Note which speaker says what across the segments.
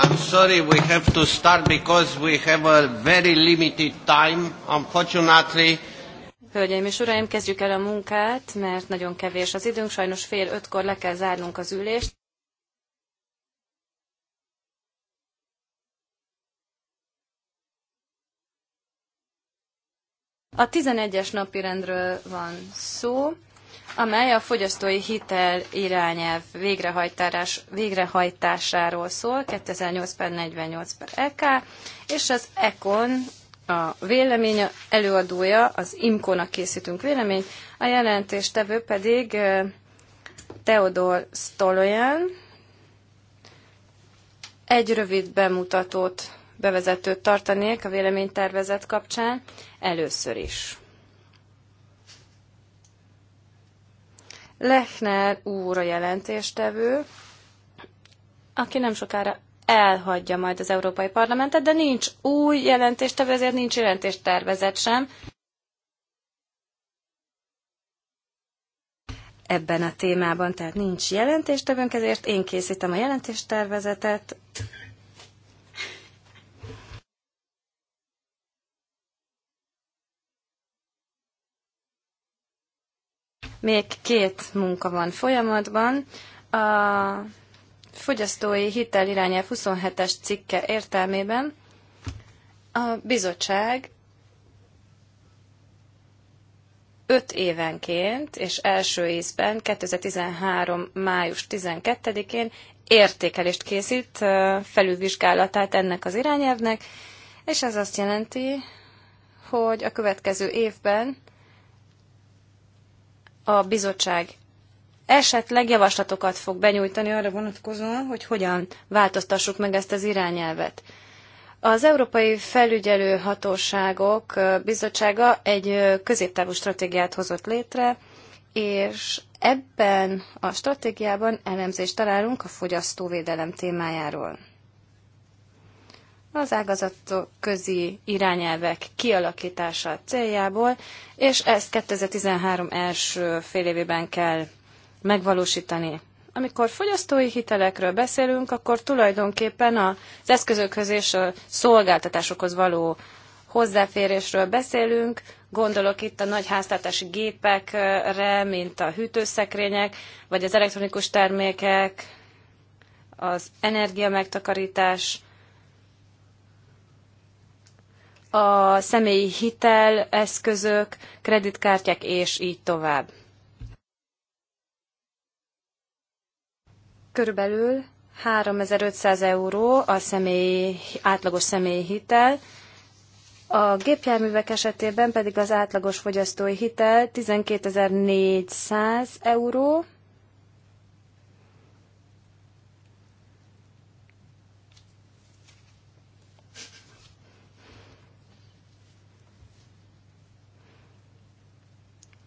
Speaker 1: I'm sorry, we have to start because we have a very limited time, unfortunately.
Speaker 2: Hölgyeim és uraim, kezdjük el a munkát, mert nagyon kevés az időnk, sajnos fél ötkor le kell zárnunk az ülést. A 11-es napi rendről van szó amely a fogyasztói hitel irányelv végrehajtás, végrehajtásáról szól, 2008 48 EK, és az ECON a vélemény előadója, az imkonak nak készítünk vélemény a jelentéstevő pedig Teodor Stoloyan. Egy rövid bemutatót, bevezetőt tartanék a véleménytervezet kapcsán először is. Lechner úr a jelentéstevő, aki nem sokára elhagyja majd az Európai Parlamentet, de nincs új jelentéstevő, ezért nincs jelentéstervezet sem. Ebben a témában, tehát nincs jelentéstevőnk, ezért én készítem a jelentéstervezetet, Még két munka van folyamatban. A fogyasztói hitel irányelv 27-es cikke értelmében a bizottság öt évenként és első ízben 2013. május 12-én értékelést készít felülvizsgálatát ennek az irányelvnek, és ez azt jelenti, hogy a következő évben a bizottság esetleg javaslatokat fog benyújtani arra vonatkozóan, hogy hogyan változtassuk meg ezt az irányelvet. Az Európai Felügyelő Hatóságok Bizottsága egy középtávú stratégiát hozott létre, és ebben a stratégiában elemzést találunk a fogyasztóvédelem témájáról az ágazatok közi irányelvek kialakítása céljából, és ezt 2013 első fél évében kell megvalósítani. Amikor fogyasztói hitelekről beszélünk, akkor tulajdonképpen az eszközökhöz és a szolgáltatásokhoz való hozzáférésről beszélünk, gondolok itt a nagy háztartási gépekre, mint a hűtőszekrények, vagy az elektronikus termékek, az energiamegtakarítás, a személyi hitel, eszközök, kreditkártyák és így tovább. Körülbelül 3500 euró a személyi, átlagos személyi hitel, a gépjárművek esetében pedig az átlagos fogyasztói hitel 12400 euró,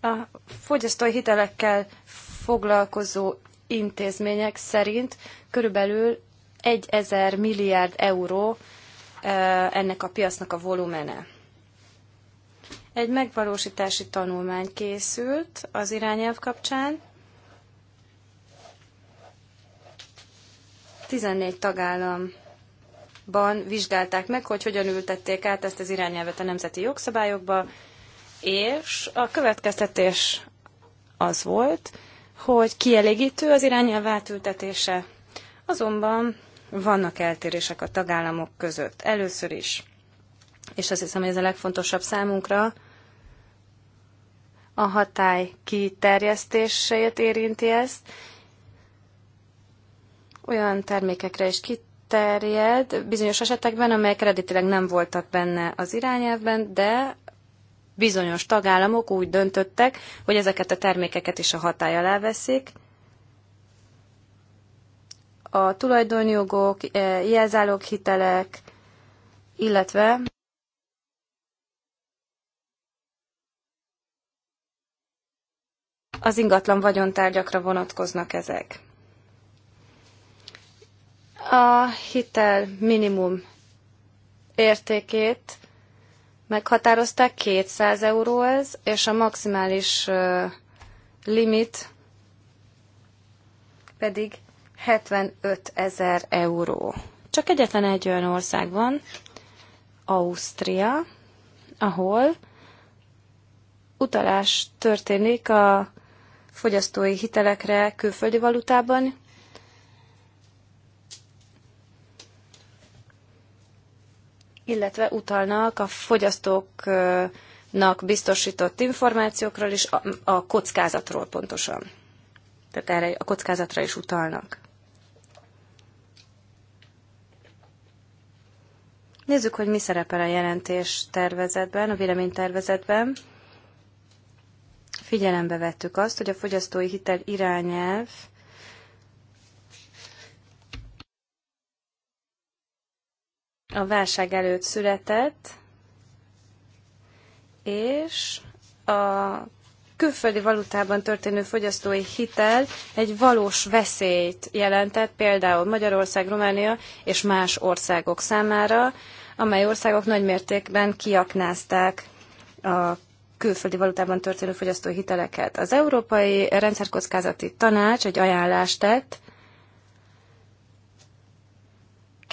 Speaker 2: A fogyasztói hitelekkel foglalkozó intézmények szerint körülbelül 1000 milliárd euró ennek a piacnak a volumene. Egy megvalósítási tanulmány készült az irányelv kapcsán. 14 tagállamban vizsgálták meg, hogy hogyan ültették át ezt az irányelvet a nemzeti jogszabályokba, és a következtetés az volt, hogy kielégítő az irányelv átültetése. Azonban vannak eltérések a tagállamok között. Először is, és azt hiszem, hogy ez a legfontosabb számunkra, a hatály kiterjesztését érinti ezt. Olyan termékekre is kiterjed bizonyos esetekben, amelyek eredetileg nem voltak benne az irányelvben, de bizonyos tagállamok úgy döntöttek, hogy ezeket a termékeket is a hatály alá veszik. A tulajdonjogok, e, jelzálók hitelek, illetve az ingatlan vagyontárgyakra vonatkoznak ezek. A hitel minimum értékét meghatározták, 200 euró ez, és a maximális limit pedig 75 ezer euró. Csak egyetlen egy olyan ország van, Ausztria, ahol utalás történik a fogyasztói hitelekre külföldi valutában, illetve utalnak a fogyasztóknak biztosított információkról is, a kockázatról pontosan. Tehát erre a kockázatra is utalnak. Nézzük, hogy mi szerepel a jelentés tervezetben, a véleménytervezetben. Figyelembe vettük azt, hogy a fogyasztói hitel irányelv a válság előtt született, és a külföldi valutában történő fogyasztói hitel egy valós veszélyt jelentett, például Magyarország, Románia és más országok számára, amely országok nagymértékben kiaknázták a külföldi valutában történő fogyasztói hiteleket. Az Európai Rendszerkockázati Tanács egy ajánlást tett,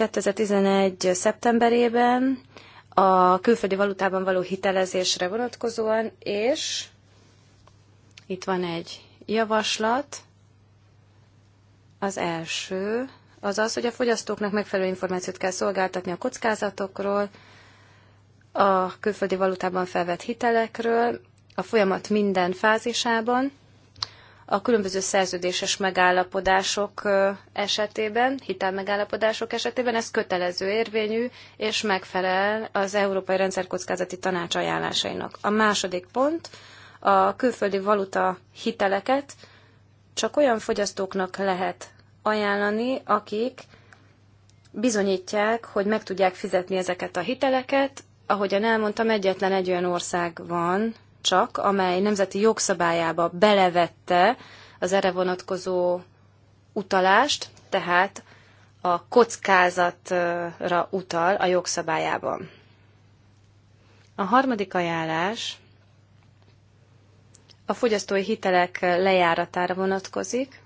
Speaker 2: 2011. szeptemberében a külföldi valutában való hitelezésre vonatkozóan, és itt van egy javaslat. Az első az az, hogy a fogyasztóknak megfelelő információt kell szolgáltatni a kockázatokról, a külföldi valutában felvett hitelekről, a folyamat minden fázisában, a különböző szerződéses megállapodások esetében, hitelmegállapodások esetében ez kötelező érvényű és megfelel az Európai Rendszerkockázati Tanács ajánlásainak. A második pont a külföldi valuta hiteleket csak olyan fogyasztóknak lehet ajánlani, akik bizonyítják, hogy meg tudják fizetni ezeket a hiteleket. Ahogyan elmondtam, egyetlen egy olyan ország van, csak, amely nemzeti jogszabályába belevette az erre vonatkozó utalást, tehát a kockázatra utal a jogszabályában. A harmadik ajánlás a fogyasztói hitelek lejáratára vonatkozik.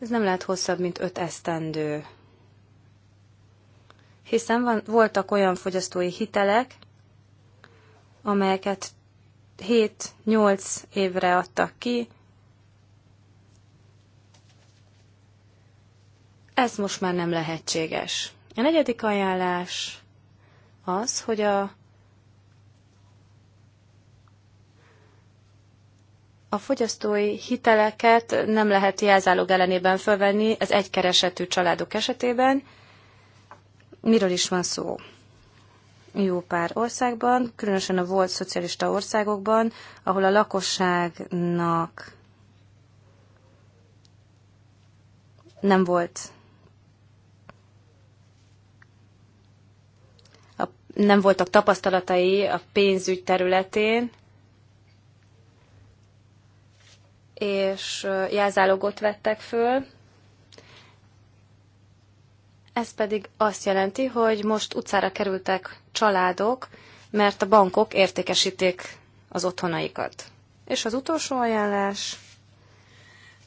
Speaker 2: Ez nem lehet hosszabb, mint öt esztendő. Hiszen van, voltak olyan fogyasztói hitelek, amelyeket 7-8 évre adtak ki. Ez most már nem lehetséges. A negyedik ajánlás az, hogy a A fogyasztói hiteleket nem lehet jelzálog ellenében fölvenni, ez egykeresetű családok esetében. Miről is van szó? jó pár országban, különösen a volt szocialista országokban, ahol a lakosságnak nem volt a, nem voltak tapasztalatai a pénzügy területén, és jelzálogot vettek föl, ez pedig azt jelenti, hogy most utcára kerültek családok, mert a bankok értékesítik az otthonaikat. És az utolsó ajánlás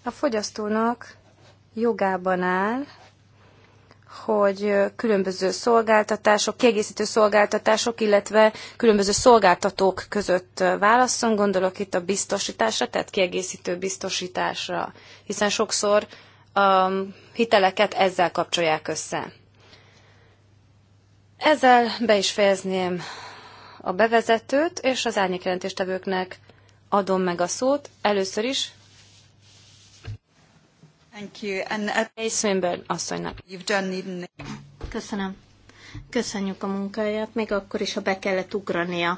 Speaker 2: a fogyasztónak jogában áll, hogy különböző szolgáltatások, kiegészítő szolgáltatások, illetve különböző szolgáltatók között válasszon, gondolok itt a biztosításra, tehát kiegészítő biztosításra, hiszen sokszor a hiteleket ezzel kapcsolják össze. Ezzel be is fejezném a bevezetőt, és az árnyékjelentéstevőknek adom meg a szót. Először is Thank you. And, uh, Swinburne asszonynak.
Speaker 1: You've done Köszönöm. Köszönjük a munkáját, még akkor is, ha be kellett ugrania.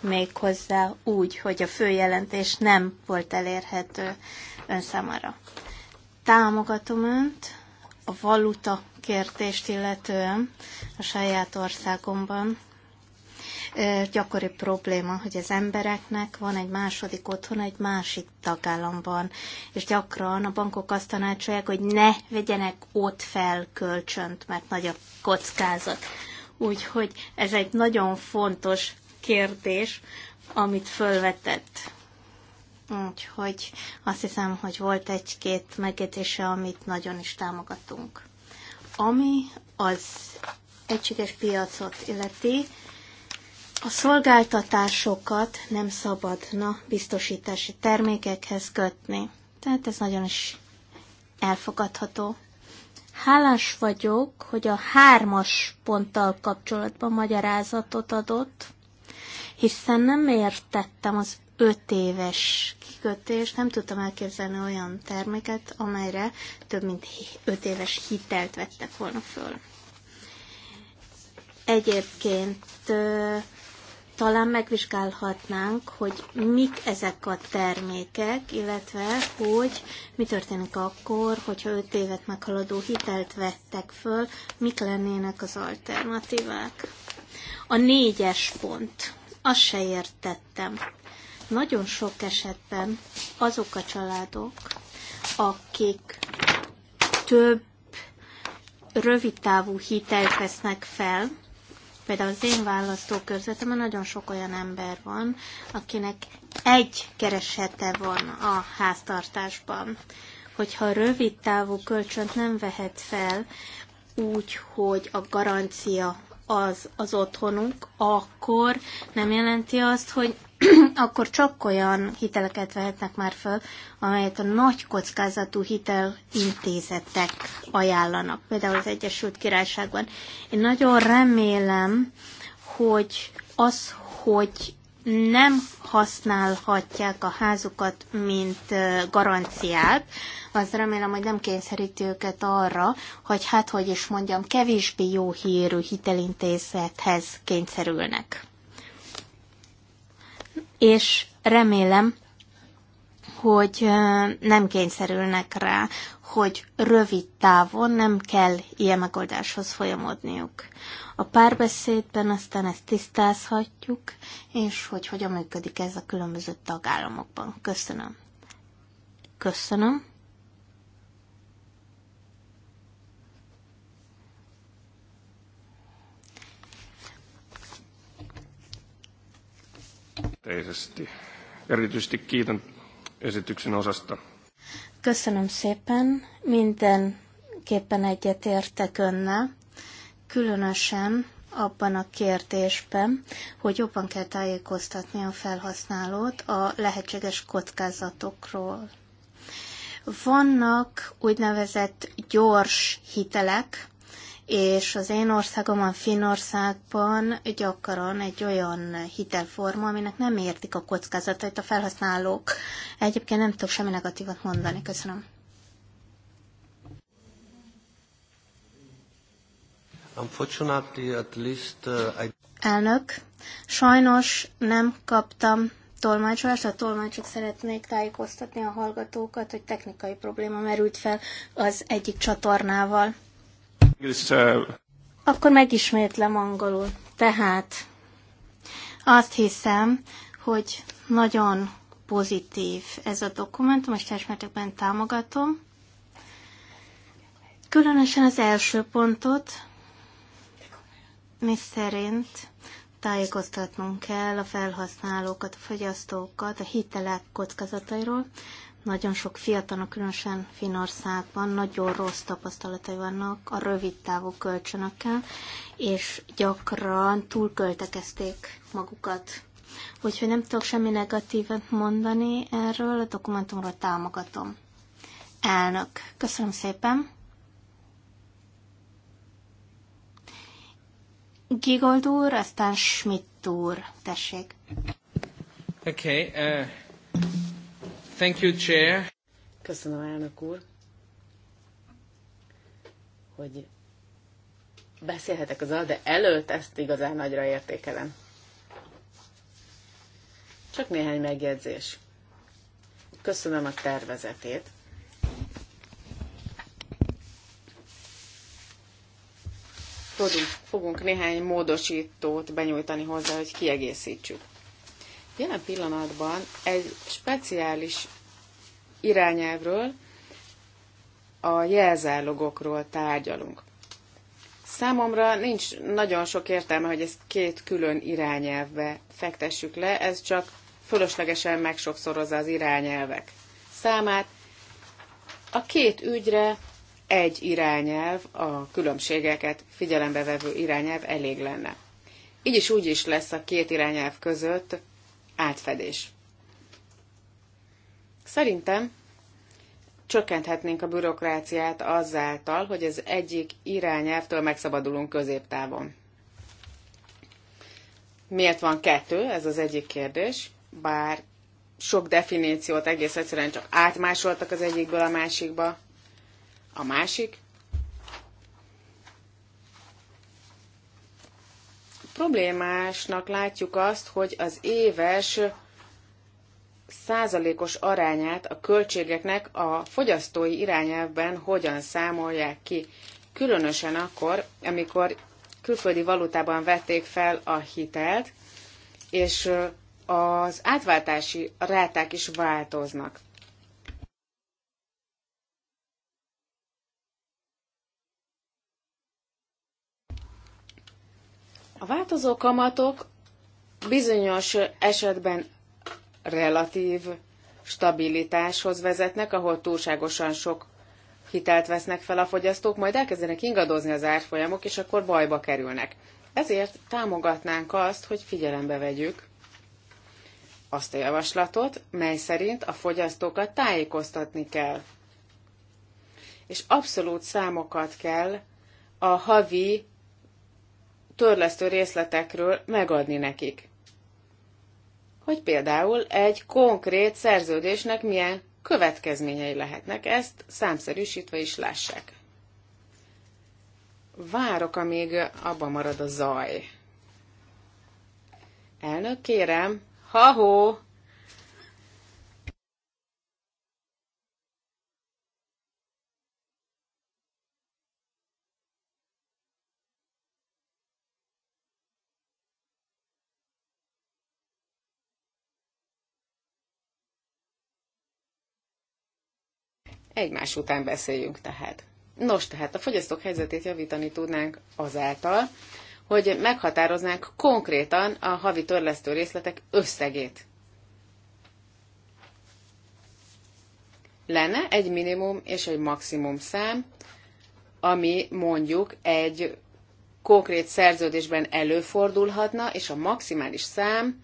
Speaker 1: Méghozzá úgy, hogy a főjelentés nem volt elérhető ön számára. Támogatom Önt a valuta kérdést illetően a saját országomban. Gyakori probléma, hogy az embereknek van egy második otthon egy másik tagállamban, és gyakran a bankok azt tanácsolják, hogy ne vegyenek ott fel kölcsönt, mert nagy a kockázat. Úgyhogy ez egy nagyon fontos kérdés, amit fölvetett. Úgyhogy azt hiszem, hogy volt egy-két megjegyzése, amit nagyon is támogatunk. Ami az egységes piacot illeti, a szolgáltatásokat nem szabadna biztosítási termékekhez kötni. Tehát ez nagyon is elfogadható. Hálás vagyok, hogy a hármas ponttal kapcsolatban magyarázatot adott, hiszen nem értettem az öt éves kikötés, nem tudtam elképzelni olyan terméket, amelyre több mint öt éves hitelt vettek volna föl. Egyébként talán megvizsgálhatnánk, hogy mik ezek a termékek, illetve hogy mi történik akkor, hogyha öt évet meghaladó hitelt vettek föl, mik lennének az alternatívák. A négyes pont. Azt se értettem. Nagyon sok esetben azok a családok, akik több rövidtávú hitelt vesznek fel, például az én választókörzetemben nagyon sok olyan ember van, akinek egy keresete van a háztartásban. Hogyha rövid távú kölcsönt nem vehet fel, úgy, hogy a garancia az az otthonunk, akkor nem jelenti azt, hogy akkor csak olyan hiteleket vehetnek már föl, amelyet a nagy kockázatú hitelintézetek ajánlanak, például az Egyesült Királyságban. Én nagyon remélem, hogy az, hogy nem használhatják a házukat, mint garanciát, az remélem, hogy nem kényszeríti őket arra, hogy hát, hogy is mondjam, kevésbé jó hírű hitelintézethez kényszerülnek és remélem, hogy nem kényszerülnek rá, hogy rövid távon nem kell ilyen megoldáshoz folyamodniuk. A párbeszédben aztán ezt tisztázhatjuk, és hogy hogyan működik ez a különböző tagállamokban. Köszönöm. Köszönöm.
Speaker 2: yhteisesti. Erityisesti kiitän esityksen osasta.
Speaker 1: Köszönöm szépen, minden mindenképpen egyetértek önnel, különösen abban a kérdésben, hogy jobban kell tájékoztatni a felhasználót a lehetséges kockázatokról. Vannak úgynevezett gyors hitelek, és az én a Finországban gyakran egy olyan hitelforma, aminek nem értik a kockázatait a felhasználók. Egyébként nem tudok semmi negatívat mondani. Köszönöm. at least, uh, I... Elnök, sajnos nem kaptam tolmácsolást, a tolmácsok szeretnék tájékoztatni a hallgatókat, hogy technikai probléma merült fel az egyik csatornával. Akkor megismétlem angolul. Tehát azt hiszem, hogy nagyon pozitív ez a dokumentum, és teljes mértékben támogatom. Különösen az első pontot, mi szerint tájékoztatnunk kell a felhasználókat, a fogyasztókat a hitelek kockázatairól, nagyon sok fiatalnak, különösen Finországban nagyon rossz tapasztalatai vannak a rövid távú kölcsönökkel, és gyakran túlköltekezték magukat. Úgyhogy nem tudok semmi negatívet mondani erről, a dokumentumról támogatom. Elnök, köszönöm szépen! Gigold úr, aztán Schmidt úr, tessék.
Speaker 3: Okay, uh, Thank you, Chair. Köszönöm, elnök úr, hogy beszélhetek az de előtt ezt igazán nagyra értékelem. Csak néhány megjegyzés. Köszönöm a tervezetét. Tudunk, fogunk néhány módosítót benyújtani hozzá, hogy kiegészítsük. Jelen pillanatban egy speciális irányelvről, a jelzálogokról tárgyalunk. Számomra nincs nagyon sok értelme, hogy ezt két külön irányelvbe fektessük le, ez csak fölöslegesen megsokszorozza az irányelvek számát. A két ügyre egy irányelv, a különbségeket figyelembe vevő irányelv elég lenne. Így is úgy is lesz a két irányelv között átfedés. Szerintem csökkenthetnénk a bürokráciát azáltal, hogy az egyik irányelvtől megszabadulunk középtávon. Miért van kettő? Ez az egyik kérdés. Bár sok definíciót egész egyszerűen csak átmásoltak az egyikből a másikba. A másik, Problémásnak látjuk azt, hogy az éves százalékos arányát a költségeknek a fogyasztói irányelvben hogyan számolják ki. Különösen akkor, amikor külföldi valutában vették fel a hitelt, és az átváltási ráták is változnak. A változó kamatok bizonyos esetben relatív stabilitáshoz vezetnek, ahol túlságosan sok hitelt vesznek fel a fogyasztók, majd elkezdenek ingadozni az árfolyamok, és akkor bajba kerülnek. Ezért támogatnánk azt, hogy figyelembe vegyük azt a javaslatot, mely szerint a fogyasztókat tájékoztatni kell. És abszolút számokat kell a havi törlesztő részletekről megadni nekik. Hogy például egy konkrét szerződésnek milyen következményei lehetnek, ezt számszerűsítve is lássák. Várok, amíg abba marad a zaj. Elnök, kérem, ha-hó! Egymás után beszéljünk tehát. Nos, tehát a fogyasztók helyzetét javítani tudnánk azáltal, hogy meghatároznánk konkrétan a havi törlesztő részletek összegét. Lenne egy minimum és egy maximum szám, ami mondjuk egy konkrét szerződésben előfordulhatna, és a maximális szám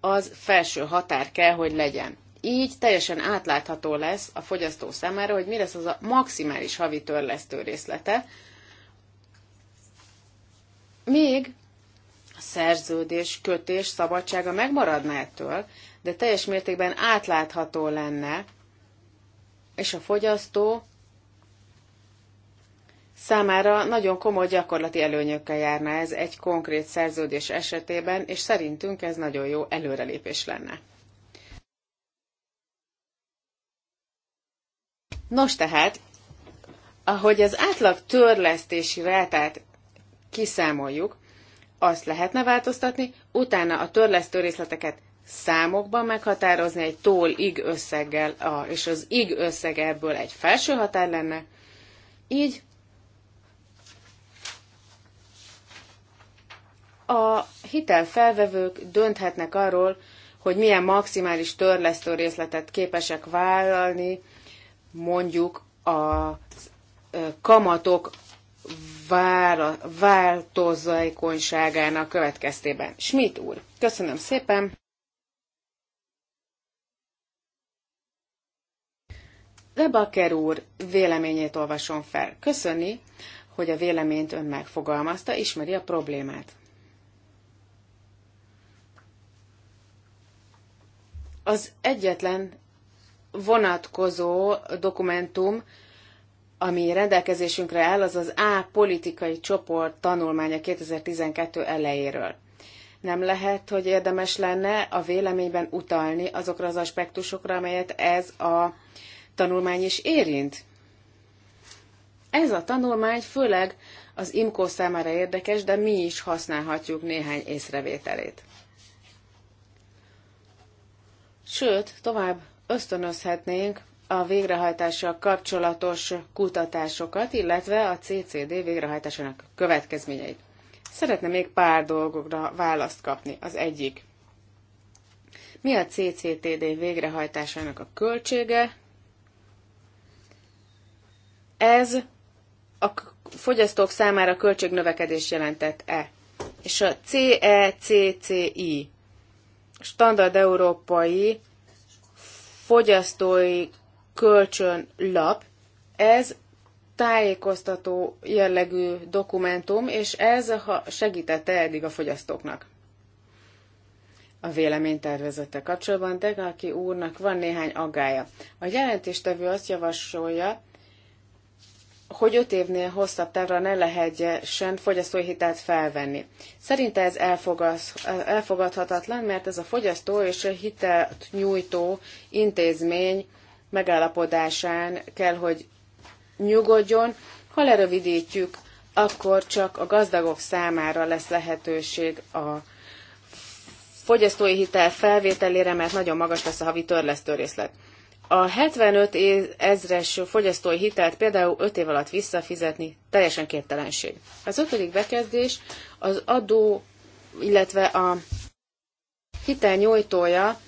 Speaker 3: az felső határ kell, hogy legyen. Így teljesen átlátható lesz a fogyasztó számára, hogy mi lesz az a maximális havi törlesztő részlete. Még a szerződés, kötés szabadsága megmaradna ettől, de teljes mértékben átlátható lenne, és a fogyasztó számára nagyon komoly gyakorlati előnyökkel járna ez egy konkrét szerződés esetében, és szerintünk ez nagyon jó előrelépés lenne. Nos tehát, ahogy az átlag törlesztési rátát kiszámoljuk, azt lehetne változtatni, utána a törlesztő részleteket számokban meghatározni egy tól-ig összeggel, és az ig összeg ebből egy felső határ lenne. Így a hitelfelvevők dönthetnek arról, hogy milyen maximális törlesztő részletet képesek vállalni mondjuk a kamatok vára, változékonyságának következtében. Schmidt úr, köszönöm szépen! Lebaker úr véleményét olvasom fel. Köszöni, hogy a véleményt ön megfogalmazta, ismeri a problémát. Az egyetlen vonatkozó dokumentum, ami rendelkezésünkre áll, az az A politikai csoport tanulmánya 2012 elejéről. Nem lehet, hogy érdemes lenne a véleményben utalni azokra az aspektusokra, amelyet ez a tanulmány is érint? Ez a tanulmány főleg az IMCO számára érdekes, de mi is használhatjuk néhány észrevételét. Sőt, tovább ösztönözhetnénk a végrehajtással kapcsolatos kutatásokat, illetve a CCD végrehajtásának következményeit. Szeretne még pár dolgokra választ kapni. Az egyik. Mi a CCTD végrehajtásának a költsége? Ez a fogyasztók számára költségnövekedés jelentett-e? És a CECCI, Standard Európai fogyasztói kölcsönlap, ez tájékoztató jellegű dokumentum, és ez segítette eddig a fogyasztóknak. A véleménytervezete kapcsolatban aki úrnak van néhány aggája. A jelentéstevő azt javasolja, hogy öt évnél hosszabb távra ne lehessen fogyasztói hitelt felvenni. Szerinte ez elfogadhatatlan, mert ez a fogyasztó és a hitelt nyújtó intézmény megállapodásán kell, hogy nyugodjon. Ha lerövidítjük, akkor csak a gazdagok számára lesz lehetőség a fogyasztói hitel felvételére, mert nagyon magas lesz a havi törlesztő részlet. A 75 ezres fogyasztói hitelt például 5 év alatt visszafizetni teljesen képtelenség. Az ötödik bekezdés az adó, illetve a hitel nyújtója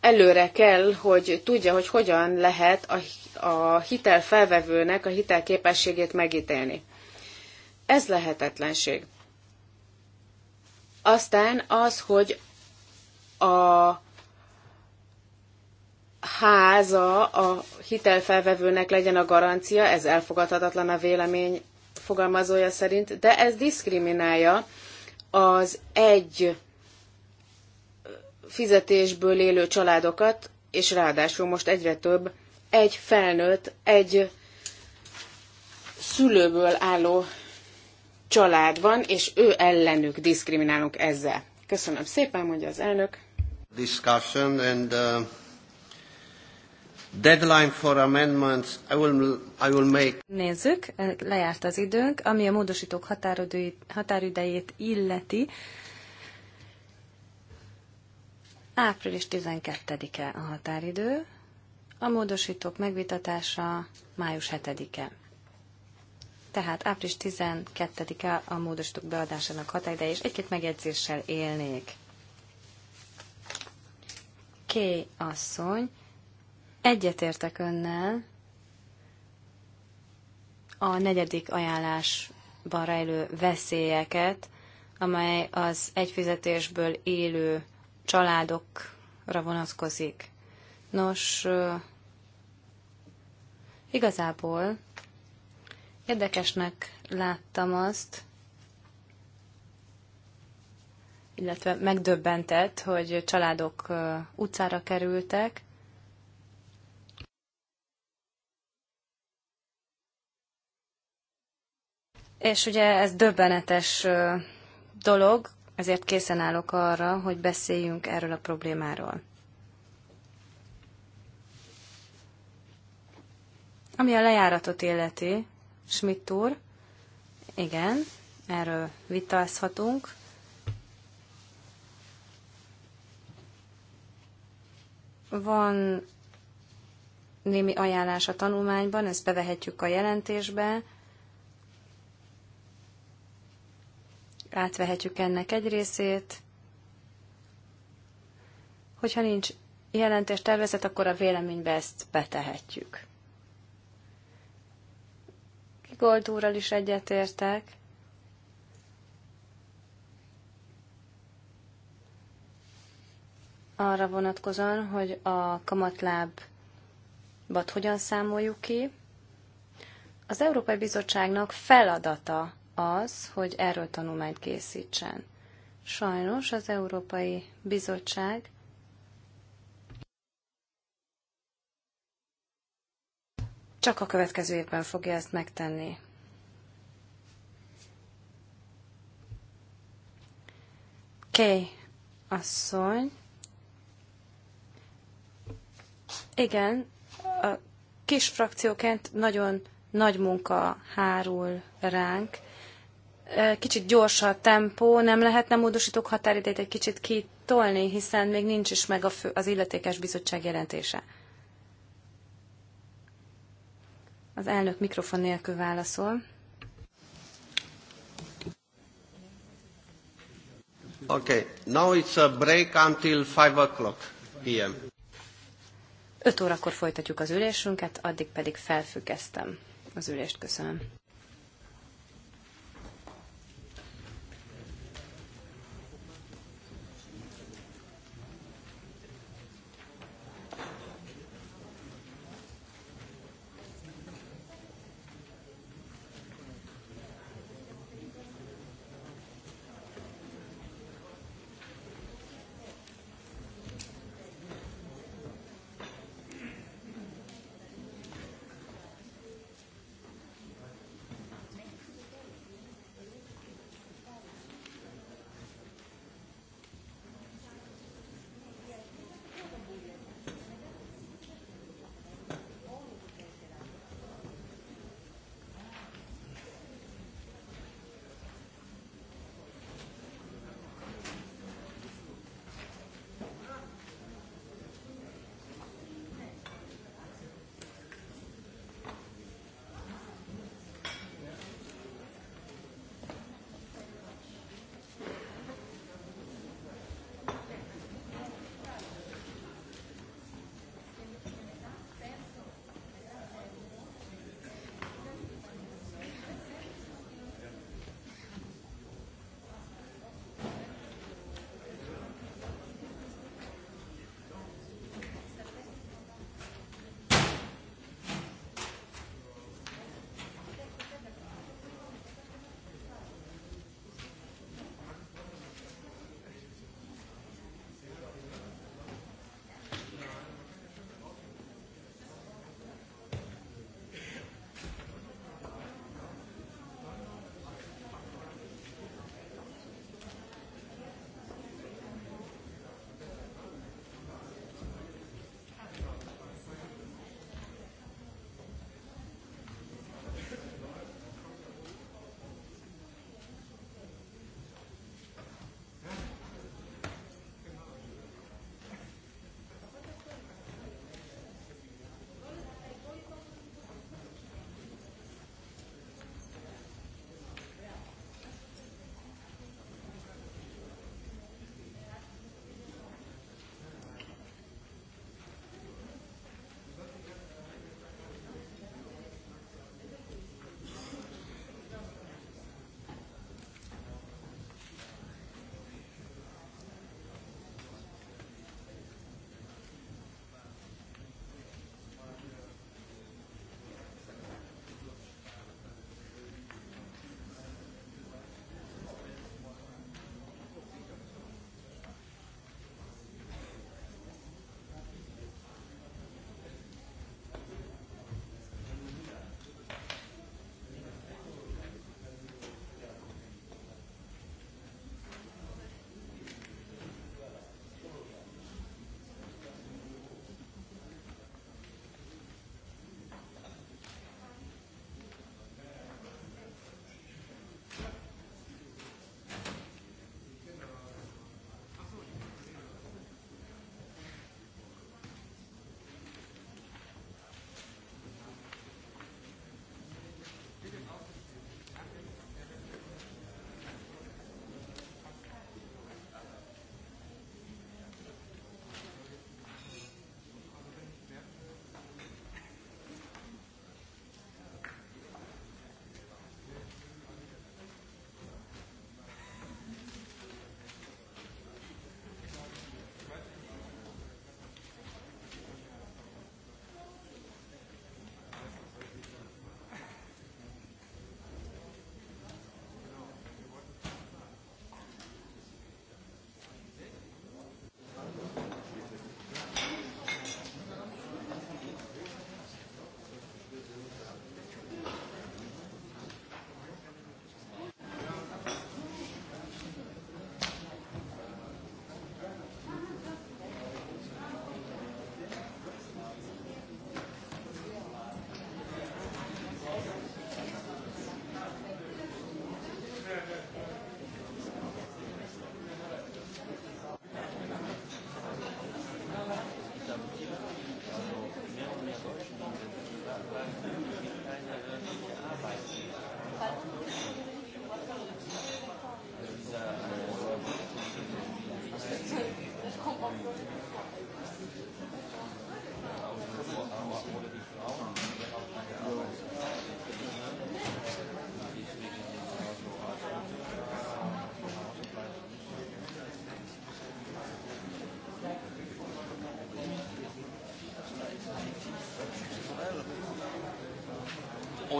Speaker 3: előre kell, hogy tudja, hogy hogyan lehet a, a hitel felvevőnek a hitel képességét megítélni. Ez lehetetlenség. Aztán az, hogy a háza a hitelfelvevőnek legyen a garancia, ez elfogadhatatlan a vélemény fogalmazója szerint, de ez diszkriminálja az egy fizetésből élő családokat, és ráadásul most egyre több egy felnőtt, egy szülőből álló család van, és ő ellenük diszkriminálunk ezzel. Köszönöm szépen, mondja az elnök.
Speaker 2: Discussion and, uh... Deadline for amendments, I will, I will make... Nézzük, lejárt az időnk, ami a módosítók határidejét illeti. Április 12-e a határidő, a módosítók megvitatása május 7-e. Tehát április 12-e a módosítók beadásának határideje, és egy-két megjegyzéssel élnék. K. asszony Egyetértek önnel a negyedik ajánlásban rejlő veszélyeket, amely az egyfizetésből élő családokra vonatkozik. Nos, igazából érdekesnek láttam azt, illetve megdöbbentett, hogy családok utcára kerültek, És ugye ez döbbenetes dolog, ezért készen állok arra, hogy beszéljünk erről a problémáról. Ami a lejáratot illeti, Schmidt úr, igen, erről vitázhatunk. Van némi ajánlás a tanulmányban, ezt bevehetjük a jelentésbe, átvehetjük ennek egy részét. Hogyha nincs jelentés tervezet, akkor a véleménybe ezt betehetjük. Goldúrral is egyetértek. Arra vonatkozóan, hogy a kamatlábat hogyan számoljuk ki. Az Európai Bizottságnak feladata az, hogy erről tanulmányt készítsen. Sajnos az Európai Bizottság csak a következő évben fogja ezt megtenni. K. asszony. Igen, a kis frakcióként nagyon nagy munka hárul ránk, kicsit gyors a tempó, nem lehetne módosítók határidejét egy kicsit kitolni, hiszen még nincs is meg a fő, az illetékes bizottság jelentése. Az elnök mikrofon nélkül válaszol.
Speaker 1: Okay, now it's a break until 5 o'clock p.m.
Speaker 2: 5 órakor folytatjuk az ülésünket, addig pedig felfüggesztem az ülést. Köszönöm.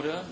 Speaker 1: oder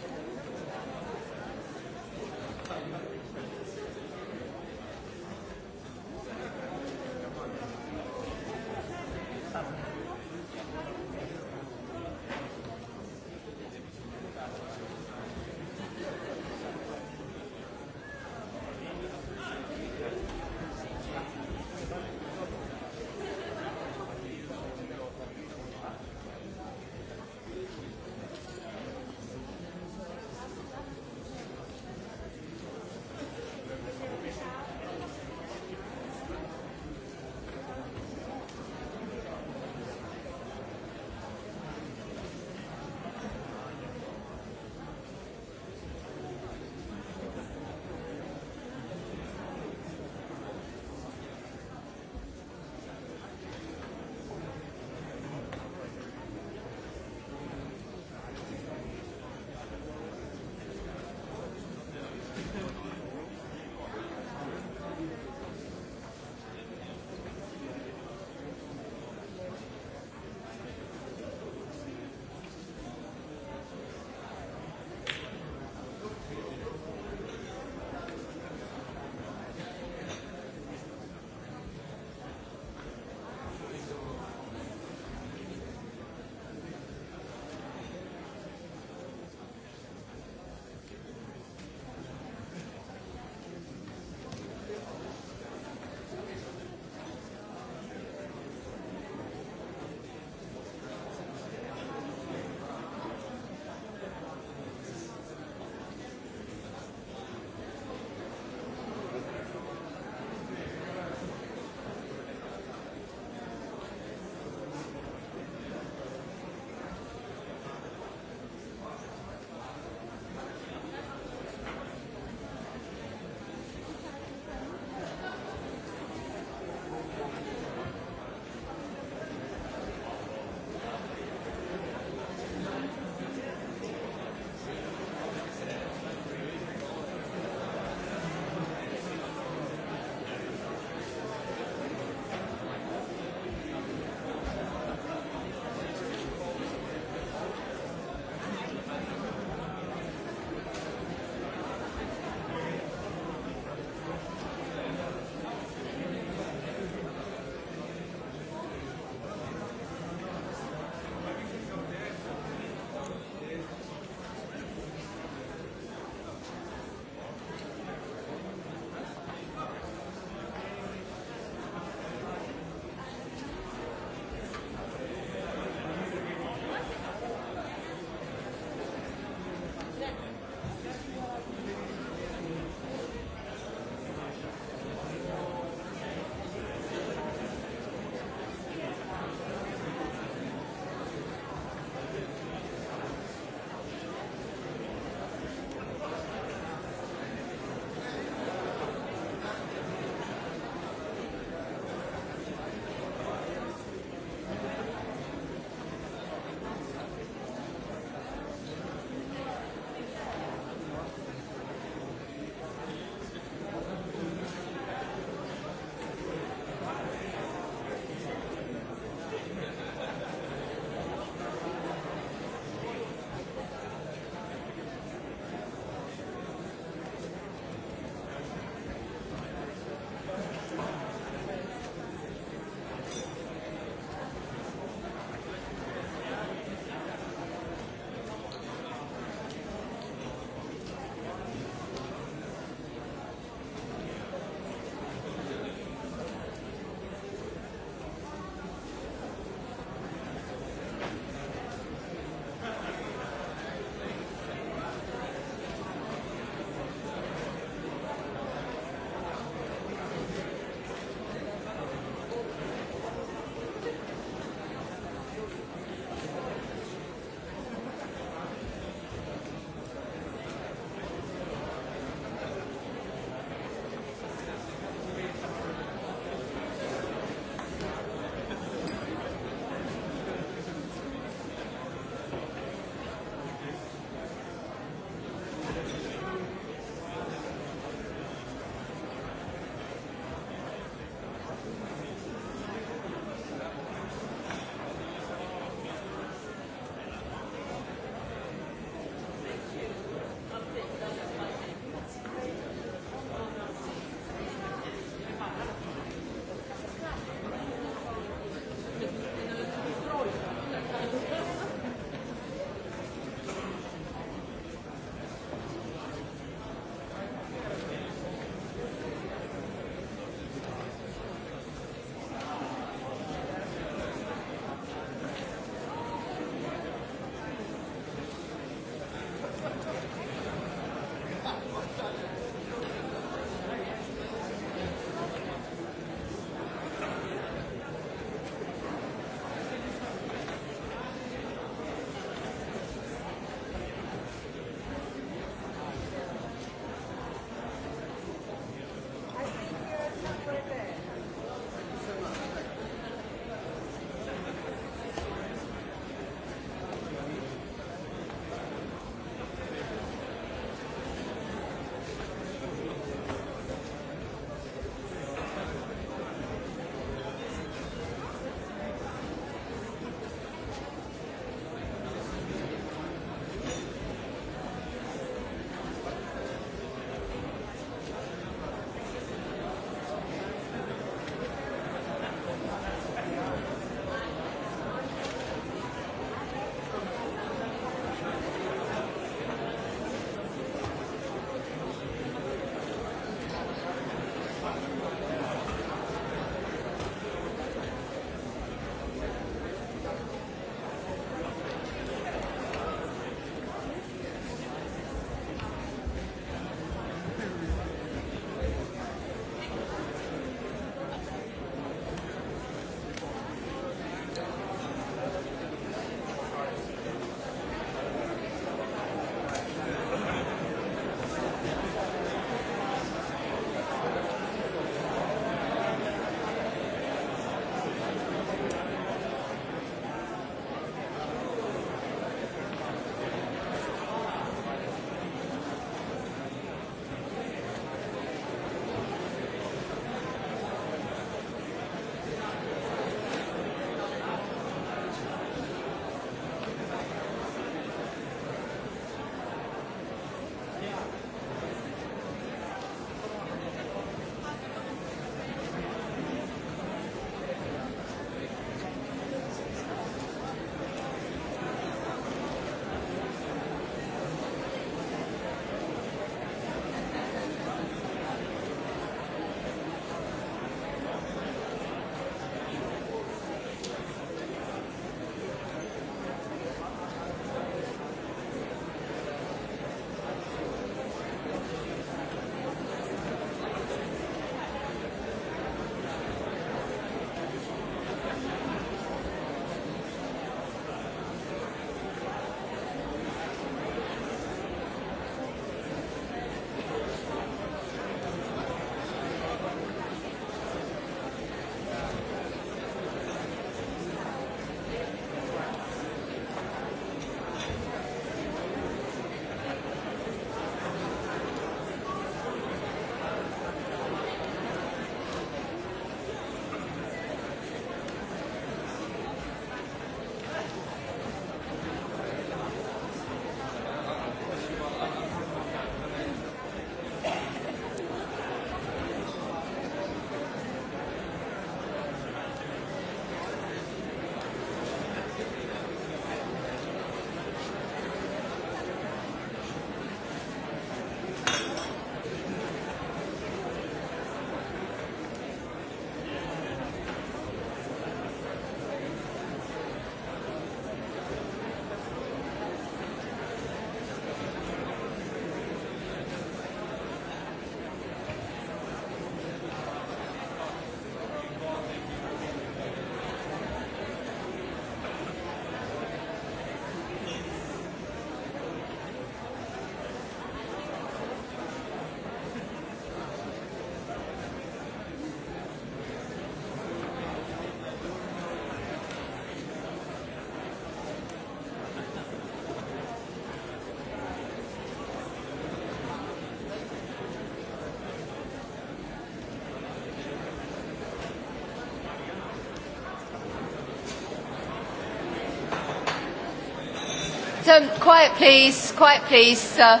Speaker 3: Um, quiet please, quiet please.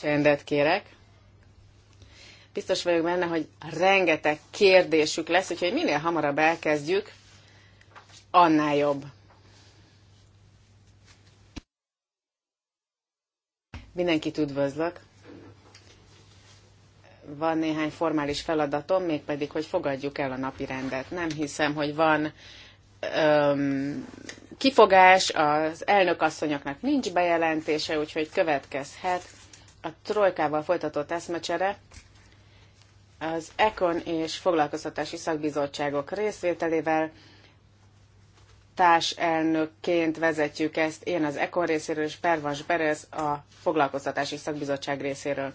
Speaker 3: Csendet kérek. Biztos vagyok benne, hogy rengeteg kérdésük lesz, úgyhogy minél hamarabb elkezdjük, annál jobb. Mindenkit üdvözlök. Van néhány formális feladatom, mégpedig, hogy fogadjuk el a napi rendet. Nem hiszem, hogy van öm, kifogás, az asszonyoknak nincs bejelentése, úgyhogy következhet a trojkával folytatott eszmecsere az ECON és foglalkoztatási szakbizottságok részvételével társelnökként vezetjük ezt, én az ECON részéről, és Pervas Berez a foglalkoztatási szakbizottság részéről.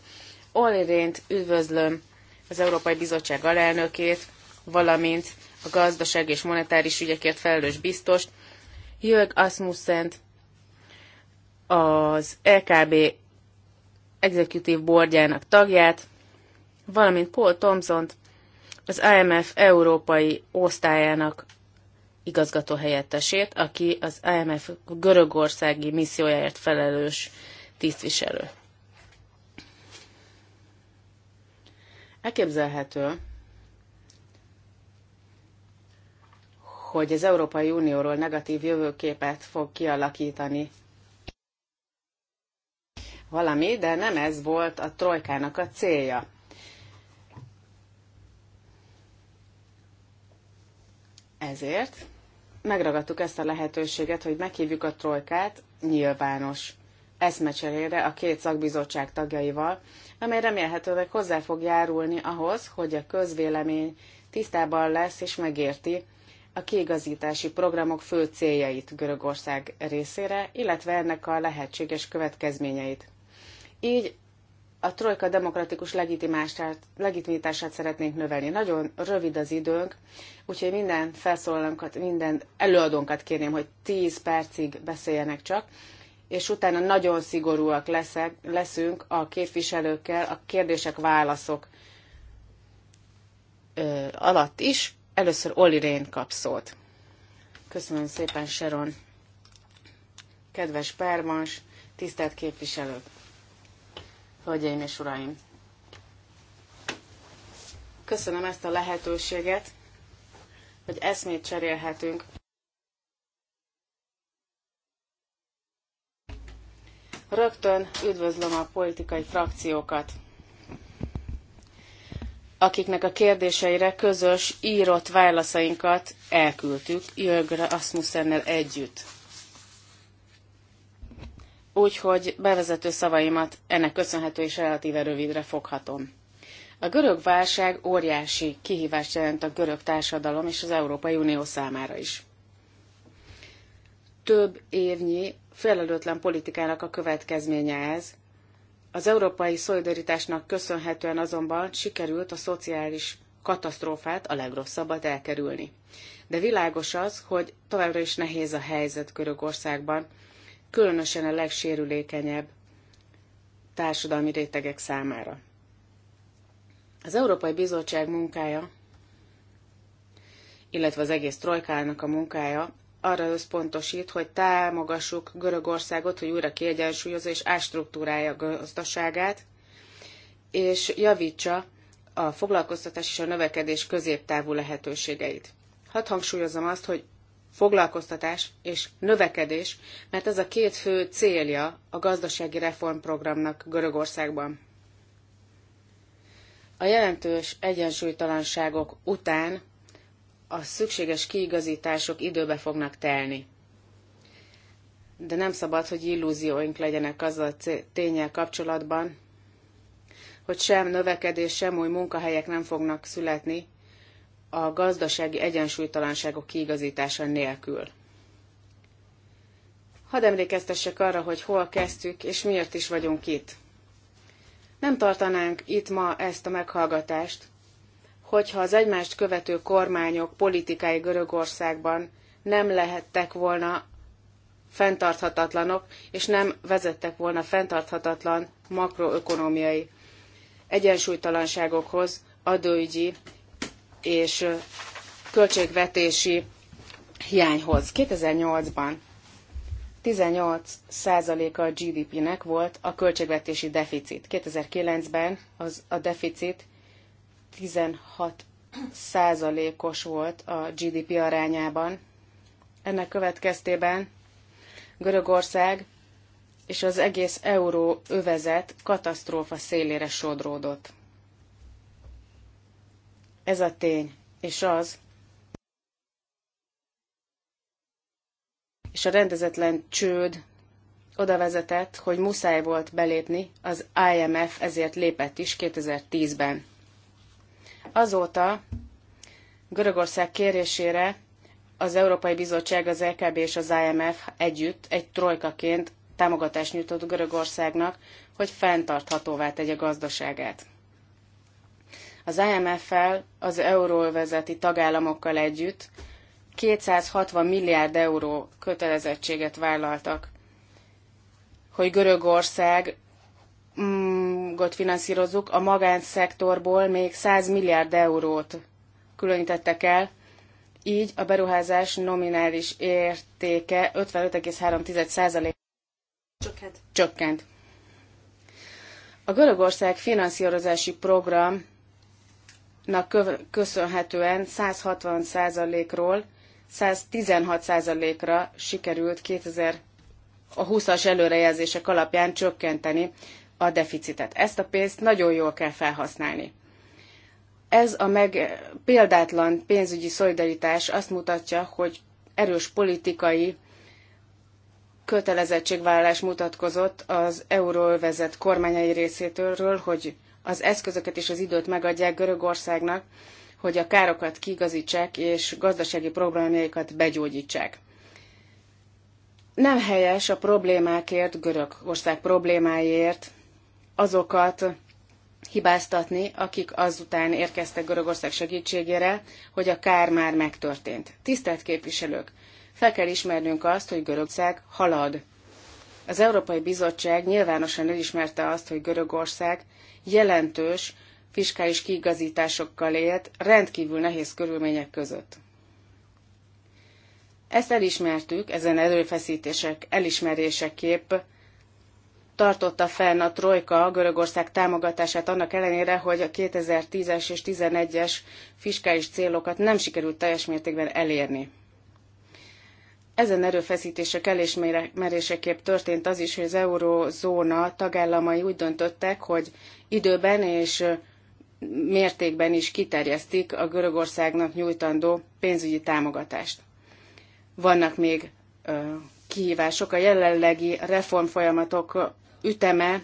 Speaker 3: Olli Rént üdvözlöm, az Európai Bizottság alelnökét, valamint a gazdaság és monetáris ügyekért felelős biztost, Jörg Asmussen az LKB Executive Boardjának tagját, valamint Paul thompson az IMF európai osztályának igazgató helyettesét, aki az IMF görögországi missziójáért felelős tisztviselő. Elképzelhető, hogy az Európai Unióról negatív jövőképet fog kialakítani valami, de nem ez volt a trojkának a célja. Ezért megragadtuk ezt a lehetőséget, hogy meghívjuk a trojkát nyilvános eszmecserére a két szakbizottság tagjaival, amely remélhetőleg hozzá fog járulni ahhoz, hogy a közvélemény tisztában lesz és megérti, a kiigazítási programok fő céljait Görögország részére, illetve ennek a lehetséges következményeit. Így a trojka demokratikus legitimitását szeretnénk növelni. Nagyon rövid az időnk, úgyhogy minden felszólalónkat, minden előadónkat kérném, hogy 10 percig beszéljenek csak, és utána nagyon szigorúak leszek, leszünk a képviselőkkel a kérdések-válaszok alatt is, Először Olli Rén kap szót. Köszönöm szépen, Sharon. Kedves Pármans, tisztelt képviselők, hölgyeim és uraim! Köszönöm ezt a lehetőséget, hogy eszmét cserélhetünk. Rögtön üdvözlöm a politikai frakciókat, akiknek a kérdéseire közös írott válaszainkat elküldtük Jörg Rasmussennel együtt. Úgyhogy bevezető szavaimat ennek köszönhető és relatíve rövidre foghatom. A görög válság óriási kihívást jelent a görög társadalom és az Európai Unió számára is. Több évnyi felelőtlen politikának a következménye ez, az európai szolidaritásnak köszönhetően azonban sikerült a szociális katasztrófát, a legrosszabbat elkerülni. De világos az, hogy továbbra is nehéz a helyzet Görögországban, különösen a legsérülékenyebb társadalmi rétegek számára. Az Európai Bizottság munkája, illetve az egész trojkának a munkája arra összpontosít, hogy támogassuk Görögországot, hogy újra kiegyensúlyozza és ástruktúrálja gazdaságát, és javítsa a foglalkoztatás és a növekedés középtávú lehetőségeit. Hadd hangsúlyozom azt, hogy foglalkoztatás és növekedés, mert ez a két fő célja a gazdasági reformprogramnak Görögországban. A jelentős egyensúlytalanságok után a szükséges kiigazítások időbe fognak telni. De nem szabad, hogy illúzióink legyenek az a tényel kapcsolatban, hogy sem növekedés, sem új munkahelyek nem fognak születni a gazdasági egyensúlytalanságok kiigazítása nélkül. Hadd emlékeztessek arra, hogy hol kezdtük, és miért is vagyunk itt. Nem tartanánk itt ma ezt a meghallgatást, hogyha az egymást követő kormányok politikái Görögországban nem lehettek volna fenntarthatatlanok, és nem vezettek volna fenntarthatatlan makroökonomiai egyensúlytalanságokhoz, adóügyi és költségvetési hiányhoz. 2008-ban 18%-a a GDP-nek volt a költségvetési deficit. 2009-ben az a deficit 16 százalékos volt a GDP arányában. Ennek következtében Görögország és az egész euró övezet katasztrófa szélére sodródott. Ez a tény, és az, és a rendezetlen csőd oda vezetett, hogy muszáj volt belépni, az IMF ezért lépett is 2010-ben. Azóta Görögország kérésére az Európai Bizottság, az EKB és az IMF együtt egy trojkaként támogatást nyújtott Görögországnak, hogy fenntarthatóvá tegye gazdaságát. Az IMF-fel, az euróvezeti tagállamokkal együtt 260 milliárd euró kötelezettséget vállaltak, hogy Görögország finanszírozzuk, a magánszektorból még 100 milliárd eurót különítettek el, így a beruházás nominális értéke 55,3% csökkent. csökkent. A Görögország finanszírozási programnak köszönhetően 160%-ról 116%-ra sikerült 2000 a 20-as előrejelzések alapján csökkenteni a deficitet. Ezt a pénzt nagyon jól kell felhasználni. Ez a meg példátlan pénzügyi szolidaritás azt mutatja, hogy erős politikai kötelezettségvállalás mutatkozott az euróövezet kormányai részétől, hogy az eszközöket és az időt megadják Görögországnak, hogy a károkat kigazítsák és gazdasági problémáikat begyógyítsák. Nem helyes a problémákért, Görögország problémáiért azokat hibáztatni, akik azután érkeztek Görögország segítségére, hogy a kár már megtörtént. Tisztelt képviselők, fel kell ismernünk azt, hogy Görögország halad. Az Európai Bizottság nyilvánosan elismerte azt, hogy Görögország jelentős fiskális kiigazításokkal élt rendkívül nehéz körülmények között. Ezt elismertük, ezen erőfeszítések elismeréseképp tartotta fenn a Trojka a Görögország támogatását annak ellenére, hogy a 2010-es és 2011-es fiskális célokat nem sikerült teljes mértékben elérni. Ezen erőfeszítések elismeréseképp történt az is, hogy az eurózóna tagállamai úgy döntöttek, hogy időben és mértékben is kiterjesztik a Görögországnak nyújtandó pénzügyi támogatást. Vannak még ö, kihívások, a jelenlegi reformfolyamatok üteme,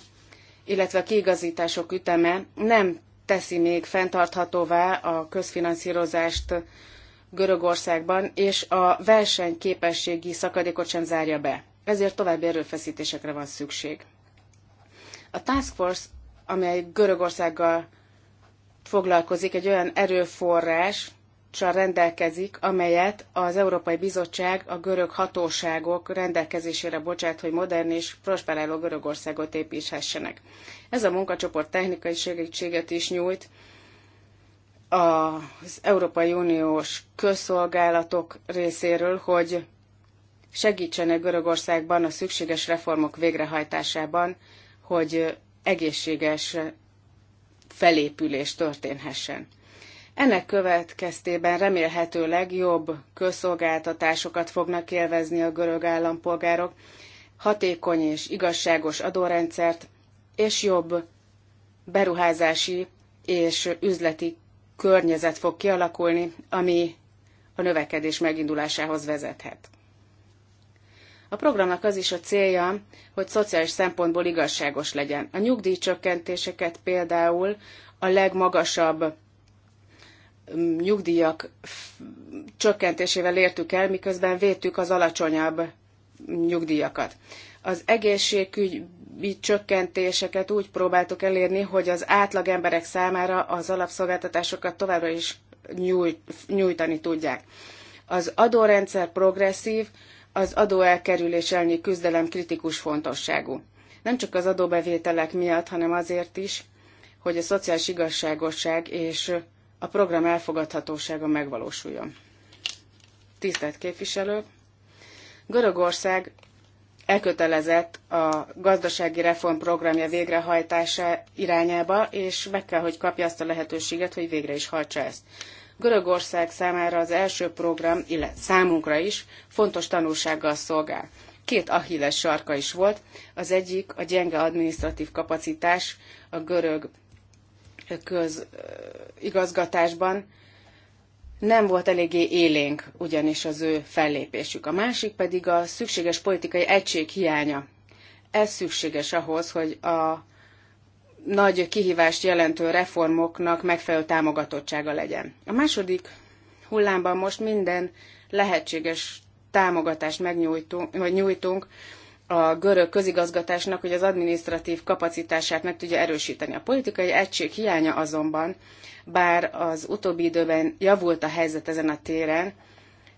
Speaker 3: illetve a kiigazítások üteme nem teszi még fenntarthatóvá a közfinanszírozást Görögországban, és a versenyképességi szakadékot sem zárja be. Ezért további erőfeszítésekre van szükség. A Task Force, amely Görögországgal foglalkozik, egy olyan erőforrás, tanácssal rendelkezik, amelyet az Európai Bizottság a görög hatóságok rendelkezésére bocsát, hogy modern és prosperáló Görögországot építhessenek. Ez a munkacsoport technikai segítséget is nyújt az Európai Uniós közszolgálatok részéről, hogy segítsenek Görögországban a szükséges reformok végrehajtásában, hogy egészséges felépülés történhessen. Ennek következtében remélhetőleg jobb közszolgáltatásokat fognak élvezni a görög állampolgárok, hatékony és igazságos adórendszert, és jobb beruházási és üzleti környezet fog kialakulni, ami a növekedés megindulásához vezethet. A programnak az is a célja, hogy szociális szempontból igazságos legyen. A nyugdíjcsökkentéseket például a legmagasabb nyugdíjak csökkentésével értük el, miközben védtük az alacsonyabb nyugdíjakat. Az egészségügyi csökkentéseket úgy próbáltuk elérni, hogy az átlag emberek számára az alapszolgáltatásokat továbbra is nyújt, nyújtani tudják. Az adórendszer progresszív, az adóelkerülés elleni küzdelem kritikus fontosságú. Nem csak az adóbevételek miatt, hanem azért is, hogy a szociális igazságosság és a program elfogadhatósága megvalósuljon. Tisztelt képviselők! Görögország elkötelezett a gazdasági reform programja végrehajtása irányába, és meg kell, hogy kapja azt a lehetőséget, hogy végre is hajtsa ezt. Görögország számára az első program, illetve számunkra is fontos tanulsággal szolgál. Két ahilles sarka is volt, az egyik a gyenge administratív kapacitás a görög közigazgatásban nem volt eléggé élénk ugyanis az ő fellépésük. A másik pedig a szükséges politikai egység hiánya. Ez szükséges ahhoz, hogy a nagy kihívást jelentő reformoknak megfelelő támogatottsága legyen. A második hullámban most minden lehetséges támogatást megnyújtunk, vagy nyújtunk a görög közigazgatásnak, hogy az adminisztratív kapacitását meg tudja erősíteni. A politikai egység hiánya azonban, bár az utóbbi időben javult a helyzet ezen a téren,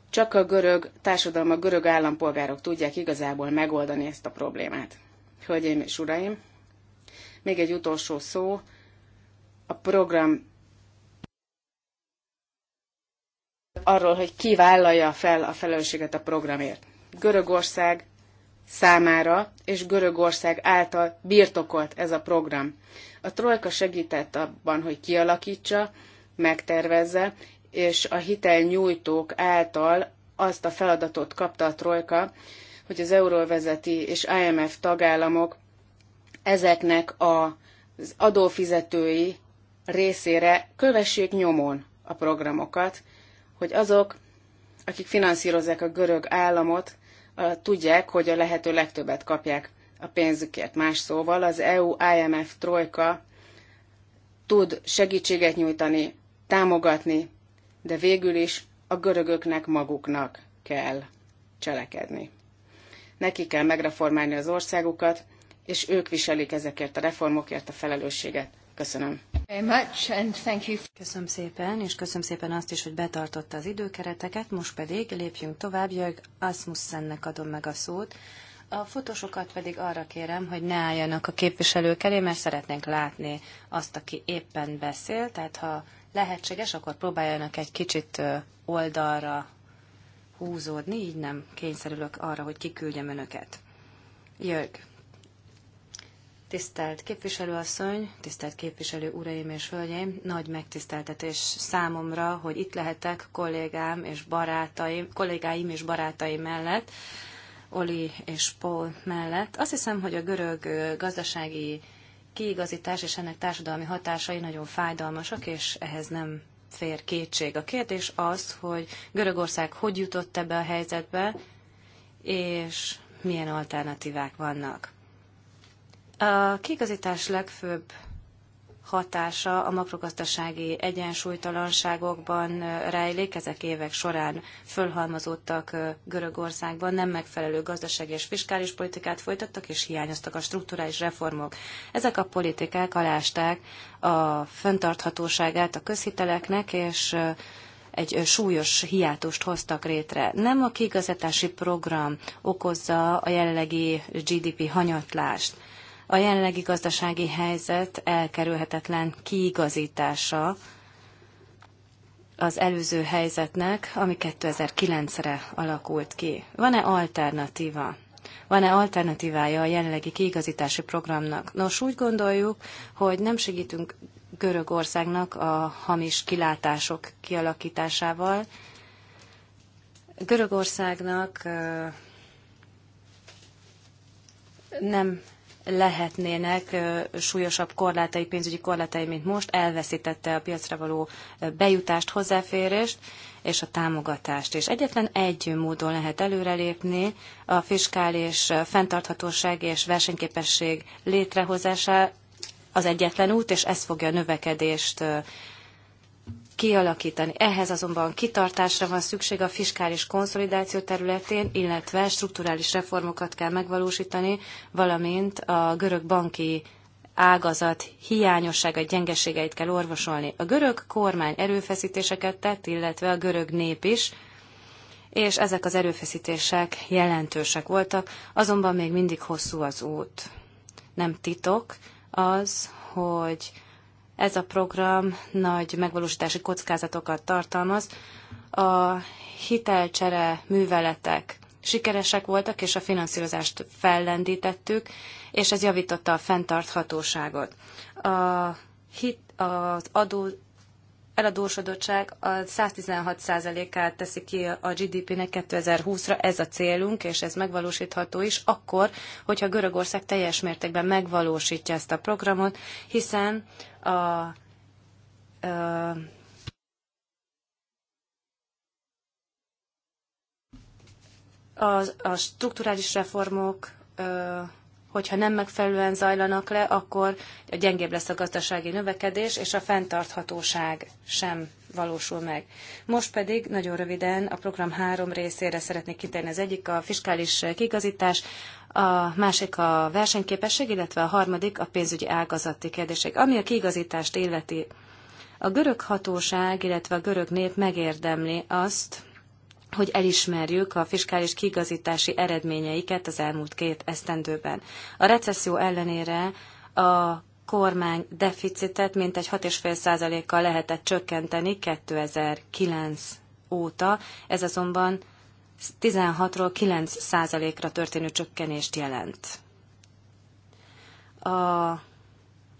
Speaker 3: csak a görög társadalom, a görög állampolgárok tudják igazából megoldani ezt a problémát. Hölgyeim és uraim, még egy utolsó szó. A program arról, hogy ki vállalja fel a felelősséget a programért. Görögország számára és Görögország által birtokolt ez a program. A trojka segített abban, hogy kialakítsa, megtervezze, és a hitelnyújtók által azt a feladatot kapta a trojka, hogy az euróvezeti és IMF tagállamok ezeknek az adófizetői részére kövessék nyomon a programokat, hogy azok, akik finanszírozzák a görög államot, tudják, hogy a lehető legtöbbet kapják a pénzükért. Más szóval az EU-IMF trojka tud segítséget nyújtani, támogatni, de végül is a görögöknek maguknak kell cselekedni. Neki kell megreformálni az országukat, és ők viselik ezekért a reformokért a felelősséget. Köszönöm.
Speaker 2: Köszönöm szépen, és köszönöm szépen azt is, hogy betartotta az időkereteket. Most pedig lépjünk tovább, Jörg Asmussennek adom meg a szót. A fotósokat pedig arra kérem, hogy ne álljanak a képviselők elé, mert szeretnénk látni azt, aki éppen beszél, tehát ha lehetséges, akkor próbáljanak egy kicsit oldalra húzódni, így nem kényszerülök arra, hogy kiküldjem önöket. Jörg. Tisztelt képviselőasszony, tisztelt képviselő uraim és hölgyeim, nagy megtiszteltetés számomra, hogy itt lehetek kollégám és barátaim, kollégáim és barátaim mellett, Oli és Paul mellett. Azt hiszem, hogy a görög gazdasági kiigazítás és ennek társadalmi hatásai nagyon fájdalmasak, és ehhez nem fér kétség. A kérdés az, hogy Görögország hogy jutott ebbe a helyzetbe, és milyen alternatívák vannak. A kigazítás legfőbb hatása a makrogazdasági egyensúlytalanságokban rejlik, ezek évek során fölhalmozódtak Görögországban, nem megfelelő gazdasági és fiskális politikát folytattak, és hiányoztak a strukturális reformok. Ezek a politikák alásták a föntarthatóságát a közhiteleknek, és egy súlyos hiátust hoztak rétre. Nem a kiigazítási program okozza a jelenlegi GDP hanyatlást a jelenlegi gazdasági helyzet elkerülhetetlen kiigazítása az előző helyzetnek, ami 2009-re alakult ki. Van-e alternatíva? Van-e alternatívája a jelenlegi kiigazítási programnak? Nos, úgy gondoljuk, hogy nem segítünk Görögországnak a hamis kilátások kialakításával. Görögországnak nem lehetnének súlyosabb korlátai, pénzügyi korlátai, mint most, elveszítette a piacra való bejutást, hozzáférést és a támogatást. És egyetlen egy módon lehet előrelépni a fiskális fenntarthatóság és versenyképesség létrehozása az egyetlen út, és ez fogja a növekedést kialakítani. Ehhez azonban kitartásra van szükség a fiskális konszolidáció területén, illetve strukturális reformokat kell megvalósítani, valamint a görög banki ágazat hiányossága, gyengeségeit kell orvosolni. A görög kormány erőfeszítéseket tett, illetve a görög nép is, és ezek az erőfeszítések jelentősek voltak, azonban még mindig hosszú az út. Nem titok az, hogy ez a program nagy megvalósítási kockázatokat tartalmaz. A hitelcsere műveletek sikeresek voltak, és a finanszírozást fellendítettük, és ez javította a fenntarthatóságot. A hit, az adó eladósodottság a 116%-át teszi ki a GDP-nek 2020-ra, ez a célunk, és ez megvalósítható is, akkor, hogyha Görögország teljes mértékben megvalósítja ezt a programot, hiszen a, a a, a strukturális reformok hogyha nem megfelelően zajlanak le, akkor gyengébb lesz a gazdasági növekedés, és a fenntarthatóság sem valósul meg. Most pedig nagyon röviden a program három részére szeretnék kitérni. Az egyik a fiskális kigazítás, a másik a versenyképesség, illetve a harmadik a pénzügyi ágazati kérdések. Ami a kigazítást illeti, a görög hatóság, illetve a görög nép megérdemli azt, hogy elismerjük a fiskális kigazítási eredményeiket az elmúlt két esztendőben. A recesszió ellenére a kormány deficitet mintegy 6,5%-kal lehetett csökkenteni 2009 óta, ez azonban 16-ról 9%-ra történő csökkenést jelent. A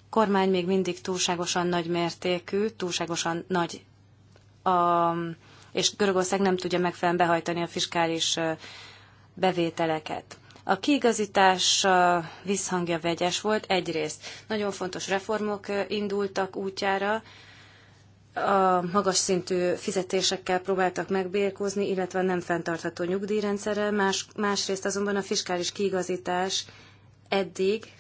Speaker 2: kormány még mindig túlságosan nagy mértékű, túlságosan nagy a és Görögország nem tudja megfelelően behajtani a fiskális bevételeket. A kiigazítás visszhangja vegyes volt. Egyrészt nagyon fontos reformok indultak útjára, a magas szintű fizetésekkel próbáltak megbírkozni, illetve nem fenntartható nyugdíjrendszerrel, más, másrészt azonban a fiskális kiigazítás eddig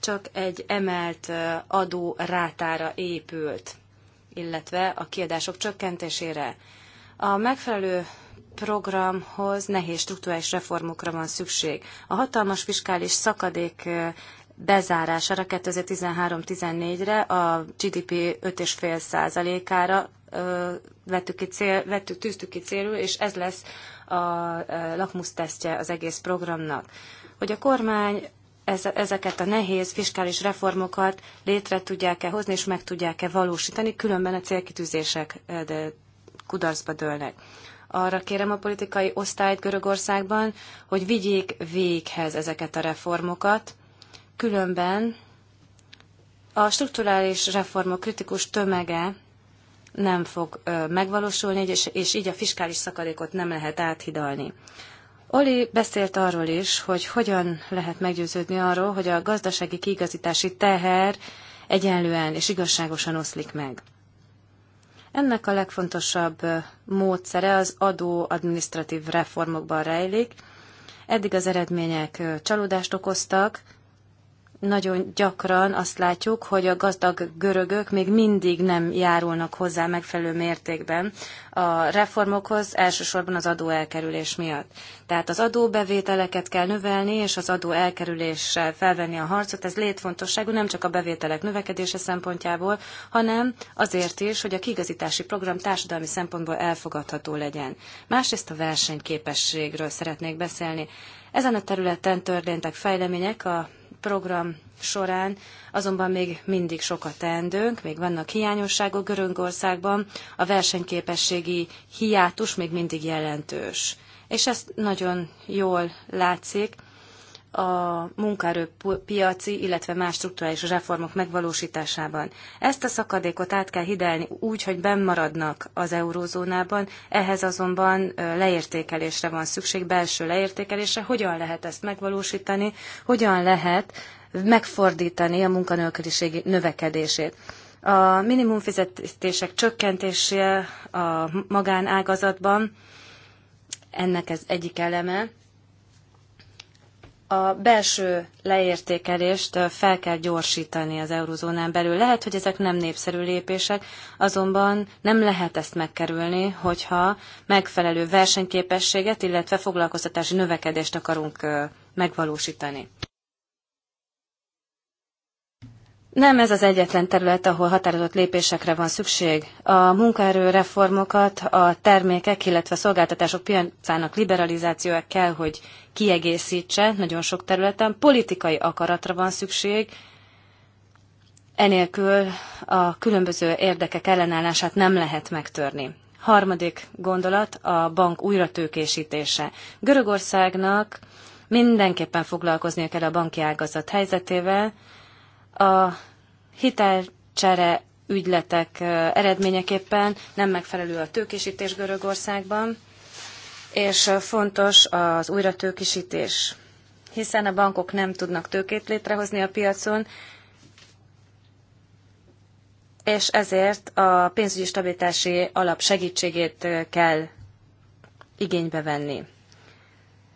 Speaker 2: csak egy emelt adó rátára épült illetve a kiadások csökkentésére. A megfelelő programhoz nehéz struktúrális reformokra van szükség. A hatalmas fiskális szakadék bezárására 2013-14-re a GDP 5,5%-ára vettük ki cél, vettük, tűztük ki célul, és ez lesz a lakmusztesztje az egész programnak. Hogy a kormány ezeket a nehéz fiskális reformokat létre tudják-e hozni, és meg tudják-e valósítani, különben a célkitűzések eh, kudarcba dőlnek. Arra kérem a politikai osztályt Görögországban, hogy vigyék véghez ezeket a reformokat, különben a strukturális reformok kritikus tömege nem fog eh, megvalósulni, és, és így a fiskális szakadékot nem lehet áthidalni. Oli beszélt arról is, hogy hogyan lehet meggyőződni arról, hogy a gazdasági kiigazítási teher egyenlően és igazságosan oszlik meg. Ennek a legfontosabb módszere az adó adminisztratív reformokban rejlik. Eddig az eredmények csalódást okoztak, nagyon gyakran azt látjuk, hogy a gazdag görögök még mindig nem járulnak hozzá megfelelő mértékben a reformokhoz, elsősorban az adóelkerülés miatt. Tehát az adóbevételeket kell növelni, és az adóelkerüléssel felvenni a harcot, ez létfontosságú nem csak a bevételek növekedése szempontjából, hanem azért is, hogy a kigazítási program társadalmi szempontból elfogadható legyen. Másrészt a versenyképességről szeretnék beszélni. Ezen a területen történtek fejlemények a program során, azonban még mindig sokat teendőnk, még vannak hiányosságok Görögországban, a versenyképességi hiátus még mindig jelentős. És ez nagyon jól látszik, a munkaerőpiaci, illetve más struktúrális reformok megvalósításában. Ezt a szakadékot át kell hidelni úgy, hogy bennmaradnak az eurózónában, ehhez azonban leértékelésre van szükség, belső leértékelésre, hogyan lehet ezt megvalósítani, hogyan lehet megfordítani a munkanélküliség növekedését. A minimumfizetések csökkentése a magánágazatban ennek ez egyik eleme, a belső leértékelést fel kell gyorsítani az eurozónán belül. Lehet, hogy ezek nem népszerű lépések, azonban nem lehet ezt megkerülni, hogyha megfelelő versenyképességet, illetve foglalkoztatási növekedést akarunk megvalósítani. Nem ez az egyetlen terület, ahol határozott lépésekre van szükség. A munkaerő reformokat, a termékek, illetve a szolgáltatások piacának liberalizációja kell, hogy kiegészítse nagyon sok területen. Politikai akaratra van szükség, enélkül a különböző érdekek ellenállását nem lehet megtörni. Harmadik gondolat a bank újratőkésítése. Görögországnak mindenképpen foglalkoznia kell a banki ágazat helyzetével, a hitelcsere ügyletek eredményeképpen nem megfelelő a tőkésítés Görögországban, és fontos az újratőkésítés, hiszen a bankok nem tudnak tőkét létrehozni a piacon, és ezért a pénzügyi stabilitási alap segítségét kell igénybe venni.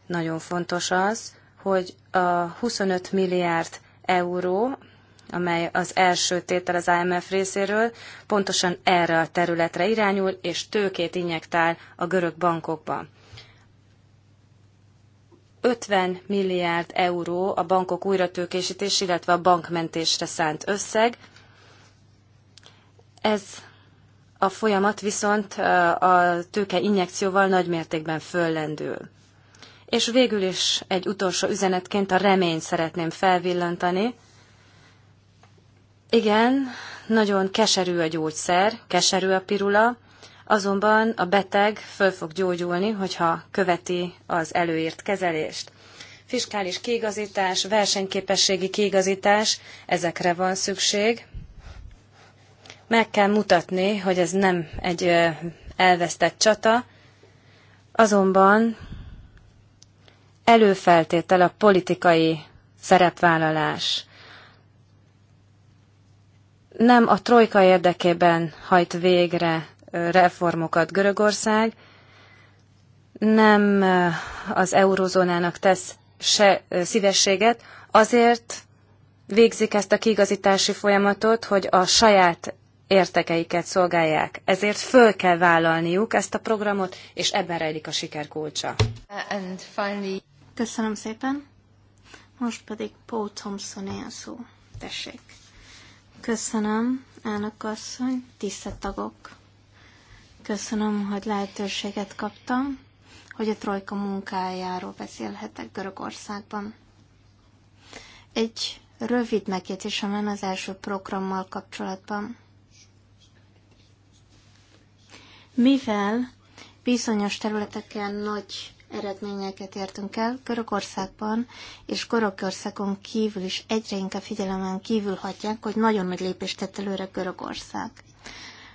Speaker 2: Nagyon fontos az, hogy a 25 milliárd euró, amely az első tétel az IMF részéről, pontosan erre a területre irányul, és tőkét injektál a görög bankokba. 50 milliárd euró a bankok újratőkésítés, illetve a bankmentésre szánt összeg. Ez a folyamat viszont a tőke injekcióval nagymértékben föllendül. És végül is egy utolsó üzenetként a reményt szeretném felvillantani, igen, nagyon keserű a gyógyszer, keserű a pirula, azonban a beteg föl fog gyógyulni, hogyha követi az előírt kezelést. Fiskális kiigazítás, versenyképességi kiigazítás, ezekre van szükség. Meg kell mutatni, hogy ez nem egy elvesztett csata, azonban előfeltétel a politikai szerepvállalás nem a trojka érdekében hajt végre reformokat Görögország, nem az eurozónának tesz se szívességet, azért végzik ezt a kiigazítási folyamatot, hogy a saját értekeiket szolgálják. Ezért föl kell vállalniuk ezt a programot, és ebben rejlik a siker kulcsa.
Speaker 1: And finally... Köszönöm szépen. Most pedig Paul Thompson a szó. Tessék. Köszönöm, elnök asszony, tisztelt tagok. Köszönöm, hogy lehetőséget kaptam, hogy a Trojka munkájáról beszélhetek Görögországban. Egy rövid megjegyzésem van az első programmal kapcsolatban. Mivel bizonyos területeken nagy eredményeket értünk el. Görögországban és Görögországon kívül is egyre inkább figyelemen kívül hagyják, hogy nagyon nagy lépést tett előre Görögország.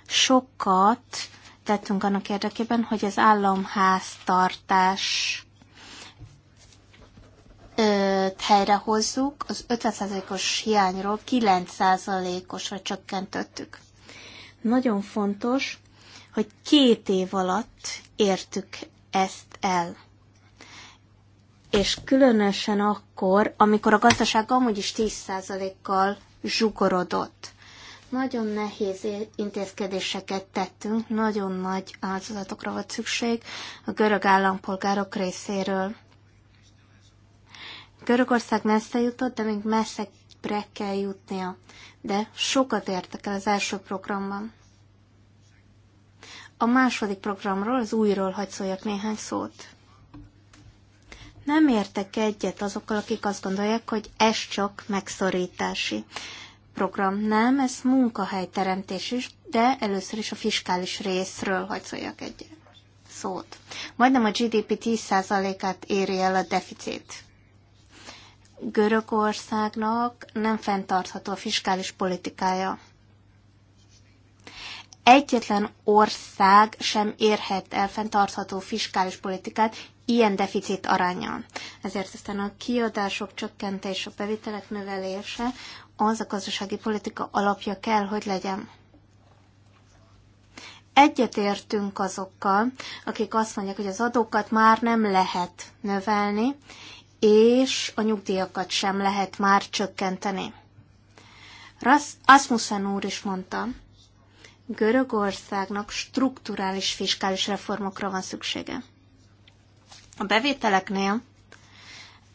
Speaker 1: Sokat tettünk annak érdekében, hogy az államháztartás helyrehozzuk, az 50%-os hiányról 9%-osra csökkentettük. Nagyon fontos, hogy két év alatt értük ezt el és különösen akkor, amikor a gazdaság amúgy is 10%-kal zsugorodott. Nagyon nehéz intézkedéseket tettünk, nagyon nagy áldozatokra volt szükség a görög állampolgárok részéről. Görögország messze jutott, de még messze kell jutnia. De sokat értek el az első programban. A második programról, az újról hagy szóljak néhány szót. Nem értek egyet azokkal, akik azt gondolják, hogy ez csak megszorítási program. Nem, ez munkahelyteremtés is, de először is a fiskális részről hagyszoljak egy szót. Majdnem a GDP 10%-át éri el a deficit. Görögországnak nem fenntartható a fiskális politikája. Egyetlen ország sem érhet el fenntartható fiskális politikát, ilyen deficit aránya. Ezért aztán a kiadások csökkentése, a bevitelek növelése, az a gazdasági politika alapja kell, hogy legyen. Egyetértünk azokkal, akik azt mondják, hogy az adókat már nem lehet növelni, és a nyugdíjakat sem lehet már csökkenteni. Rasmussen úr is mondta, Görögországnak strukturális fiskális reformokra van szüksége. A bevételeknél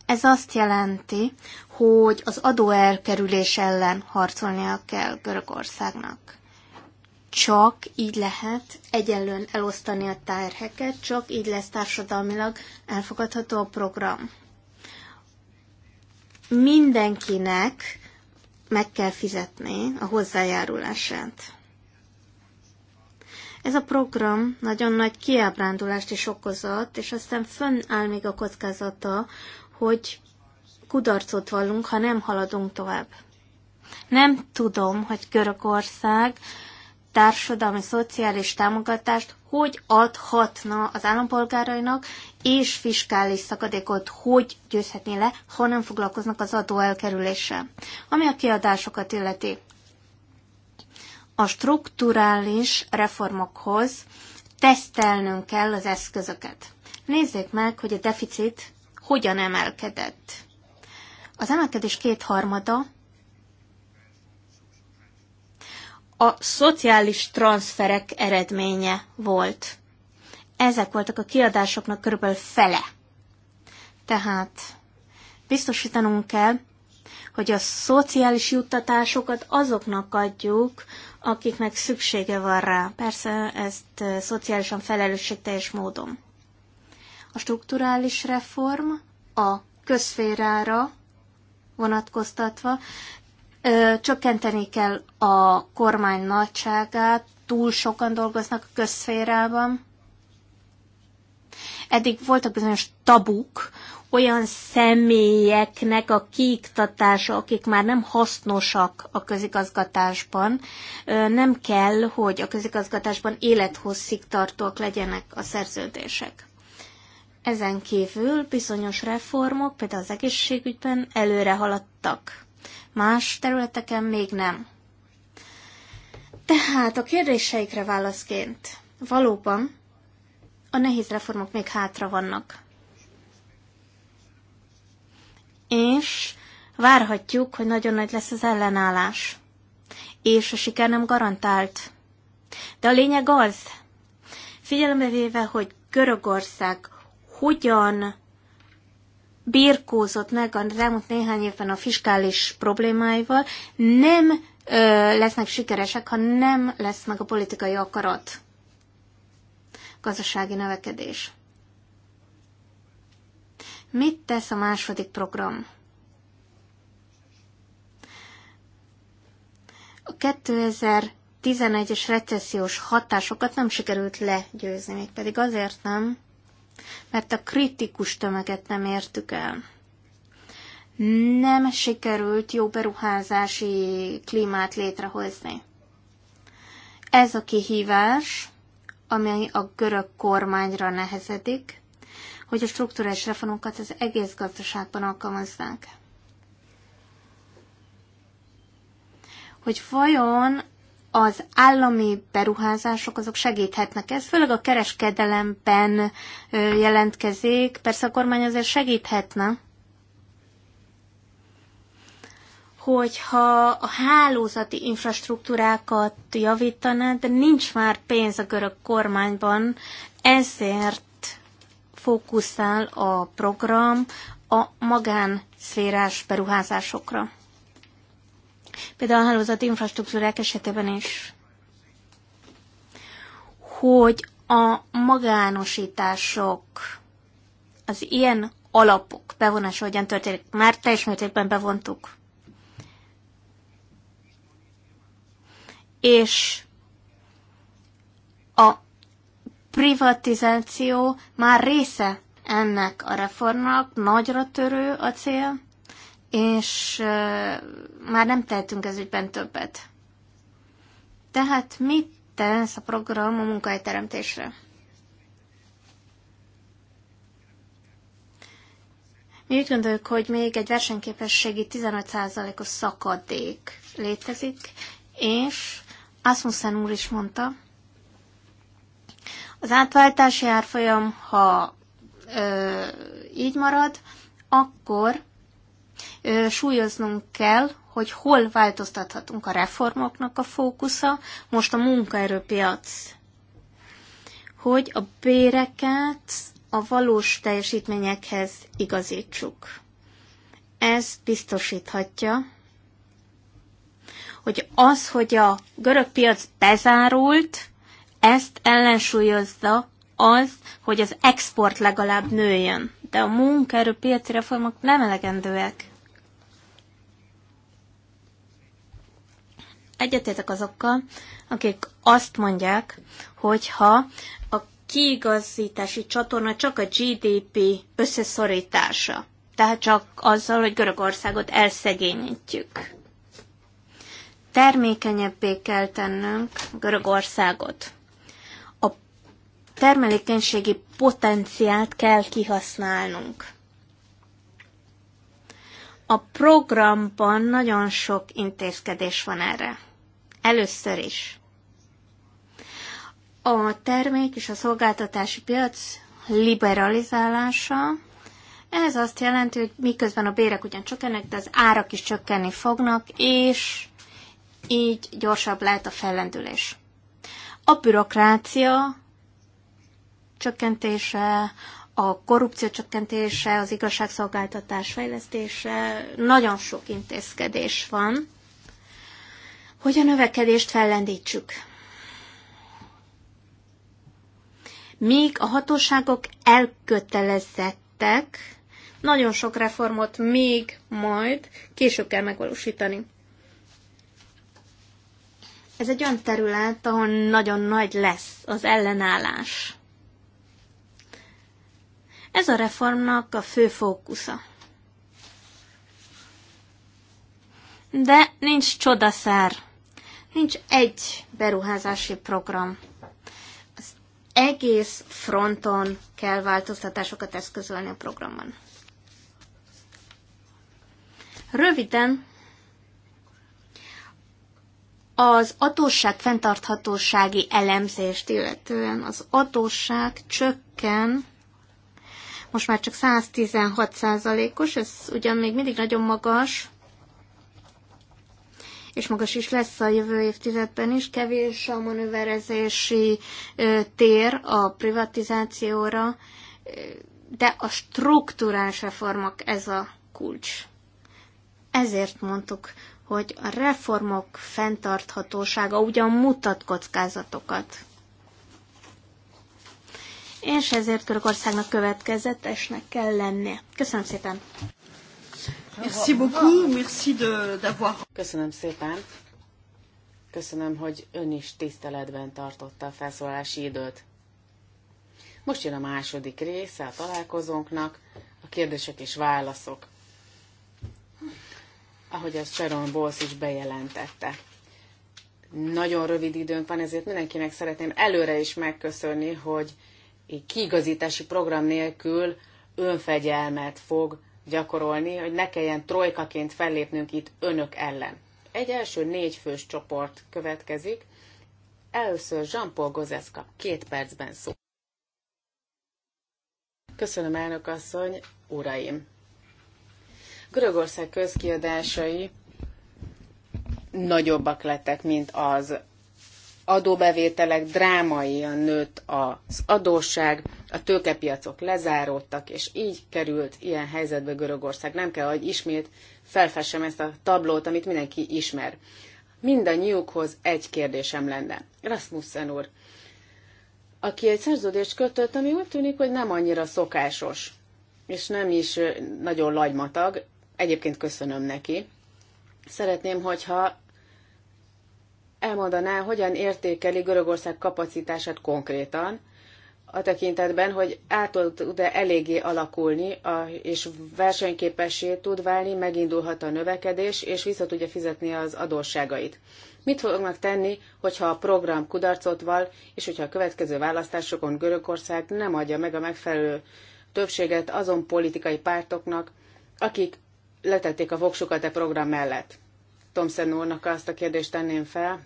Speaker 1: ez azt jelenti, hogy az adóelkerülés ellen harcolnia kell Görögországnak. Csak így lehet egyenlően elosztani a terheket, csak így lesz társadalmilag elfogadható a program. Mindenkinek meg kell fizetni a hozzájárulását. Ez a program nagyon nagy kiábrándulást is okozott, és aztán áll még a kockázata, hogy kudarcot vallunk, ha nem haladunk tovább. Nem tudom, hogy Görögország társadalmi, szociális támogatást hogy adhatna az állampolgárainak, és fiskális szakadékot hogy győzhetné le, ha nem foglalkoznak az adóelkerüléssel. Ami a kiadásokat illeti, a strukturális reformokhoz tesztelnünk kell az eszközöket. Nézzék meg, hogy a deficit hogyan emelkedett. Az emelkedés kétharmada a szociális transferek eredménye volt. Ezek voltak a kiadásoknak körülbelül fele. Tehát biztosítanunk kell, hogy a szociális juttatásokat azoknak adjuk, akiknek szüksége van rá. Persze ezt szociálisan felelősségteljes módon. A strukturális reform a közférára vonatkoztatva csökkenteni kell a kormány nagyságát, túl sokan dolgoznak a közférában. Eddig voltak bizonyos tabuk, olyan személyeknek a kiiktatása, akik már nem hasznosak a közigazgatásban. Nem kell, hogy a közigazgatásban élethosszig tartóak legyenek a szerződések. Ezen kívül bizonyos reformok, például az egészségügyben előre haladtak. Más területeken még nem. Tehát a kérdéseikre válaszként valóban a nehéz reformok még hátra vannak és várhatjuk, hogy nagyon nagy lesz az ellenállás. És a siker nem garantált. De a lényeg az, figyelembe véve, hogy Görögország hogyan birkózott meg a elmúlt néhány évben a fiskális problémáival, nem ö, lesznek sikeresek, ha nem lesz meg a politikai akarat, gazdasági növekedés. Mit tesz a második program? A 2011-es recessziós hatásokat nem sikerült legyőzni, még pedig azért nem, mert a kritikus tömeget nem értük el. Nem sikerült jó beruházási klímát létrehozni. Ez a kihívás, amely a görög kormányra nehezedik, hogy a struktúrális reformokat az egész gazdaságban alkalmaznánk. Hogy vajon az állami beruházások azok segíthetnek. Ez főleg a kereskedelemben jelentkezik. Persze a kormány azért segíthetne, hogyha a hálózati infrastruktúrákat javítaná, de nincs már pénz a görög kormányban, ezért fókuszál a program a magánszférás beruházásokra. Például a hálózati infrastruktúrák esetében is. Hogy a magánosítások, az ilyen alapok bevonása hogyan történik, már teljes mértékben bevontuk. És a privatizáció már része ennek a reformnak, nagyra törő a cél, és már nem tehetünk ez ügyben többet. Tehát mit tesz a program a munkahelyteremtésre? Mi úgy gondoljuk, hogy még egy versenyképességi 15%-os szakadék létezik, és Asmussen úr is mondta, az átváltási árfolyam, ha ö, így marad, akkor ö, súlyoznunk kell, hogy hol változtathatunk a reformoknak a fókusza, most a munkaerőpiac, hogy a béreket a valós teljesítményekhez igazítsuk. Ez biztosíthatja, hogy az, hogy a görög piac bezárult, ezt ellensúlyozza az, hogy az export legalább nőjön, de a munkaerőpiaci reformok nem elegendőek. Egyetértek azokkal, akik azt mondják, hogy ha a kiigazítási csatorna csak a GDP összeszorítása, tehát csak azzal, hogy Görögországot elszegényítjük. Termékenyebbé kell tennünk Görögországot termelékenységi potenciált kell kihasználnunk. A programban nagyon sok intézkedés van erre. Először is. A termék és a szolgáltatási piac liberalizálása. Ez azt jelenti, hogy miközben a bérek ugyan csökkennek, de az árak is csökkenni fognak, és így gyorsabb lehet a fellendülés. A bürokrácia csökkentése, a korrupció csökkentése, az igazságszolgáltatás fejlesztése, nagyon sok intézkedés van, hogy a növekedést fellendítsük. Míg a hatóságok elkötelezettek, nagyon sok reformot még majd később kell megvalósítani. Ez egy olyan terület, ahol nagyon nagy lesz az ellenállás. Ez a reformnak a fő fókusza. De nincs csodaszer. Nincs egy beruházási program. Az egész fronton kell változtatásokat eszközölni a programon. Röviden, az adósság fenntarthatósági elemzést, illetően az adósság csökken most már csak 116 százalékos, ez ugyan még mindig nagyon magas, és magas is lesz a jövő évtizedben is, kevés a manőverezési tér a privatizációra, de a struktúrális reformok ez a kulcs. Ezért mondtuk, hogy a reformok fenntarthatósága ugyan mutat kockázatokat és ezért Törökországnak következetesnek kell lennie. Köszönöm szépen!
Speaker 3: Merci beaucoup, merci d'avoir. Köszönöm szépen. Köszönöm, hogy ön is tiszteletben tartotta a felszólalási időt. Most jön a második része a találkozónknak, a kérdések és válaszok. Ahogy ezt Sharon Bowles is bejelentette. Nagyon rövid időnk van, ezért mindenkinek szeretném előre is megköszönni, hogy kiigazítási program nélkül önfegyelmet fog gyakorolni, hogy ne kelljen trojkaként fellépnünk itt önök ellen. Egy első négyfős csoport következik. Először Jean-Paul Gozeszka, kap két percben szó. Köszönöm, elnök asszony, uraim! Görögország közkiadásai nagyobbak lettek, mint az adóbevételek, drámaian nőtt az adósság, a tőkepiacok lezáródtak, és így került ilyen helyzetbe Görögország. Nem kell, hogy ismét felfessem ezt a tablót, amit mindenki ismer. Mindannyiukhoz egy kérdésem lenne. Rasmussen úr, aki egy szerződést kötött, ami úgy tűnik, hogy nem annyira szokásos, és nem is nagyon lagymatag, egyébként köszönöm neki. Szeretném, hogyha elmondaná, hogyan értékeli Görögország kapacitását konkrétan, a tekintetben, hogy át tud-e eléggé alakulni, a, és versenyképessé tud válni, megindulhat a növekedés, és vissza tudja fizetni az adósságait. Mit fognak tenni, hogyha a program kudarcot val, és hogyha a következő választásokon Görögország nem adja meg a megfelelő többséget azon politikai pártoknak, akik letették a voksukat e program mellett? Tomszen úrnak azt a kérdést tenném fel,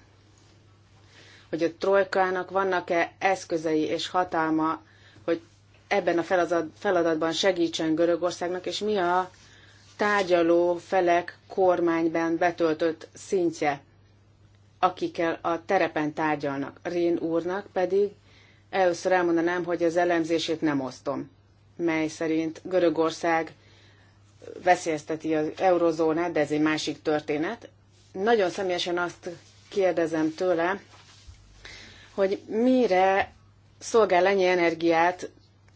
Speaker 3: hogy a trojkának vannak-e eszközei és hatalma, hogy ebben a feladatban segítsen Görögországnak, és mi a tárgyaló felek kormányban betöltött szintje, akikkel a terepen tárgyalnak. Rén úrnak pedig először elmondanám, hogy az elemzését nem osztom, mely szerint Görögország veszélyezteti az eurozónát, de ez egy másik történet nagyon személyesen azt kérdezem tőle, hogy mire szolgál ennyi energiát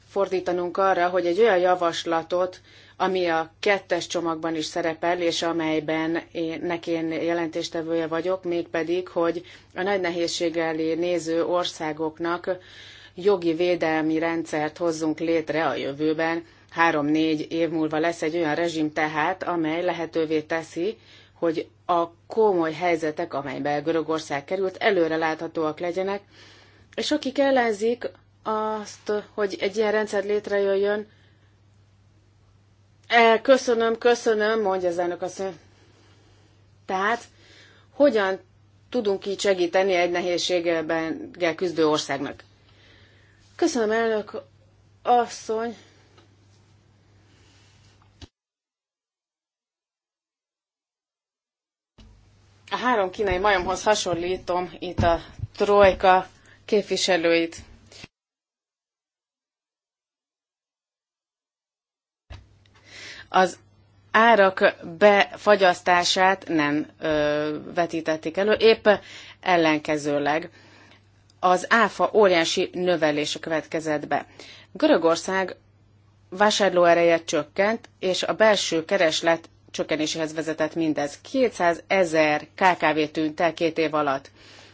Speaker 3: fordítanunk arra, hogy egy olyan javaslatot, ami a kettes csomagban is szerepel, és amelyben én, nekén jelentéstevője vagyok, mégpedig, hogy a nagy nehézség elé néző országoknak jogi védelmi rendszert hozzunk létre a jövőben. Három-négy év múlva lesz egy olyan rezsim tehát, amely lehetővé teszi, hogy a komoly helyzetek, amelybe Görögország került, előre láthatóak legyenek, és akik ellenzik azt, hogy egy ilyen rendszer létrejöjjön, e, köszönöm, köszönöm, mondja az elnök asszony. Tehát, hogyan tudunk így segíteni egy nehézségben küzdő országnak? Köszönöm, elnök asszony, a három kínai majomhoz hasonlítom itt a trojka képviselőit. Az árak befagyasztását nem ö, vetítették elő, épp ellenkezőleg az áfa óriási növelése következett be. Görögország vásárlóereje csökkent, és a belső kereslet csökkenéséhez vezetett mindez. 200 ezer KKV tűnt el két év alatt.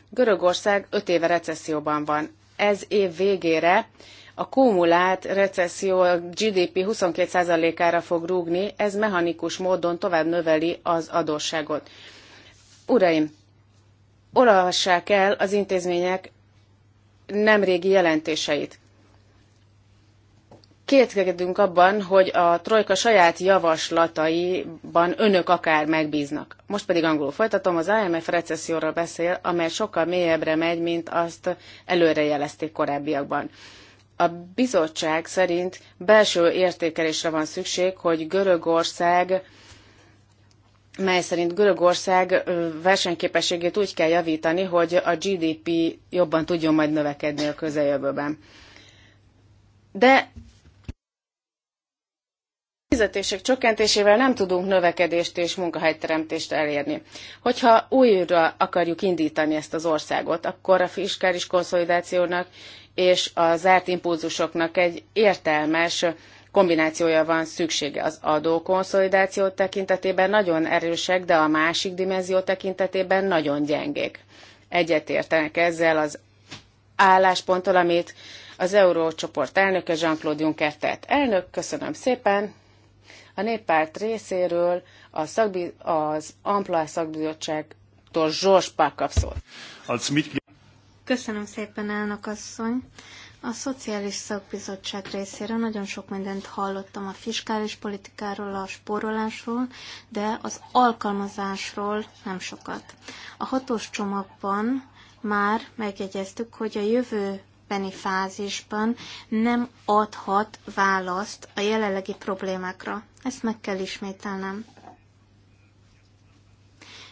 Speaker 3: Görögország 5 éve recesszióban van. Ez év végére a kumulált recesszió a GDP 22%-ára fog rúgni, ez mechanikus módon tovább növeli az adósságot. Uraim, olvassák el az intézmények nemrégi jelentéseit kétkedünk abban, hogy a trojka saját javaslataiban önök akár megbíznak. Most pedig angolul folytatom, az IMF recesszióról beszél, amely sokkal mélyebbre megy, mint azt előrejelezték korábbiakban. A bizottság szerint belső értékelésre van szükség, hogy Görögország mely szerint Görögország versenyképességét úgy kell javítani, hogy a GDP jobban tudjon majd növekedni a közeljövőben. De fizetések csökkentésével nem tudunk növekedést és munkahelyteremtést elérni. Hogyha újra akarjuk indítani ezt az országot, akkor a fiskális konszolidációnak és a zárt impulzusoknak egy értelmes kombinációja van szüksége. Az adókonszolidáció tekintetében nagyon erősek, de a másik dimenzió tekintetében nagyon gyengék. Egyetértenek ezzel az állásponttal, amit az Eurócsoport elnöke Jean-Claude Juncker tett. Elnök, köszönöm szépen! A néppárt részéről a szakbi, az Amplá szakbizottságtól Zsors Pák kap Köszönöm szépen, elnök asszony.
Speaker 1: A Szociális Szakbizottság részéről nagyon sok mindent hallottam a fiskális politikáról, a spórolásról, de az alkalmazásról nem sokat. A hatós csomagban már megjegyeztük, hogy a jövőbeni fázisban nem adhat választ a jelenlegi problémákra. Ezt meg kell ismételnem.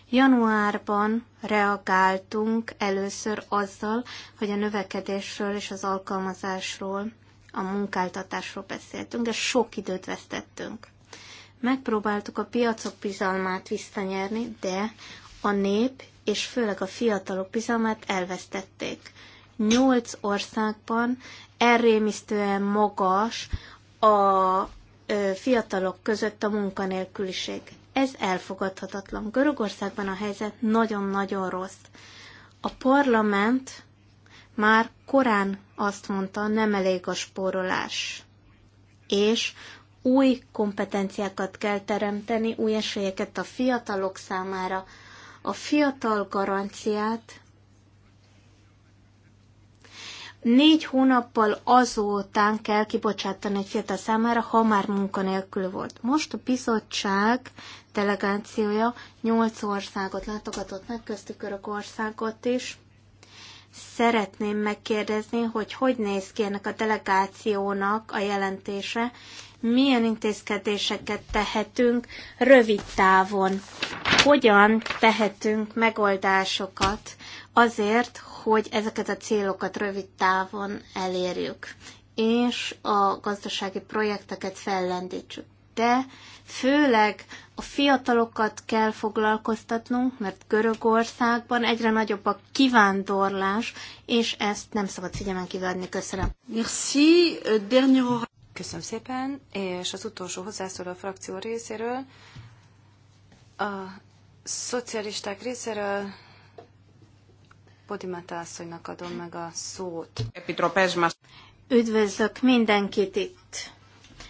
Speaker 1: Januárban reagáltunk először azzal, hogy a növekedésről és az alkalmazásról, a munkáltatásról beszéltünk, de sok időt vesztettünk. Megpróbáltuk a piacok bizalmát visszanyerni, de a nép és főleg a fiatalok bizalmát elvesztették. Nyolc országban elrémisztően magas a fiatalok között a munkanélküliség. Ez elfogadhatatlan. Görögországban a helyzet nagyon-nagyon rossz. A parlament már korán azt mondta, nem elég a spórolás. És új kompetenciákat kell teremteni, új esélyeket a fiatalok számára. A fiatal garanciát Négy hónappal azután kell kibocsátani egy fiatal számára, ha már munkanélkül volt. Most a bizottság delegációja nyolc országot látogatott meg, köztük Örökországot is. Szeretném megkérdezni, hogy hogy néz ki ennek a delegációnak a jelentése, milyen intézkedéseket tehetünk rövid távon, hogyan tehetünk megoldásokat azért, hogy ezeket a célokat rövid távon elérjük, és a gazdasági projekteket fellendítsük. De főleg a fiatalokat kell foglalkoztatnunk, mert Görögországban egyre nagyobb a kivándorlás, és ezt nem szabad figyelmen kivárni. Köszönöm.
Speaker 2: Merci. Euh, dernier... Köszönöm szépen, és az utolsó hozzászóló a frakció részéről, a szocialisták részéről Podimata asszonynak adom meg a szót.
Speaker 1: Üdvözlök mindenkit itt!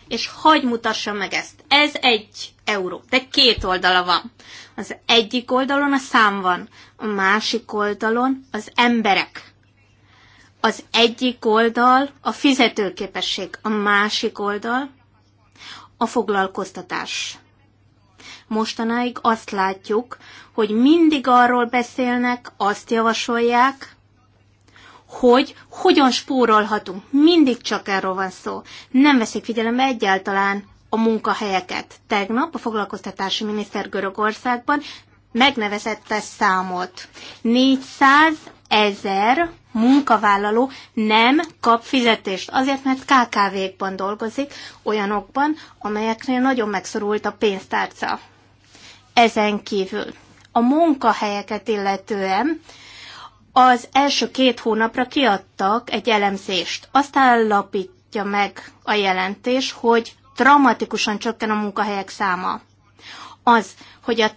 Speaker 1: És hagy mutassam meg ezt. Ez egy euró, de két oldala van. Az egyik oldalon a szám van, a másik oldalon az emberek. Az egyik oldal a fizetőképesség, a másik oldal a foglalkoztatás mostanáig azt látjuk, hogy mindig arról beszélnek, azt javasolják, hogy hogyan spórolhatunk. Mindig csak erről van szó. Nem veszik figyelembe egyáltalán a munkahelyeket. Tegnap a foglalkoztatási miniszter Görögországban megnevezette számot. 400 ezer munkavállaló nem kap fizetést, azért, mert KKV-kban dolgozik, olyanokban, amelyeknél nagyon megszorult a pénztárca. Ezen kívül a munkahelyeket illetően az első két hónapra kiadtak egy elemzést. Azt állapítja meg a jelentés, hogy dramatikusan csökken a munkahelyek száma. Az, hogy a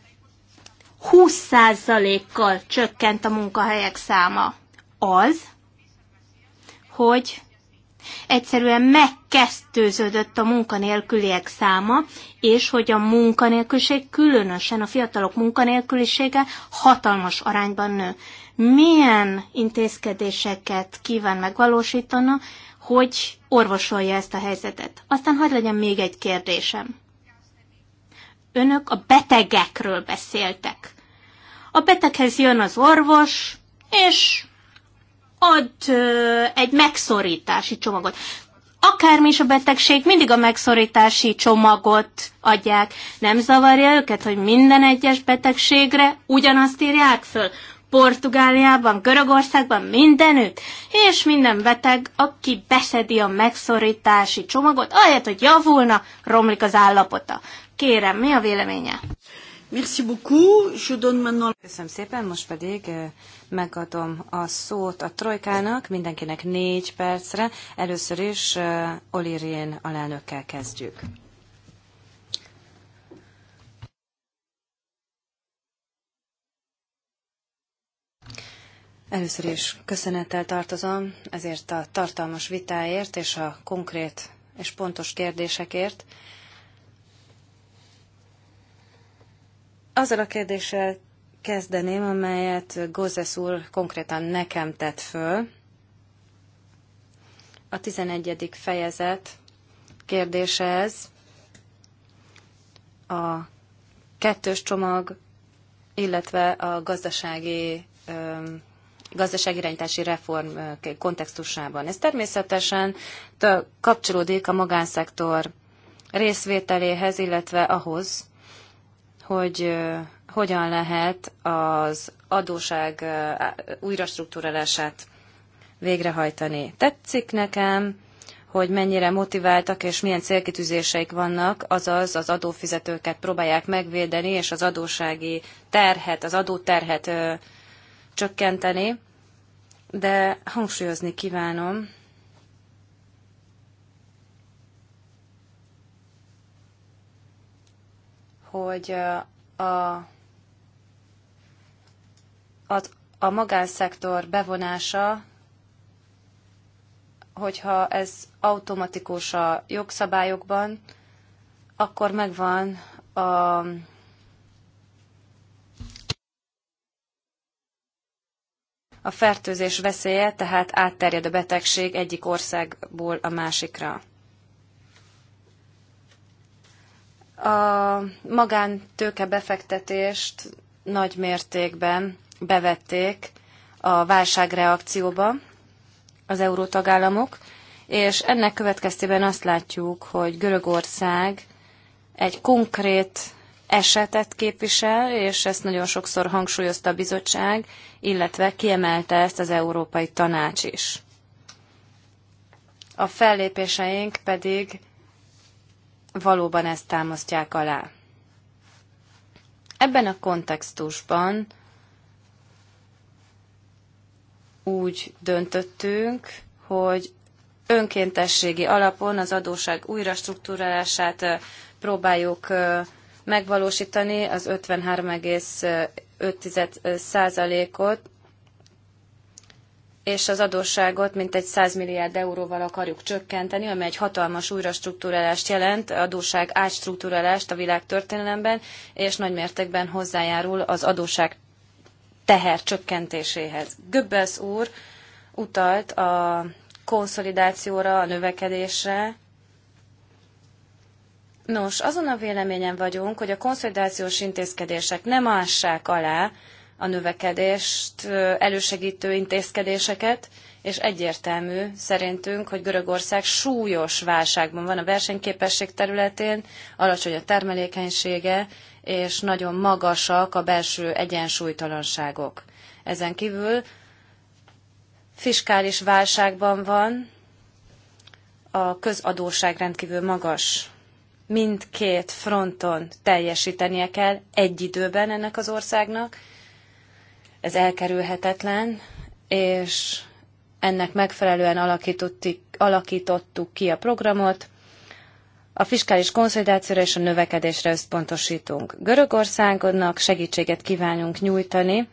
Speaker 1: 20%-kal csökkent a munkahelyek száma. Az, hogy Egyszerűen megkezdőződött a munkanélküliek száma, és hogy a munkanélküliség, különösen a fiatalok munkanélkülisége hatalmas arányban nő. Milyen intézkedéseket kíván megvalósítana, hogy orvosolja ezt a helyzetet? Aztán hagyd legyen még egy kérdésem. Önök a betegekről beszéltek. A beteghez jön az orvos, és ad egy megszorítási csomagot. Akármi is a betegség, mindig a megszorítási csomagot adják. Nem zavarja őket, hogy minden egyes betegségre ugyanazt írják föl. Portugáliában, Görögországban mindenütt, és minden beteg, aki beszedi a megszorítási csomagot, ahelyett, hogy javulna, romlik az állapota. Kérem, mi a véleménye?
Speaker 2: Merci beaucoup. Je donne maintenant... Köszönöm szépen, most pedig eh, megadom a szót a trojkának, mindenkinek négy percre. Először is eh, Olirén alelnökkel kezdjük. Először is köszönettel tartozom ezért a tartalmas vitáért és a konkrét és pontos kérdésekért. Azzal a kérdéssel kezdeném, amelyet Gózes úr konkrétan nekem tett föl. A 11. fejezet kérdése ez. A kettős csomag, illetve a gazdasági gazdaságirányítási reform kontextusában. Ez természetesen kapcsolódik a magánszektor részvételéhez, illetve ahhoz, hogy hogyan lehet az adóság újrastruktúrálását végrehajtani. Tetszik nekem, hogy mennyire motiváltak és milyen célkitűzéseik vannak, azaz az adófizetőket próbálják megvédeni, és az adósági terhet, az adóterhet ö, csökkenteni, de hangsúlyozni kívánom, hogy a, a, a magánszektor bevonása, hogyha ez automatikus a jogszabályokban, akkor megvan a a fertőzés veszélye, tehát átterjed a betegség egyik országból a másikra. a magántőke befektetést nagy mértékben bevették a válságreakcióba az eurótagállamok, és ennek következtében azt látjuk, hogy Görögország egy konkrét esetet képvisel, és ezt nagyon sokszor hangsúlyozta a bizottság, illetve kiemelte ezt az Európai Tanács is. A fellépéseink pedig valóban ezt támasztják alá. Ebben a kontextusban úgy döntöttünk, hogy önkéntességi alapon az adóság újrastruktúrálását próbáljuk megvalósítani az 53,5%-ot és az adósságot mintegy 100 milliárd euróval akarjuk csökkenteni, ami egy hatalmas újrastruktúrálást jelent, adósság átstruktúrálást a világ és nagy mértékben hozzájárul az adósság teher csökkentéséhez. Göbbels úr utalt a konszolidációra, a növekedésre. Nos, azon a véleményen vagyunk, hogy a konszolidációs intézkedések nem ássák alá a növekedést elősegítő intézkedéseket, és egyértelmű szerintünk, hogy Görögország súlyos válságban van a versenyképesség területén, alacsony a termelékenysége, és nagyon magasak a belső egyensúlytalanságok. Ezen kívül fiskális válságban van, a közadóság rendkívül magas. Mindkét fronton teljesítenie kell egy időben ennek az országnak, ez elkerülhetetlen, és ennek megfelelően alakítottuk ki a programot. A fiskális konszolidációra és a növekedésre összpontosítunk. Görögországodnak segítséget kívánunk nyújtani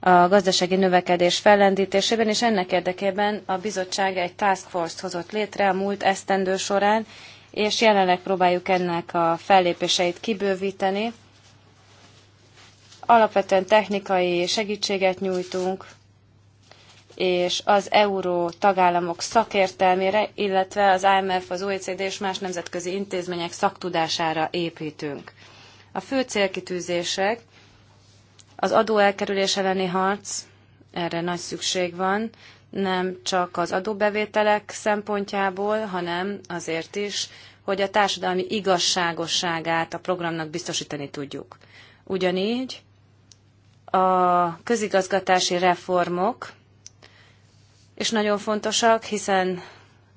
Speaker 2: a gazdasági növekedés fellendítésében, és ennek érdekében a bizottság egy task force-t hozott létre a múlt esztendő során, és jelenleg próbáljuk ennek a fellépéseit kibővíteni Alapvetően technikai segítséget nyújtunk, és az euró tagállamok szakértelmére, illetve az IMF, az OECD és más nemzetközi intézmények szaktudására építünk. A fő célkitűzések az adó elkerülés elleni harc, erre nagy szükség van, nem csak az adóbevételek szempontjából, hanem azért is, hogy a társadalmi igazságosságát a programnak biztosítani tudjuk. Ugyanígy a közigazgatási reformok, és nagyon fontosak, hiszen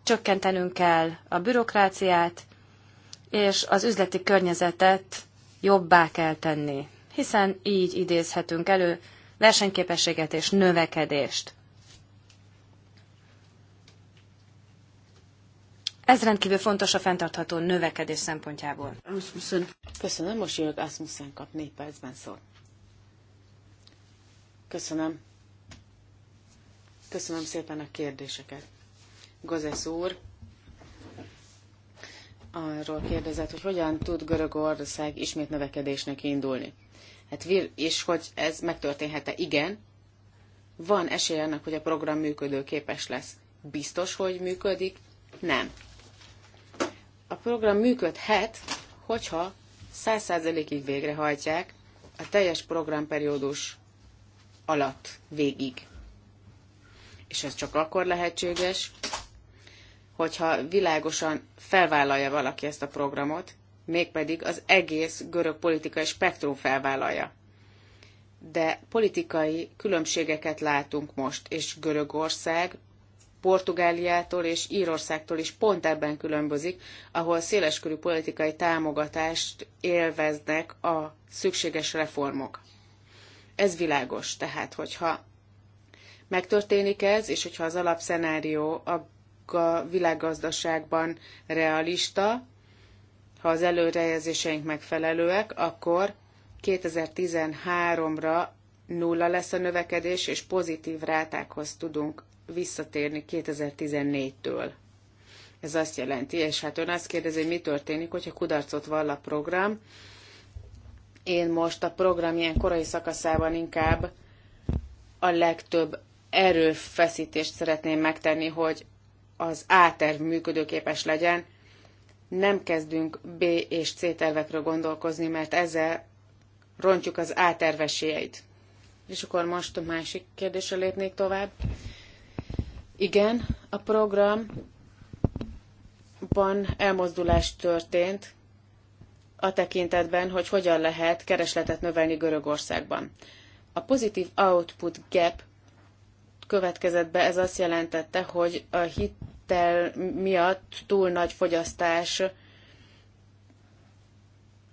Speaker 2: csökkentenünk kell a bürokráciát, és az üzleti környezetet jobbá kell tenni, hiszen így idézhetünk elő versenyképességet és növekedést. Ez rendkívül fontos a fenntartható növekedés szempontjából.
Speaker 3: Köszönöm, most jövök Asmussen kap négy percben szót. Köszönöm. Köszönöm szépen a kérdéseket. Gozesz úr arról kérdezett, hogy hogyan tud Görögország ismét növekedésnek indulni. Hát, és hogy ez megtörténhet-e? Igen. Van esély annak, hogy a program működőképes lesz. Biztos, hogy működik? Nem. A program működhet, hogyha 100%-ig végrehajtják a teljes programperiódus alatt végig. És ez csak akkor lehetséges, hogyha világosan felvállalja valaki ezt a programot, mégpedig az egész görög politikai spektrum felvállalja. De politikai különbségeket látunk most, és Görögország Portugáliától és Írországtól is pont ebben különbözik, ahol széleskörű politikai támogatást élveznek a szükséges reformok. Ez világos, tehát, hogyha megtörténik ez, és hogyha az alapszenárió a világgazdaságban realista, ha az előrejelzéseink megfelelőek, akkor 2013-ra nulla lesz a növekedés, és pozitív rátákhoz tudunk visszatérni 2014-től. Ez azt jelenti, és hát ön azt kérdezi, hogy mi történik, hogyha kudarcot vall a program, én most a program ilyen korai szakaszában inkább a legtöbb erőfeszítést szeretném megtenni, hogy az A terv működőképes legyen. Nem kezdünk B és C tervekről gondolkozni, mert ezzel rontjuk az A terv És akkor most a másik kérdésre lépnék tovább. Igen, a programban elmozdulás történt, a tekintetben, hogy hogyan lehet keresletet növelni Görögországban. A pozitív output gap következett be, ez azt jelentette, hogy a hittel miatt túl nagy fogyasztás,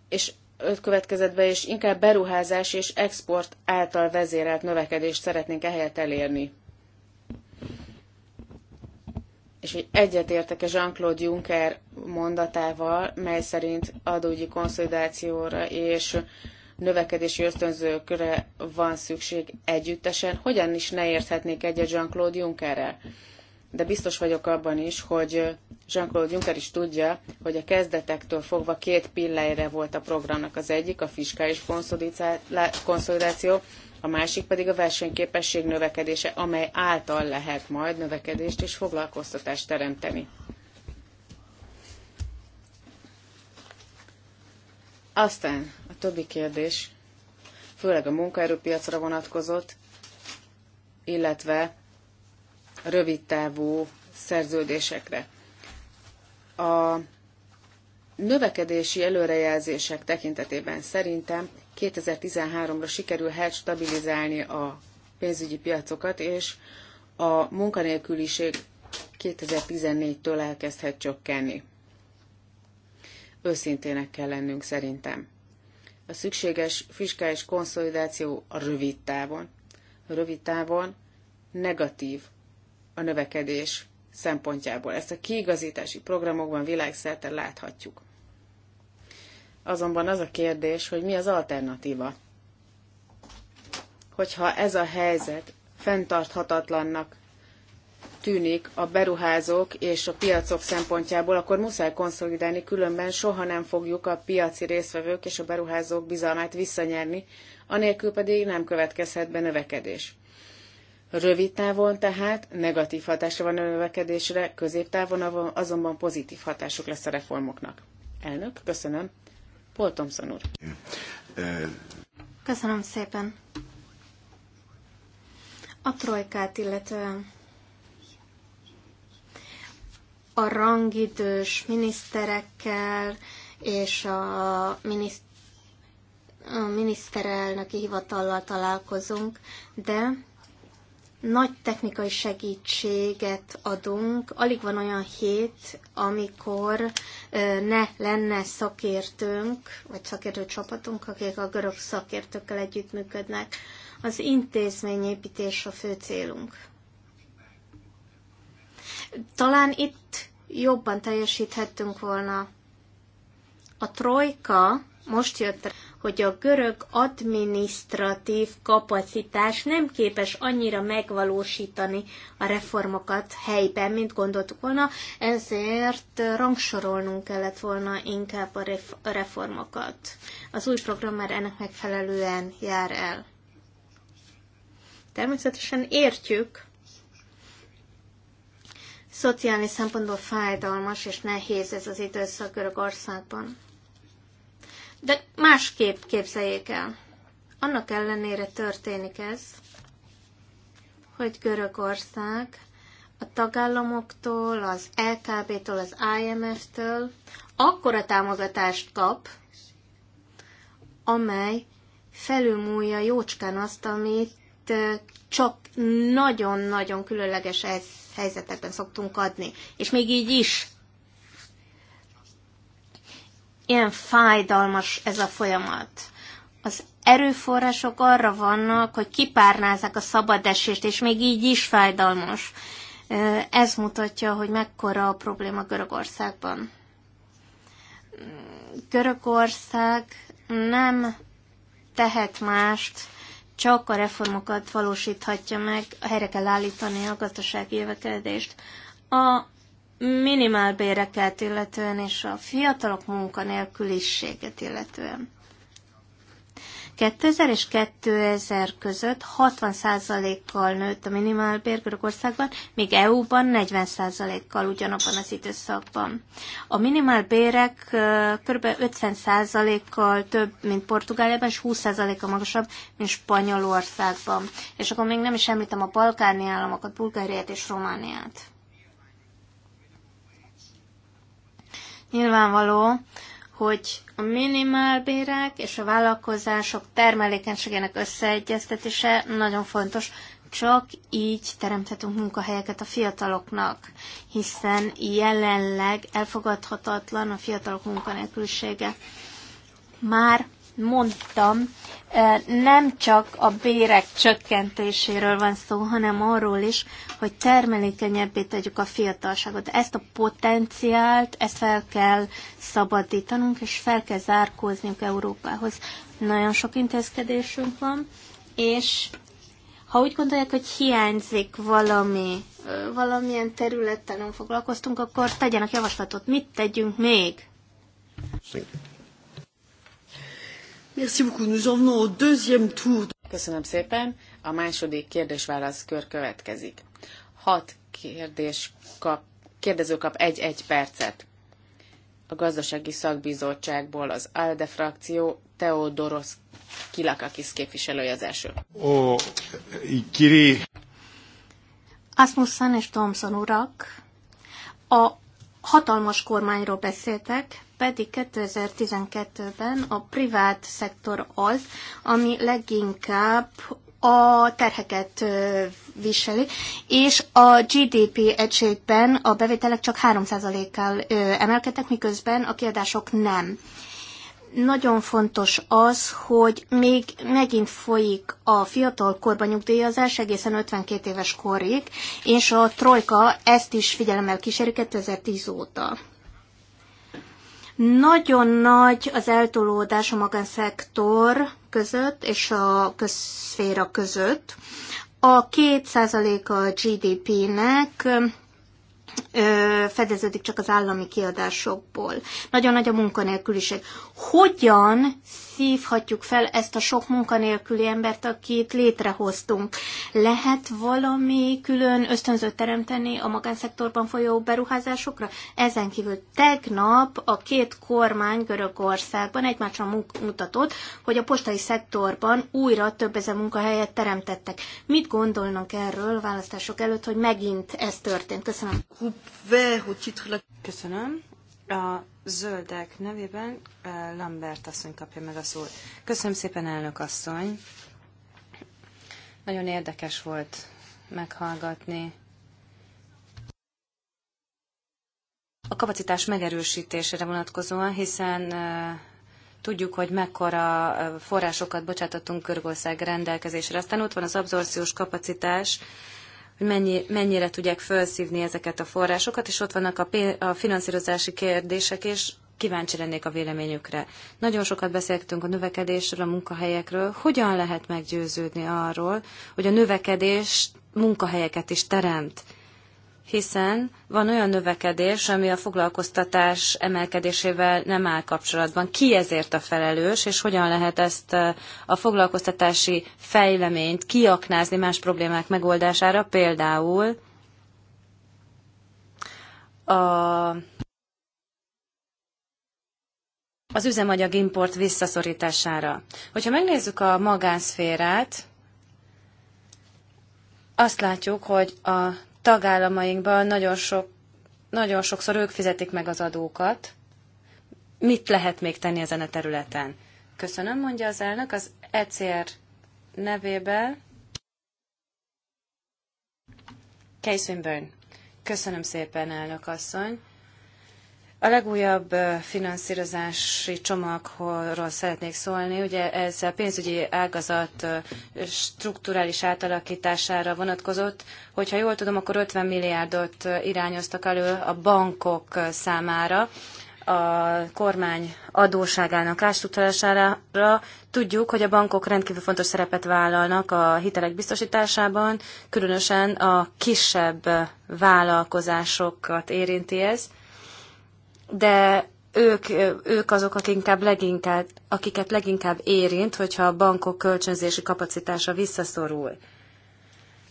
Speaker 3: és öt következett be, és inkább beruházás és export által vezérelt növekedést szeretnénk ehelyett elérni és hogy egyetértek-e Jean-Claude Juncker mondatával, mely szerint adógyi konszolidációra és növekedési ösztönzőkre van szükség együttesen, hogyan is ne érthetnék egyet Jean-Claude Junckerrel. De biztos vagyok abban is, hogy Jean-Claude Juncker is tudja, hogy a kezdetektől fogva két pillére volt a programnak az egyik, a fiskális konszolidáció, a másik pedig a versenyképesség növekedése, amely által lehet majd növekedést és foglalkoztatást teremteni. Aztán a többi kérdés, főleg a munkaerőpiacra vonatkozott, illetve rövidtávú szerződésekre. A növekedési előrejelzések tekintetében szerintem 2013-ra sikerülhet stabilizálni a pénzügyi piacokat, és a munkanélküliség 2014-től elkezdhet csökkenni. Őszintének kell lennünk szerintem. A szükséges fiskális konszolidáció a rövid távon. A rövid távon negatív a növekedés szempontjából. Ezt a kiigazítási programokban világszerte láthatjuk. Azonban az a kérdés, hogy mi az alternatíva. Hogyha ez a helyzet fenntarthatatlannak tűnik a beruházók és a piacok szempontjából, akkor muszáj konszolidálni, különben soha nem fogjuk a piaci részvevők és a beruházók bizalmát visszanyerni, anélkül pedig nem következhet be növekedés. Rövid távon tehát negatív hatása van a növekedésre, középtávon azonban pozitív hatásuk lesz a reformoknak. Elnök, köszönöm. Paul Thompson úr. Köszönöm
Speaker 1: szépen. A trojkát, illetően a rangidős miniszterekkel és a miniszter a miniszterelnöki hivatallal találkozunk, de nagy technikai segítséget adunk. Alig van olyan hét, amikor ne lenne szakértőnk, vagy szakértő csapatunk, akik a görög szakértőkkel együttműködnek. Az intézményépítés a fő célunk. Talán itt jobban teljesíthettünk volna. A trojka most jött hogy a görög adminisztratív kapacitás nem képes annyira megvalósítani a reformokat helyben, mint gondoltuk volna, ezért rangsorolnunk kellett volna inkább a, reformokat. Az új program már ennek megfelelően jár el. Természetesen értjük, szociális szempontból fájdalmas és nehéz ez az időszak Görögországban. De másképp képzeljék el. Annak ellenére történik ez, hogy Görögország a tagállamoktól, az LKB-től, az IMF-től akkora támogatást kap, amely felülmúlja jócskán azt, amit csak nagyon-nagyon különleges helyzetekben szoktunk adni. És még így is ilyen fájdalmas ez a folyamat. Az erőforrások arra vannak, hogy kipárnázzák a szabad esést, és még így is fájdalmas. Ez mutatja, hogy mekkora a probléma Görögországban. Görögország nem tehet mást, csak a reformokat valósíthatja meg, helyre kell állítani a gazdasági jövekedést. A minimálbéreket illetően és a fiatalok munkanélküliséget illetően. 2000 és 2000 között 60%-kal nőtt a minimálbér Görögországban, míg EU-ban 40%-kal ugyanabban az időszakban. A minimálbérek kb. 50%-kal több, mint Portugáliában, és 20%-a magasabb, mint Spanyolországban. És akkor még nem is említem a balkáni államokat, Bulgáriát és Romániát. Nyilvánvaló, hogy a minimálbérek és a vállalkozások termelékenységének összeegyeztetése nagyon fontos, csak így teremthetünk munkahelyeket a fiataloknak, hiszen jelenleg elfogadhatatlan a fiatalok munkanélkülsége. Már mondtam, nem csak a bérek csökkentéséről van szó, hanem arról is, hogy termelékenyebbé tegyük a fiatalságot. Ezt a potenciált, ezt fel kell szabadítanunk, és fel kell zárkózniuk Európához. Nagyon sok intézkedésünk van, és ha úgy gondolják, hogy hiányzik valami, valamilyen területen nem foglalkoztunk,
Speaker 3: akkor tegyenek javaslatot, mit tegyünk még? Szépen. Merci beaucoup. Nous en venons au deuxième tour. Köszönöm szépen. A második kérdés-válasz kör következik. Hat kérdés kap, kérdező kap egy-egy percet. A gazdasági szakbizottságból az ALDE frakció Teodoros Kilakakis képviselője az első. Ó,
Speaker 1: kiri. Asmussen és Thompson urak, a hatalmas kormányról beszéltek, pedig 2012-ben a privát szektor az, ami leginkább a terheket viseli, és a GDP egységben a bevételek csak 3%-kal emelkedtek, miközben a kiadások nem. Nagyon fontos az, hogy még megint folyik a fiatal korban nyugdíjazás egészen 52 éves korig, és a Trojka ezt is figyelemmel kíséri 2010 óta. Nagyon nagy az eltolódás a magánszektor között és a közszféra között. A 2% a GDP-nek fedeződik csak az állami kiadásokból. Nagyon nagy a munkanélküliség. Hogyan szívhatjuk fel ezt a sok munkanélküli embert, akit létrehoztunk? Lehet valami külön ösztönzőt teremteni a magánszektorban folyó beruházásokra? Ezen kívül tegnap a két kormány Görögországban egymásra mutatott, hogy a postai szektorban újra több ezer munkahelyet teremtettek. Mit gondolnak erről választások előtt, hogy megint ez történt? Köszönöm.
Speaker 2: Köszönöm. A zöldek nevében eh, Lambert asszony kapja meg a szót. Köszönöm szépen, elnök asszony. Nagyon érdekes volt meghallgatni a kapacitás megerősítésére vonatkozóan, hiszen eh, tudjuk, hogy mekkora eh, forrásokat bocsátottunk Körgország rendelkezésre. Aztán ott van az abszorciós kapacitás, hogy mennyi, mennyire tudják felszívni ezeket a forrásokat, és ott vannak a, a finanszírozási kérdések, és kíváncsi lennék a véleményükre. Nagyon sokat beszéltünk a növekedésről, a munkahelyekről. Hogyan lehet meggyőződni arról, hogy a növekedés munkahelyeket is teremt? hiszen van olyan növekedés, ami a foglalkoztatás emelkedésével nem áll kapcsolatban. Ki ezért a felelős, és hogyan lehet ezt eh, a foglalkoztatási fejleményt kiaknázni más problémák megoldására, például a az üzemanyag import visszaszorítására. Hogyha megnézzük a magánszférát, azt látjuk, hogy a tagállamainkban nagyon, sok, nagyon sokszor ők fizetik meg az adókat. Mit lehet még tenni ezen a területen? Köszönöm, mondja az elnök, az ECR nevében. Kay Swinburne. Köszönöm szépen, elnök asszony. A legújabb finanszírozási csomagról szeretnék szólni. Ugye ez a pénzügyi ágazat strukturális átalakítására vonatkozott. Hogyha jól tudom, akkor 50 milliárdot irányoztak elő a bankok számára a kormány adóságának ástruktúrására. Tudjuk, hogy a bankok rendkívül fontos szerepet vállalnak a hitelek biztosításában, különösen a kisebb vállalkozásokat érinti ez de ők, ők azok, akik inkább leginkább, akiket leginkább érint, hogyha a bankok kölcsönzési kapacitása visszaszorul.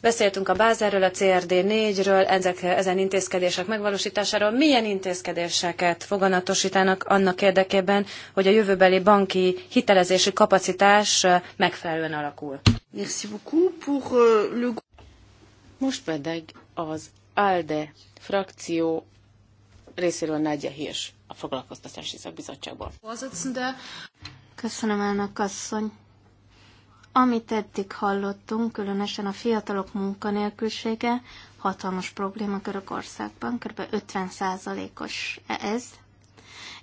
Speaker 2: Beszéltünk a Bázerről, a CRD 4-ről, ezek, ezen intézkedések megvalósításáról. Milyen intézkedéseket foganatosítanak annak érdekében, hogy a jövőbeli banki hitelezési kapacitás megfelelően alakul? Merci beaucoup pour euh,
Speaker 3: le... Most pedig az ALDE frakció részéről Nagyja Hirs a Foglalkoztatási Szakbizottságból.
Speaker 1: Köszönöm, elnök asszony. Amit eddig hallottunk, különösen a fiatalok munkanélkülsége hatalmas probléma Görögországban, kb. 50%-os ez,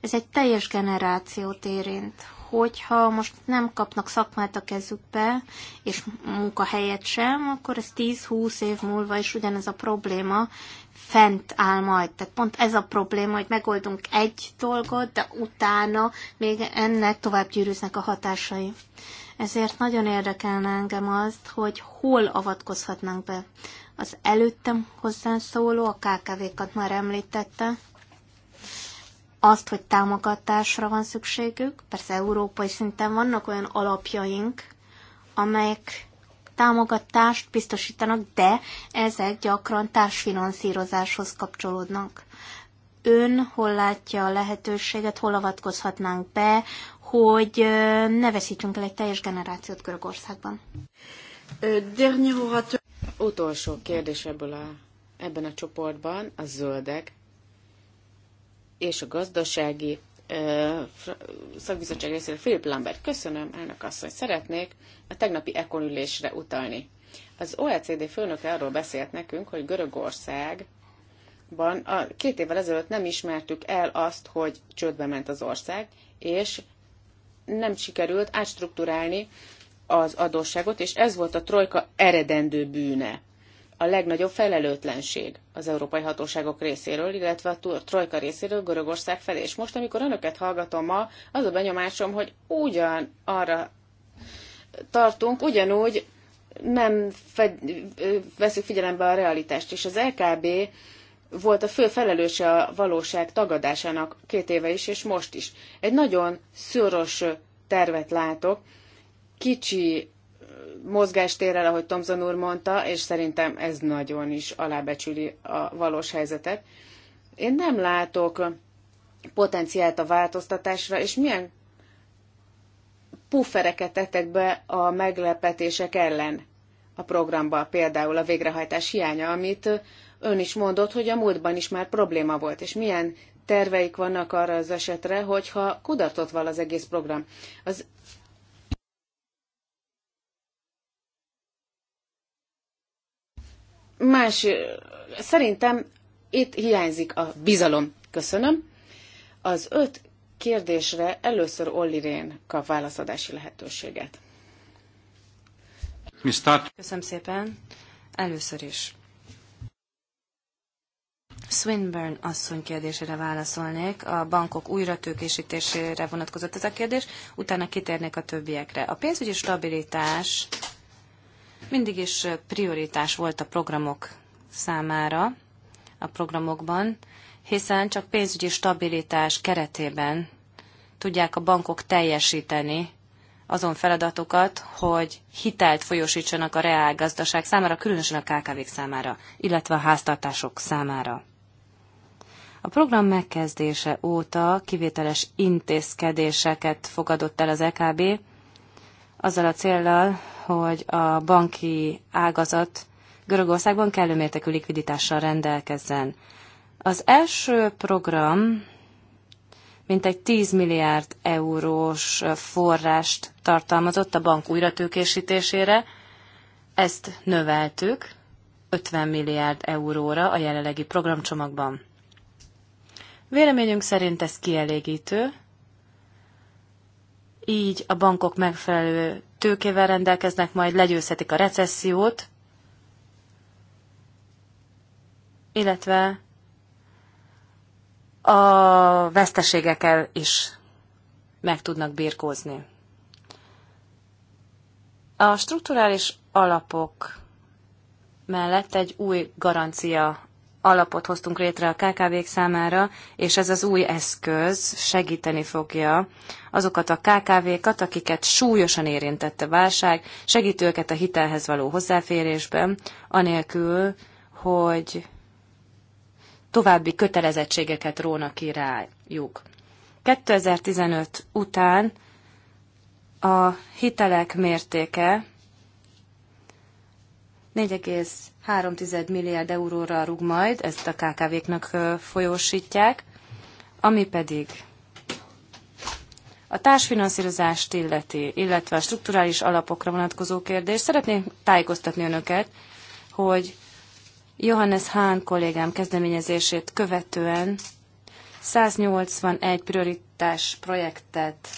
Speaker 1: ez egy teljes generációt érint. Hogyha most nem kapnak szakmát a kezükbe, és munkahelyet sem, akkor ez 10-20 év múlva is ugyanez a probléma fent áll majd. Tehát pont ez a probléma, hogy megoldunk egy dolgot, de utána még ennek tovább gyűrűznek a hatásai. Ezért nagyon érdekelne engem azt, hogy hol avatkozhatnánk be. Az előttem hozzászóló a KKV-kat már említette, azt, hogy támogatásra van szükségük. Persze európai szinten vannak olyan alapjaink, amelyek támogatást biztosítanak, de ezek gyakran társfinanszírozáshoz kapcsolódnak. Ön hol látja a lehetőséget, hol avatkozhatnánk be, hogy ne veszítsünk el egy teljes generációt Görögországban?
Speaker 3: Utolsó kérdés ebből a, ebben a csoportban a zöldek és a gazdasági szakbizottság részéről Philip Lambert. Köszönöm, elnök asszony. Szeretnék a tegnapi ekonülésre utalni. Az OECD főnöke arról beszélt nekünk, hogy Görögországban a két évvel ezelőtt nem ismertük el azt, hogy csődbe ment az ország, és nem sikerült átstruktúrálni az adósságot, és ez volt a trojka eredendő bűne a legnagyobb felelőtlenség az európai hatóságok részéről, illetve a trojka részéről Görögország felé. És most, amikor önöket hallgatom ma, az a benyomásom, hogy ugyan arra tartunk, ugyanúgy nem veszük figyelembe a realitást. És az LKB volt a fő felelőse a valóság tagadásának két éve is, és most is. Egy nagyon szoros tervet látok, kicsi mozgástérrel, ahogy Thomson úr mondta, és szerintem ez nagyon is alábecsüli a valós helyzetet. Én nem látok potenciált a változtatásra, és milyen puffereket tettek be a meglepetések ellen a programba, például a végrehajtás hiánya, amit ön is mondott, hogy a múltban is már probléma volt, és milyen terveik vannak arra az esetre, hogyha kudarcot val az egész program. Az más, szerintem itt hiányzik a bizalom. Köszönöm. Az öt kérdésre először Olli Rén kap válaszadási lehetőséget.
Speaker 2: Köszönöm szépen. Először is. Swinburne asszony kérdésére válaszolnék. A bankok újratőkésítésére vonatkozott ez a kérdés, utána kitérnék a többiekre. A pénzügyi stabilitás mindig is prioritás volt a programok számára, a programokban, hiszen csak pénzügyi stabilitás keretében tudják a bankok teljesíteni azon feladatokat, hogy hitelt folyosítsanak a reálgazdaság számára, különösen a kkv számára, illetve a háztartások számára. A program megkezdése óta kivételes intézkedéseket fogadott el az EKB, azzal a céllal, hogy a banki ágazat Görögországban kellő mértékű likviditással rendelkezzen. Az első program mintegy 10 milliárd eurós forrást tartalmazott a bank újratőkésítésére. Ezt növeltük 50 milliárd euróra a jelenlegi programcsomagban. Véleményünk szerint ez kielégítő, így a bankok megfelelő tőkével rendelkeznek, majd legyőzhetik a recessziót, illetve a veszteségekkel is meg tudnak birkózni. A strukturális alapok mellett egy új garancia alapot hoztunk létre a KKV-k számára, és ez az új eszköz segíteni fogja azokat a KKV-kat, akiket súlyosan érintette válság, segít őket a hitelhez való hozzáférésben, anélkül, hogy további kötelezettségeket róna ki rájuk. 2015 után a hitelek mértéke 4, 3,1 milliárd euróra rúg majd, ezt a KKV-knak folyósítják, ami pedig a társfinanszírozást illeti, illetve a strukturális alapokra vonatkozó kérdés. Szeretnék tájékoztatni önöket, hogy Johannes Hahn kollégám kezdeményezését követően 181 prioritás projektet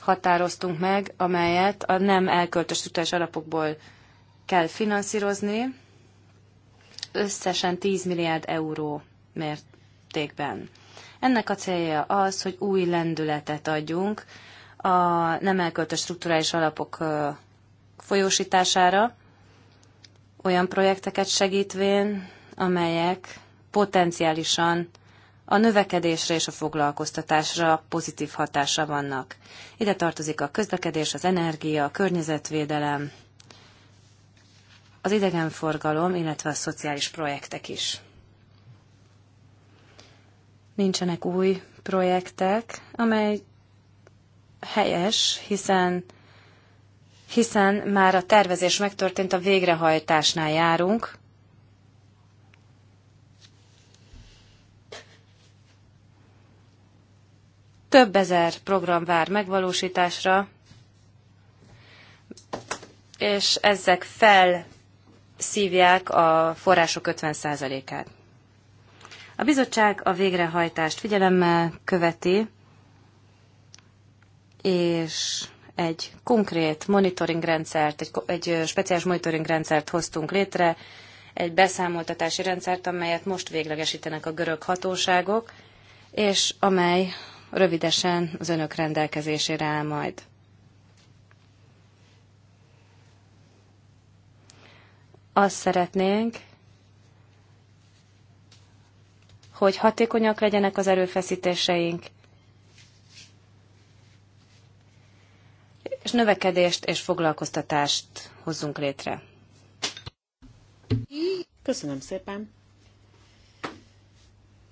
Speaker 2: határoztunk meg, amelyet a nem elköltött struktúrás alapokból kell finanszírozni összesen 10 milliárd euró mértékben. Ennek a célja az, hogy új lendületet adjunk a nem elköltött strukturális alapok folyósítására, olyan projekteket segítvén, amelyek potenciálisan a növekedésre és a foglalkoztatásra pozitív hatása vannak. Ide tartozik a közlekedés, az energia, a környezetvédelem, az idegenforgalom, illetve a szociális projektek is. Nincsenek új projektek, amely helyes, hiszen hiszen már a tervezés megtörtént, a végrehajtásnál járunk. Több ezer program vár megvalósításra, és ezek fel szívják a források 50%-át. A bizottság a végrehajtást figyelemmel követi, és egy konkrét monitoring rendszert, egy, egy speciális monitoring rendszert hoztunk létre, egy beszámoltatási rendszert, amelyet most véglegesítenek a görög hatóságok, és amely rövidesen az önök rendelkezésére áll majd. Azt szeretnénk, hogy hatékonyak legyenek az erőfeszítéseink, és növekedést és foglalkoztatást hozzunk létre.
Speaker 3: Köszönöm szépen.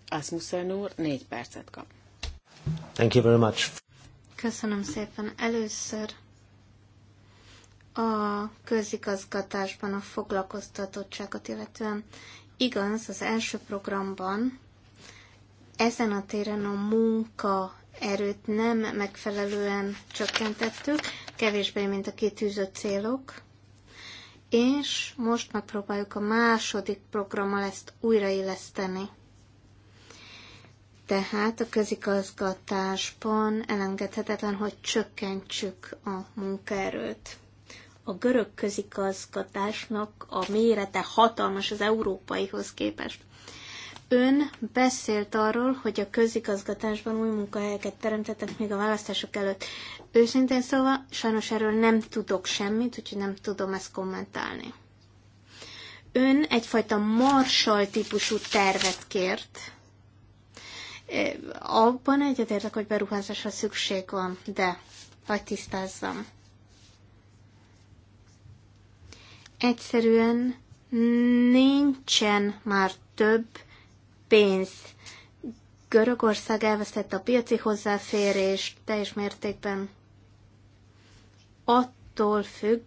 Speaker 3: Asmussen úr négy percet kap.
Speaker 1: Thank you very much. Köszönöm szépen. Először a közigazgatásban a foglalkoztatottságot illetően. Igaz, az első programban ezen a téren a munka erőt nem megfelelően csökkentettük, kevésbé, mint a kitűzött célok, és most megpróbáljuk a második programmal ezt újraéleszteni. Tehát a közigazgatásban elengedhetetlen, hogy csökkentsük a munkaerőt a görög közigazgatásnak a mérete hatalmas az európaihoz képest. Ön beszélt arról, hogy a közigazgatásban új munkahelyeket teremtettek még a választások előtt. Őszintén szóval sajnos erről nem tudok semmit, úgyhogy nem tudom ezt kommentálni. Ön egyfajta marsal típusú tervet kért. Abban egyetértek, hogy beruházásra szükség van, de vagy tisztázzam. egyszerűen nincsen már több pénz. Görögország elvesztette a piaci hozzáférést teljes mértékben. Attól függ,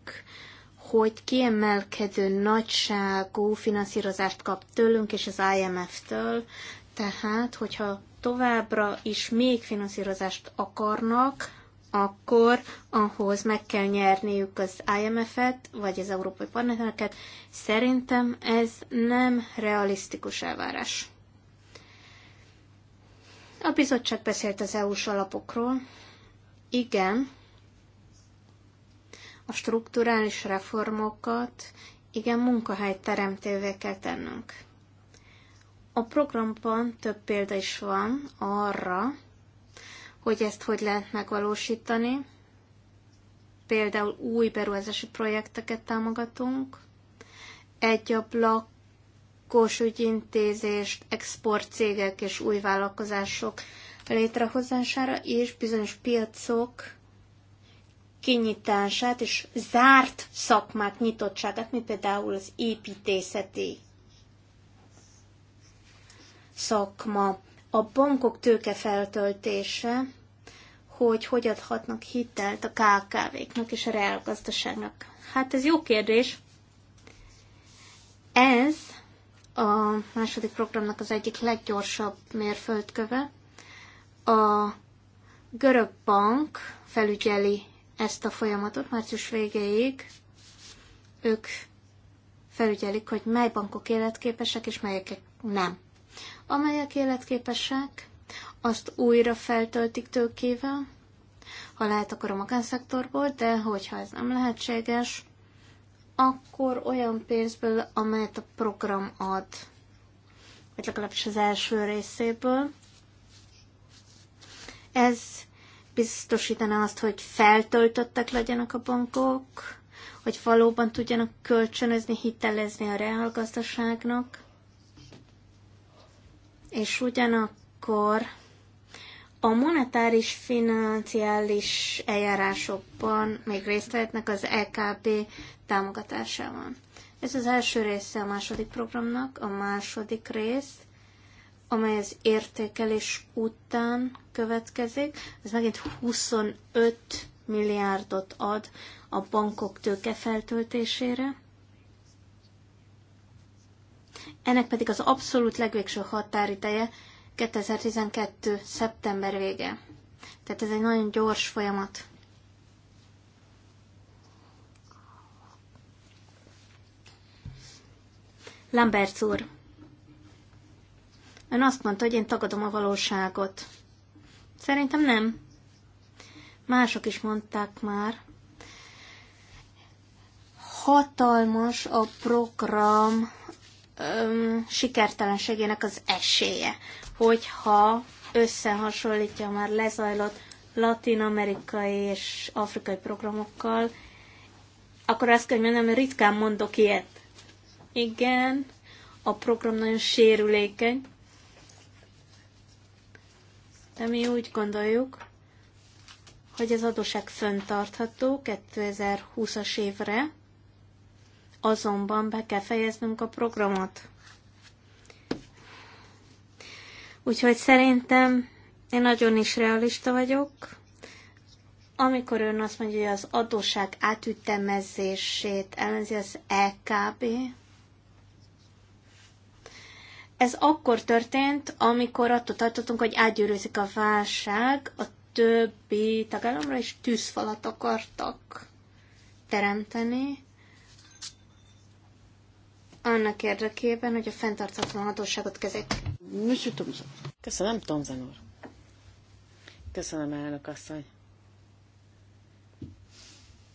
Speaker 1: hogy kiemelkedő nagyságú finanszírozást kap tőlünk és az IMF-től, tehát hogyha továbbra is még finanszírozást akarnak, akkor ahhoz meg kell nyerniük az IMF-et, vagy az Európai parlamentet. Szerintem ez nem realisztikus elvárás. A bizottság beszélt az EU-s alapokról. Igen, a strukturális reformokat, igen, munkahelyteremtővé kell tennünk. A programban több példa is van arra, hogy ezt hogy lehet megvalósítani. Például új beruházási projekteket támogatunk, egy ablakos ügyintézést, exportcégek és új vállalkozások létrehozására, és bizonyos piacok kinyitását és zárt szakmák nyitottságát, mint például az építészeti szakma. A bankok tőkefeltöltése hogy hogy adhatnak hitelt a KKV-knak és a reálgazdaságnak? Hát ez jó kérdés. Ez a második programnak az egyik leggyorsabb mérföldköve. A görög bank felügyeli ezt a folyamatot március végéig. Ők felügyelik, hogy mely bankok életképesek és melyek nem. Amelyek életképesek, azt újra feltöltik tőkével, ha lehet, akkor a magánszektorból, de hogyha ez nem lehetséges, akkor olyan pénzből, amelyet a program ad, vagy legalábbis az első részéből. Ez biztosítaná azt, hogy feltöltöttek legyenek a bankok, hogy valóban tudjanak kölcsönözni, hitelezni a reálgazdaságnak, és ugyanakkor a monetáris financiális eljárásokban még részt vehetnek az EKB támogatásában. Ez az első része a második programnak, a második rész, amely az értékelés után következik, ez megint 25 milliárdot ad a bankok tőke feltöltésére. Ennek pedig az abszolút legvégső határideje 2012. szeptember vége. Tehát ez egy nagyon gyors folyamat. Lambert úr, ön azt mondta, hogy én tagadom a valóságot. Szerintem nem. Mások is mondták már. Hatalmas a program öm, sikertelenségének az esélye hogyha összehasonlítja már lezajlott latin-amerikai és afrikai programokkal, akkor azt kell, hogy ritkán mondok ilyet. Igen, a program nagyon sérülékeny, de mi úgy gondoljuk, hogy az adóság föntartható 2020-as évre, azonban be kell fejeznünk a programot. Úgyhogy szerintem én nagyon is realista vagyok. Amikor ön azt mondja, hogy az adósság átütemezését ellenzi az EKB, ez akkor történt, amikor attól tartottunk, hogy átgyűrűzik a válság, a többi tagállamra is tűzfalat akartak teremteni, annak érdekében, hogy a fenntartatlan adósságot kezeljük.
Speaker 3: Monsieur Tomzan. Köszönöm, Tomzan úr. Köszönöm, elnök asszony.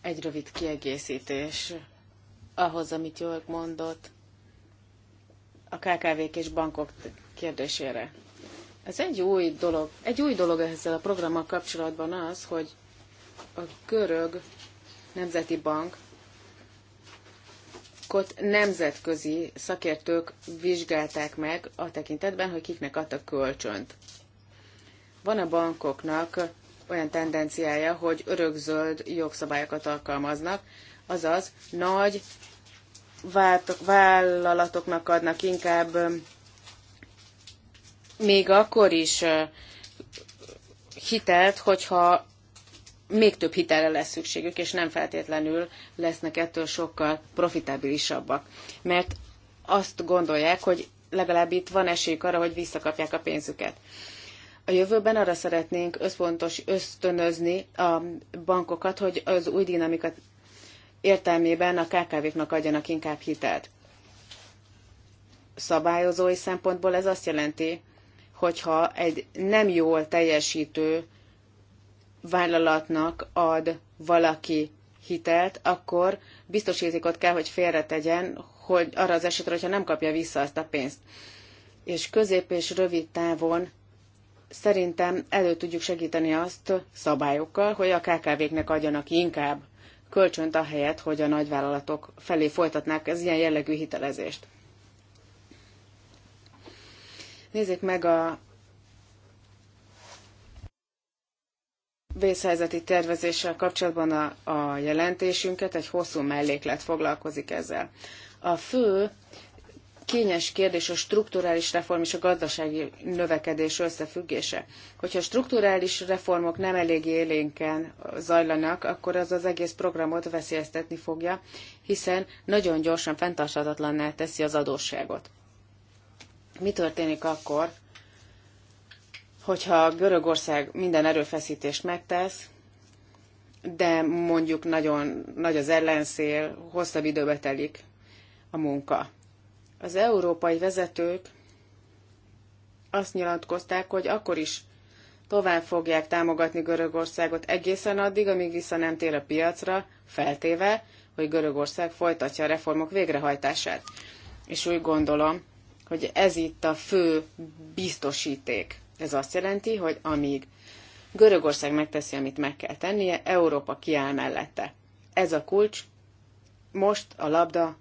Speaker 3: Egy rövid kiegészítés ahhoz, amit jól mondott a KKV-k és bankok kérdésére. Ez egy új dolog. Egy új dolog ezzel a programmal kapcsolatban az, hogy a görög nemzeti bank Kot nemzetközi szakértők vizsgálták meg a tekintetben, hogy kiknek adtak kölcsönt. Van a bankoknak olyan tendenciája, hogy örökzöld jogszabályokat alkalmaznak, azaz nagy vállalatoknak adnak inkább még akkor is hitelt, hogyha még több hitelre lesz szükségük, és nem feltétlenül lesznek ettől sokkal profitabilisabbak. Mert azt gondolják, hogy legalább itt van esélyük arra, hogy visszakapják a pénzüket. A jövőben arra szeretnénk összpontos ösztönözni a bankokat, hogy az új dinamika értelmében a KKV-knak adjanak inkább hitelt. Szabályozói szempontból ez azt jelenti, hogyha egy nem jól teljesítő vállalatnak ad valaki hitelt, akkor biztosítékot kell, hogy félretegyen, hogy arra az esetre, hogyha nem kapja vissza azt a pénzt. És közép és rövid távon szerintem elő tudjuk segíteni azt szabályokkal, hogy a KKV-knek adjanak inkább kölcsönt ahelyett, hogy a nagyvállalatok felé folytatnák ez ilyen jellegű hitelezést. Nézzék meg a vészhelyzeti tervezéssel kapcsolatban a, a jelentésünket, egy hosszú melléklet foglalkozik ezzel. A fő kényes kérdés a strukturális reform és a gazdasági növekedés összefüggése. Hogyha strukturális reformok nem elég élénken zajlanak, akkor az az egész programot veszélyeztetni fogja, hiszen nagyon gyorsan fenntarthatatlanná teszi az adósságot. Mi történik akkor, hogyha Görögország minden erőfeszítést megtesz, de mondjuk nagyon nagy az ellenszél, hosszabb időbe telik a munka. Az európai vezetők azt nyilatkozták, hogy akkor is tovább fogják támogatni Görögországot egészen addig, amíg vissza nem tér a piacra, feltéve, hogy Görögország folytatja a reformok végrehajtását. És úgy gondolom, hogy ez itt a fő biztosíték ez azt jelenti, hogy amíg Görögország megteszi, amit meg kell tennie, Európa kiáll mellette. Ez a kulcs, most a labda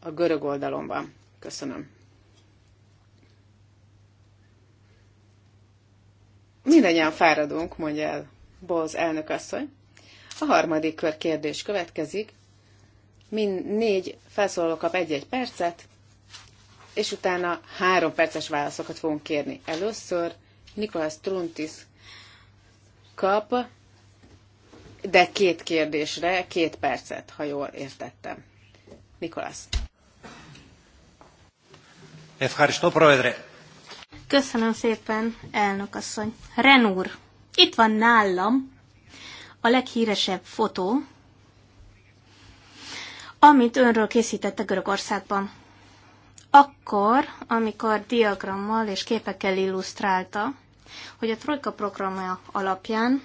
Speaker 3: a görög oldalon van. Köszönöm. Mindennyian fáradunk, mondja el Boz asszony. A harmadik kör kérdés következik. Mind négy felszólaló kap egy-egy percet, és utána három perces válaszokat fogunk kérni. Először Nikolás Truntis kap, de két kérdésre, két percet, ha jól értettem. Nikolás. Köszönöm szépen, elnök
Speaker 1: asszony. Renúr, itt van nálam a leghíresebb fotó, amit önről készített a Görögországban. Akkor, amikor diagrammal és képekkel illusztrálta, hogy a Trojka programja alapján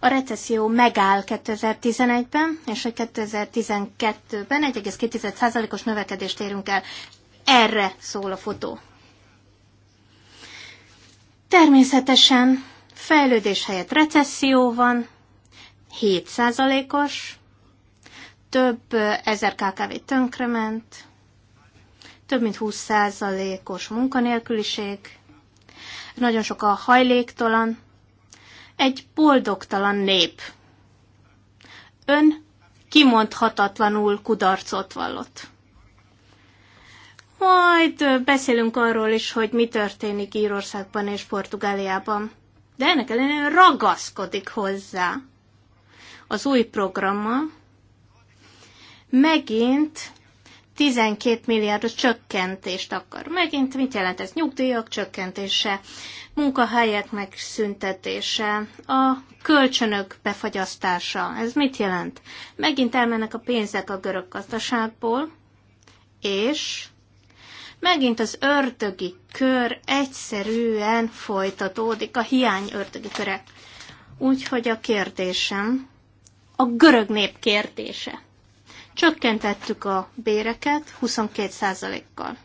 Speaker 1: a recesszió megáll 2011-ben, és hogy 2012-ben 1,2%-os növekedést érünk el. Erre szól a fotó. Természetesen fejlődés helyett recesszió van, 7%-os, több ezer KKV tönkrement, több mint 20%-os munkanélküliség, nagyon sok a hajléktalan, egy boldogtalan nép. Ön kimondhatatlanul kudarcot vallott. Majd beszélünk arról is, hogy mi történik Írországban és Portugáliában. De ennek ellenére ragaszkodik hozzá az új programmal. Megint 12 milliárdos csökkentést akar. Megint mit jelent ez? Nyugdíjak csökkentése, munkahelyek megszüntetése, a kölcsönök befagyasztása. Ez mit jelent? Megint elmennek a pénzek a görög gazdaságból, és megint az ördögi kör egyszerűen folytatódik, a hiány ördögi köre. Úgyhogy a kérdésem a görög nép kérdése. Csökkentettük a béreket 22%-kal.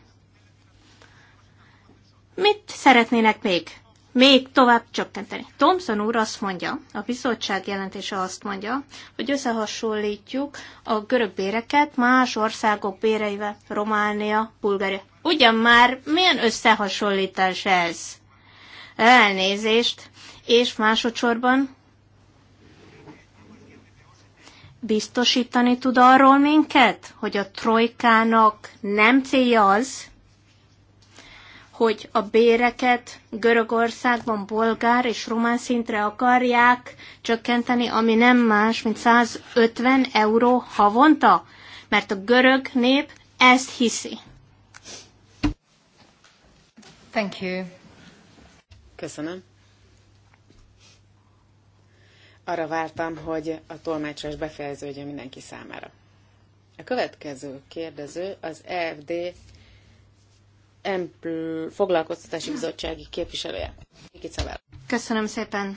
Speaker 1: Mit szeretnének még? Még tovább csökkenteni. Thomson úr azt mondja, a bizottság jelentése azt mondja, hogy összehasonlítjuk a görög béreket más országok béreivel, Románia, Bulgária. Ugyan már milyen összehasonlítás ez? Elnézést, és másodszorban biztosítani tud arról minket, hogy a trojkának nem célja az, hogy a béreket Görögországban bolgár és román szintre akarják csökkenteni, ami nem más, mint 150 euró havonta, mert a görög nép ezt hiszi.
Speaker 3: Thank you. Köszönöm. Arra vártam, hogy a tolmácsos befejeződjön mindenki számára. A következő kérdező az EFD foglalkoztatási bizottsági képviselője.
Speaker 1: Köszönöm szépen.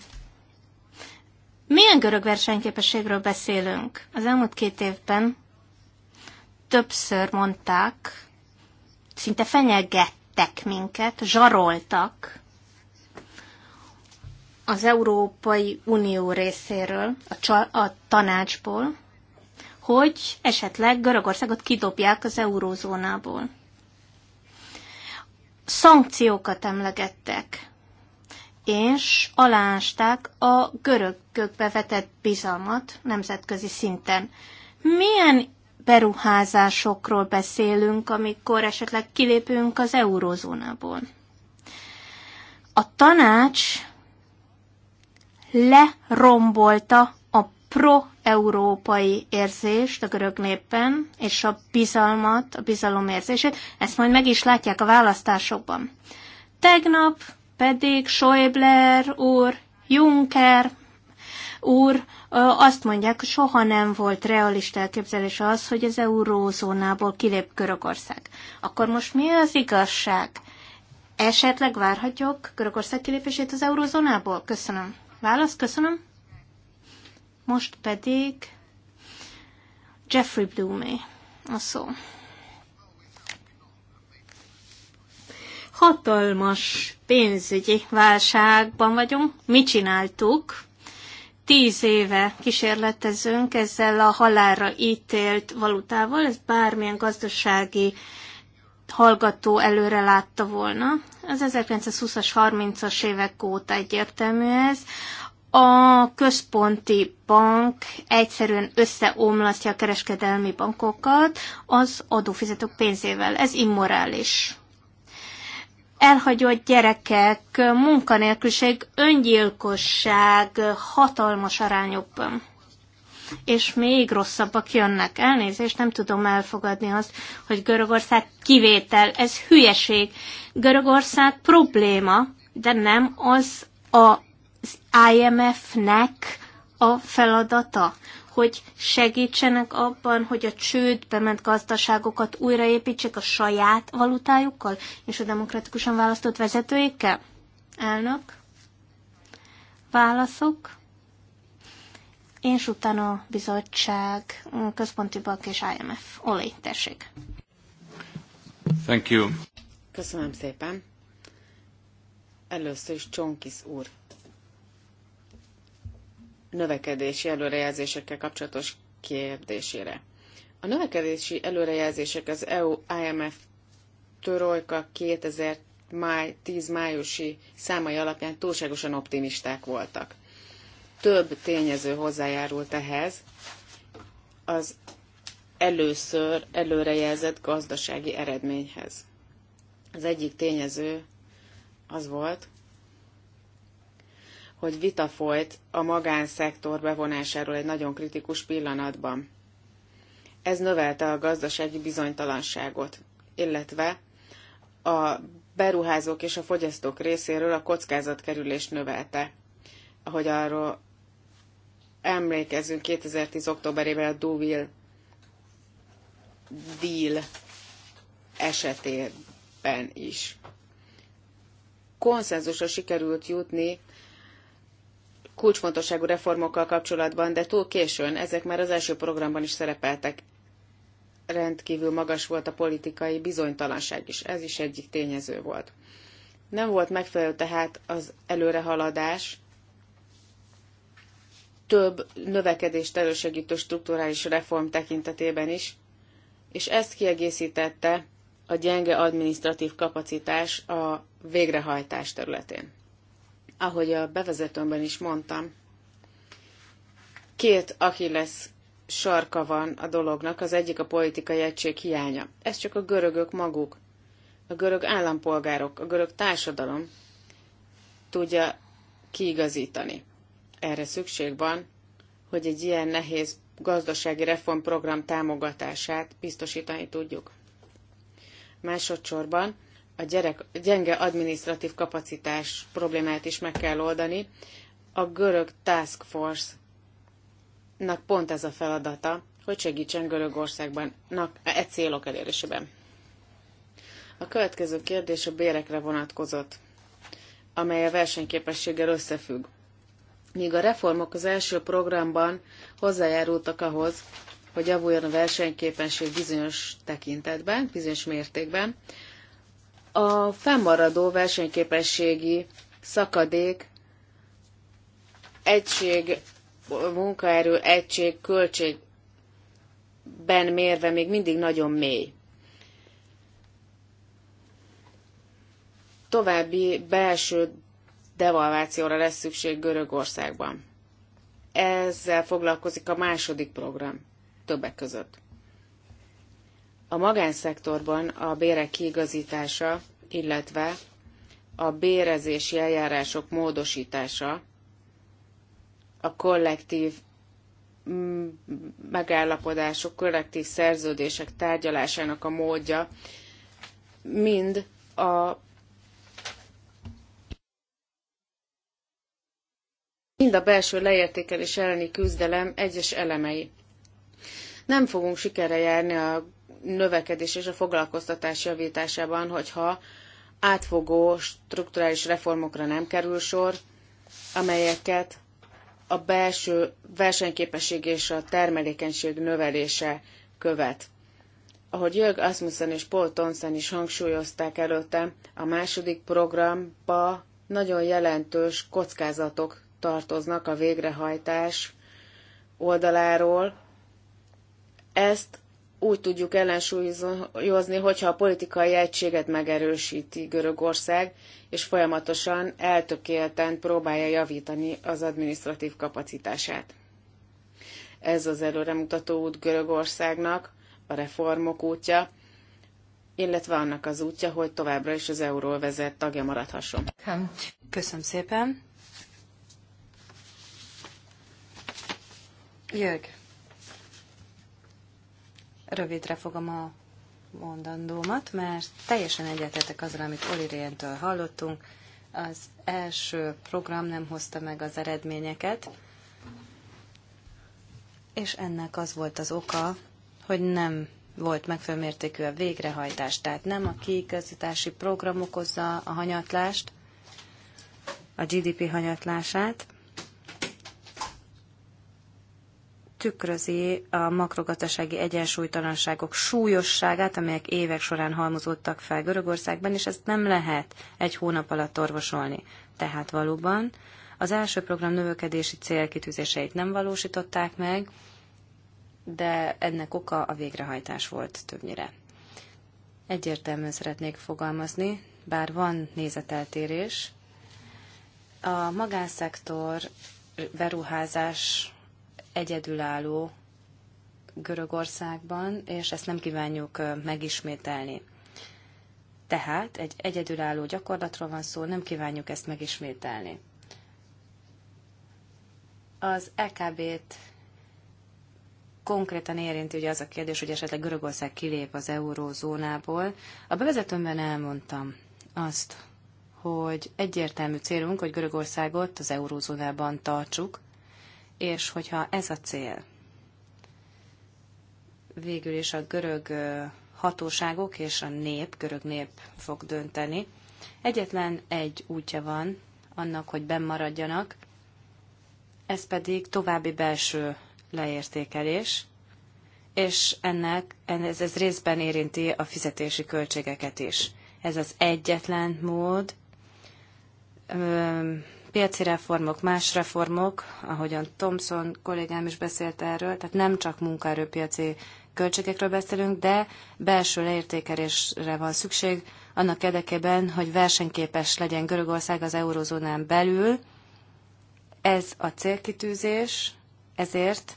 Speaker 1: Milyen görög versenyképességről beszélünk? Az elmúlt két évben többször mondták, szinte fenyegettek minket, zsaroltak, az Európai Unió részéről, a, csa, a tanácsból, hogy esetleg Görögországot kidobják az eurózónából. Szankciókat emlegettek, és alásták a görögökbe vetett bizalmat nemzetközi szinten. Milyen beruházásokról beszélünk, amikor esetleg kilépünk az eurózónából? A tanács lerombolta a pro-európai érzést a görög népben, és a bizalmat, a bizalom érzését. Ezt majd meg is látják a választásokban. Tegnap pedig Schäuble úr, Juncker úr azt mondják, hogy soha nem volt realista elképzelés az, hogy az eurózónából kilép Görögország. Akkor most mi az igazság? Esetleg várhatjuk Görögország kilépését az eurózónából? Köszönöm választ, köszönöm. Most pedig Jeffrey Blumé a szó. Hatalmas pénzügyi válságban vagyunk. Mi csináltuk? Tíz éve kísérletezünk ezzel a halálra ítélt valutával. Ez bármilyen gazdasági hallgató előre látta volna az 1920-as, 30-as évek óta egyértelmű ez. A központi bank egyszerűen összeomlasztja a kereskedelmi bankokat az adófizetők pénzével. Ez immorális elhagyott gyerekek, munkanélküliség, öngyilkosság hatalmas arányokban és még rosszabbak jönnek. Elnézést, nem tudom elfogadni azt, hogy Görögország kivétel. Ez hülyeség. Görögország probléma, de nem az az IMF-nek a feladata hogy segítsenek abban, hogy a csődbe ment gazdaságokat újraépítsék a saját valutájukkal és a demokratikusan választott vezetőikkel? Elnök? Válaszok? és utána bizottság, központi bank és IMF. Olé, tessék.
Speaker 2: Thank you.
Speaker 3: Köszönöm szépen. Először is Csonkis úr. Növekedési előrejelzésekkel kapcsolatos kérdésére. A növekedési előrejelzések az EU IMF Törojka 2000 máj, 10 májusi számai alapján túlságosan optimisták voltak több tényező hozzájárult ehhez, az először előrejelzett gazdasági eredményhez. Az egyik tényező az volt, hogy vita folyt a magánszektor bevonásáról egy nagyon kritikus pillanatban. Ez növelte a gazdasági bizonytalanságot, illetve a beruházók és a fogyasztók részéről a kockázatkerülést növelte, ahogy arról emlékezzünk 2010. októberében a Duvil deal esetében is. Konszenzusra sikerült jutni kulcsfontosságú reformokkal kapcsolatban, de túl későn, ezek már az első programban is szerepeltek. Rendkívül magas volt a politikai bizonytalanság is, ez is egyik tényező volt. Nem volt megfelelő tehát az előrehaladás, több növekedést elősegítő strukturális reform tekintetében is, és ezt kiegészítette a gyenge adminisztratív kapacitás a végrehajtás területén. Ahogy a bevezetőmben is mondtam, két aki lesz sarka van a dolognak, az egyik a politikai egység hiánya. Ez csak a görögök maguk, a görög állampolgárok, a görög társadalom tudja kiigazítani. Erre szükség van, hogy egy ilyen nehéz gazdasági reformprogram támogatását biztosítani tudjuk. Másodszorban a gyerek, gyenge adminisztratív kapacitás problémáját is meg kell oldani. A görög Task Force-nak pont ez a feladata, hogy segítsen Görögországban e célok elérésében. A következő kérdés a bérekre vonatkozott, amely a versenyképességgel összefügg míg a reformok az első programban hozzájárultak ahhoz, hogy javuljon a versenyképesség bizonyos tekintetben, bizonyos mértékben, a fennmaradó versenyképességi szakadék egység, munkaerő egység, költségben mérve még mindig nagyon mély. További belső devalvációra lesz szükség Görögországban. Ezzel foglalkozik a második program többek között. A magánszektorban a bérek kiigazítása, illetve a bérezési eljárások módosítása, a kollektív mm, megállapodások, kollektív szerződések tárgyalásának a módja mind a mind a belső leértékelés elleni küzdelem egyes elemei. Nem fogunk sikere járni a növekedés és a foglalkoztatás javításában, hogyha átfogó strukturális reformokra nem kerül sor, amelyeket a belső versenyképesség és a termelékenység növelése követ. Ahogy Jörg Asmussen és Paul Thomson is hangsúlyozták előtte, a második programba nagyon jelentős kockázatok tartoznak a végrehajtás oldaláról. Ezt úgy tudjuk ellensúlyozni, hogyha a politikai egységet megerősíti Görögország, és folyamatosan eltökélten próbálja javítani az administratív kapacitását. Ez az előremutató út Görögországnak, a reformok útja, illetve annak az útja, hogy továbbra is az euróvezet tagja maradhasson.
Speaker 2: Köszönöm szépen. Jörg, rövidre fogom a mondandómat, mert teljesen egyetetek azzal, amit Oli Réntől hallottunk. Az első program nem hozta meg az eredményeket, és ennek az volt az oka, hogy nem volt megfelelő mértékű a végrehajtás, tehát nem a kiigazítási program okozza a hanyatlást, a GDP hanyatlását, tükrözi a makrogazdasági egyensúlytalanságok súlyosságát, amelyek évek során halmozódtak fel Görögországban, és ezt nem lehet egy hónap alatt orvosolni. Tehát valóban az első program növekedési célkitűzéseit nem valósították meg, de ennek oka a végrehajtás volt többnyire. Egyértelműen szeretnék fogalmazni, bár van nézeteltérés. A magánszektor beruházás egyedülálló Görögországban, és ezt nem kívánjuk megismételni. Tehát egy egyedülálló gyakorlatról van szó, nem kívánjuk ezt megismételni. Az EKB-t konkrétan érinti ugye az a kérdés, hogy esetleg Görögország kilép az eurózónából. A bevezetőmben elmondtam azt, hogy egyértelmű célunk, hogy Görögországot az eurózónában tartsuk, és hogyha ez a cél végül is a görög hatóságok és a nép, görög nép fog dönteni, egyetlen egy útja van annak, hogy bennmaradjanak, ez pedig további belső leértékelés, és ennek, ez, ez részben érinti a fizetési költségeket is. Ez az egyetlen mód, piaci reformok, más reformok, ahogyan Thomson kollégám is beszélt erről, tehát nem csak munkaerőpiaci költségekről beszélünk, de belső leértékelésre van szükség annak érdekében, hogy versenyképes legyen Görögország az eurozónán belül. Ez a célkitűzés, ezért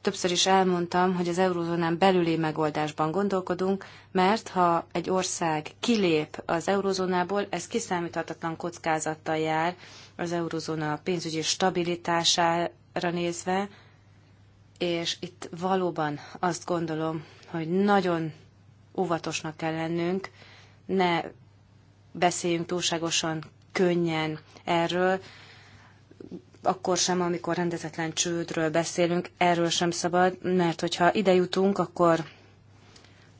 Speaker 2: többször is elmondtam, hogy az eurozónán belüli megoldásban gondolkodunk, mert ha egy ország kilép az eurozónából, ez kiszámíthatatlan kockázattal jár az eurozóna pénzügyi stabilitására nézve, és itt valóban azt gondolom, hogy nagyon óvatosnak kell lennünk, ne beszéljünk túlságosan könnyen erről, akkor sem, amikor rendezetlen csődről beszélünk, erről sem szabad, mert hogyha ide jutunk, akkor,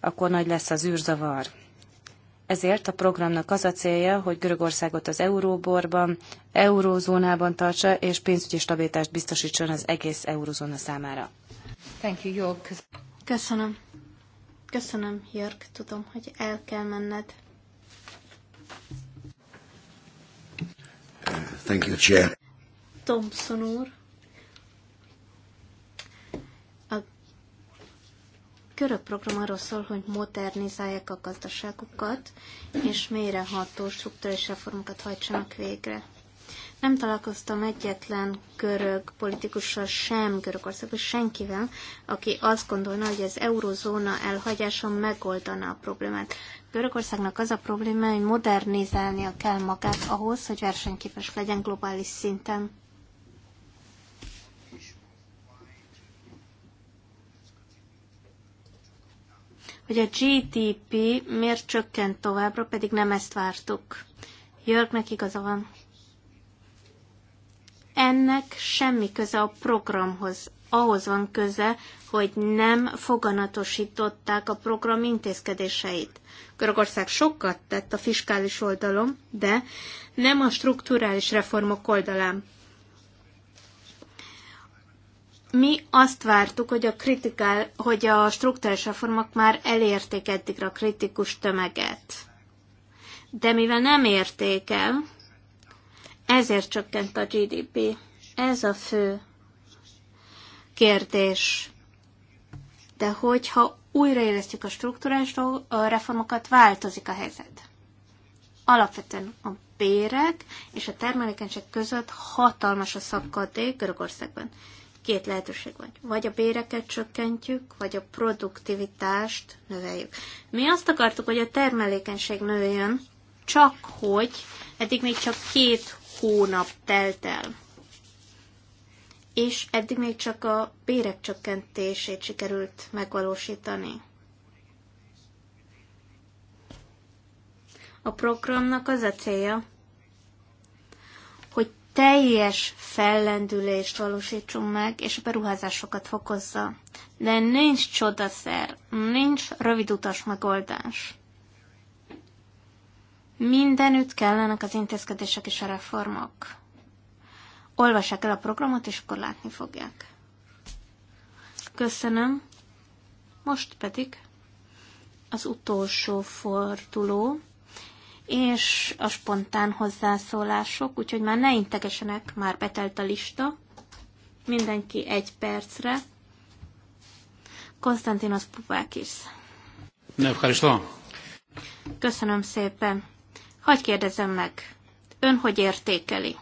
Speaker 2: akkor nagy lesz az űrzavar. Ezért a programnak az a célja, hogy Görögországot az euróborban, eurózónában tartsa, és pénzügyi stabilitást biztosítson az egész eurózóna számára.
Speaker 3: Thank
Speaker 1: you, Jörg. Köszönöm. Köszönöm, Jörg. Tudom, hogy el kell menned.
Speaker 3: Thank you,
Speaker 2: Chair.
Speaker 1: Thompson úr. görög program arról szól, hogy modernizálják a gazdaságukat, és mélyreható struktúrális reformokat hajtsanak végre. Nem találkoztam egyetlen görög politikussal sem Görögországban, senkivel, aki azt gondolna, hogy az eurozóna elhagyása megoldana a problémát. Görögországnak az a probléma, hogy modernizálnia kell magát ahhoz, hogy versenyképes legyen globális szinten. hogy a GDP miért csökkent továbbra, pedig nem ezt vártuk. Jörgnek igaza van. Ennek semmi köze a programhoz. Ahhoz van köze, hogy nem foganatosították a program intézkedéseit. Görögország sokat tett a fiskális oldalon, de nem a strukturális reformok oldalán mi azt vártuk, hogy a, kritikál, hogy a struktúrás reformok már elérték eddigre a kritikus tömeget. De mivel nem érték el, ezért csökkent a GDP. Ez a fő kérdés. De hogyha újraélesztjük a struktúrás reformokat, változik a helyzet. Alapvetően a bérek és a termelékenység között hatalmas a szakadék Görögországban. Két lehetőség van. Vagy a béreket csökkentjük, vagy a produktivitást növeljük. Mi azt akartuk, hogy a termelékenység nőjön, csak hogy eddig még csak két hónap telt el. És eddig még csak a bérek csökkentését sikerült megvalósítani. A programnak az a célja, teljes fellendülést valósítson meg, és a beruházásokat fokozza. De nincs csodaszer, nincs rövidutas megoldás. Mindenütt kellenek az intézkedések és a reformok. Olvassák el a programot, és akkor látni fogják. Köszönöm. Most pedig az utolsó forduló, és a spontán hozzászólások, úgyhogy már ne integesenek, már betelt a lista. Mindenki egy percre. Konstantinos Pupákis. Köszönöm szépen. Hagy kérdezem meg, ön hogy értékeli?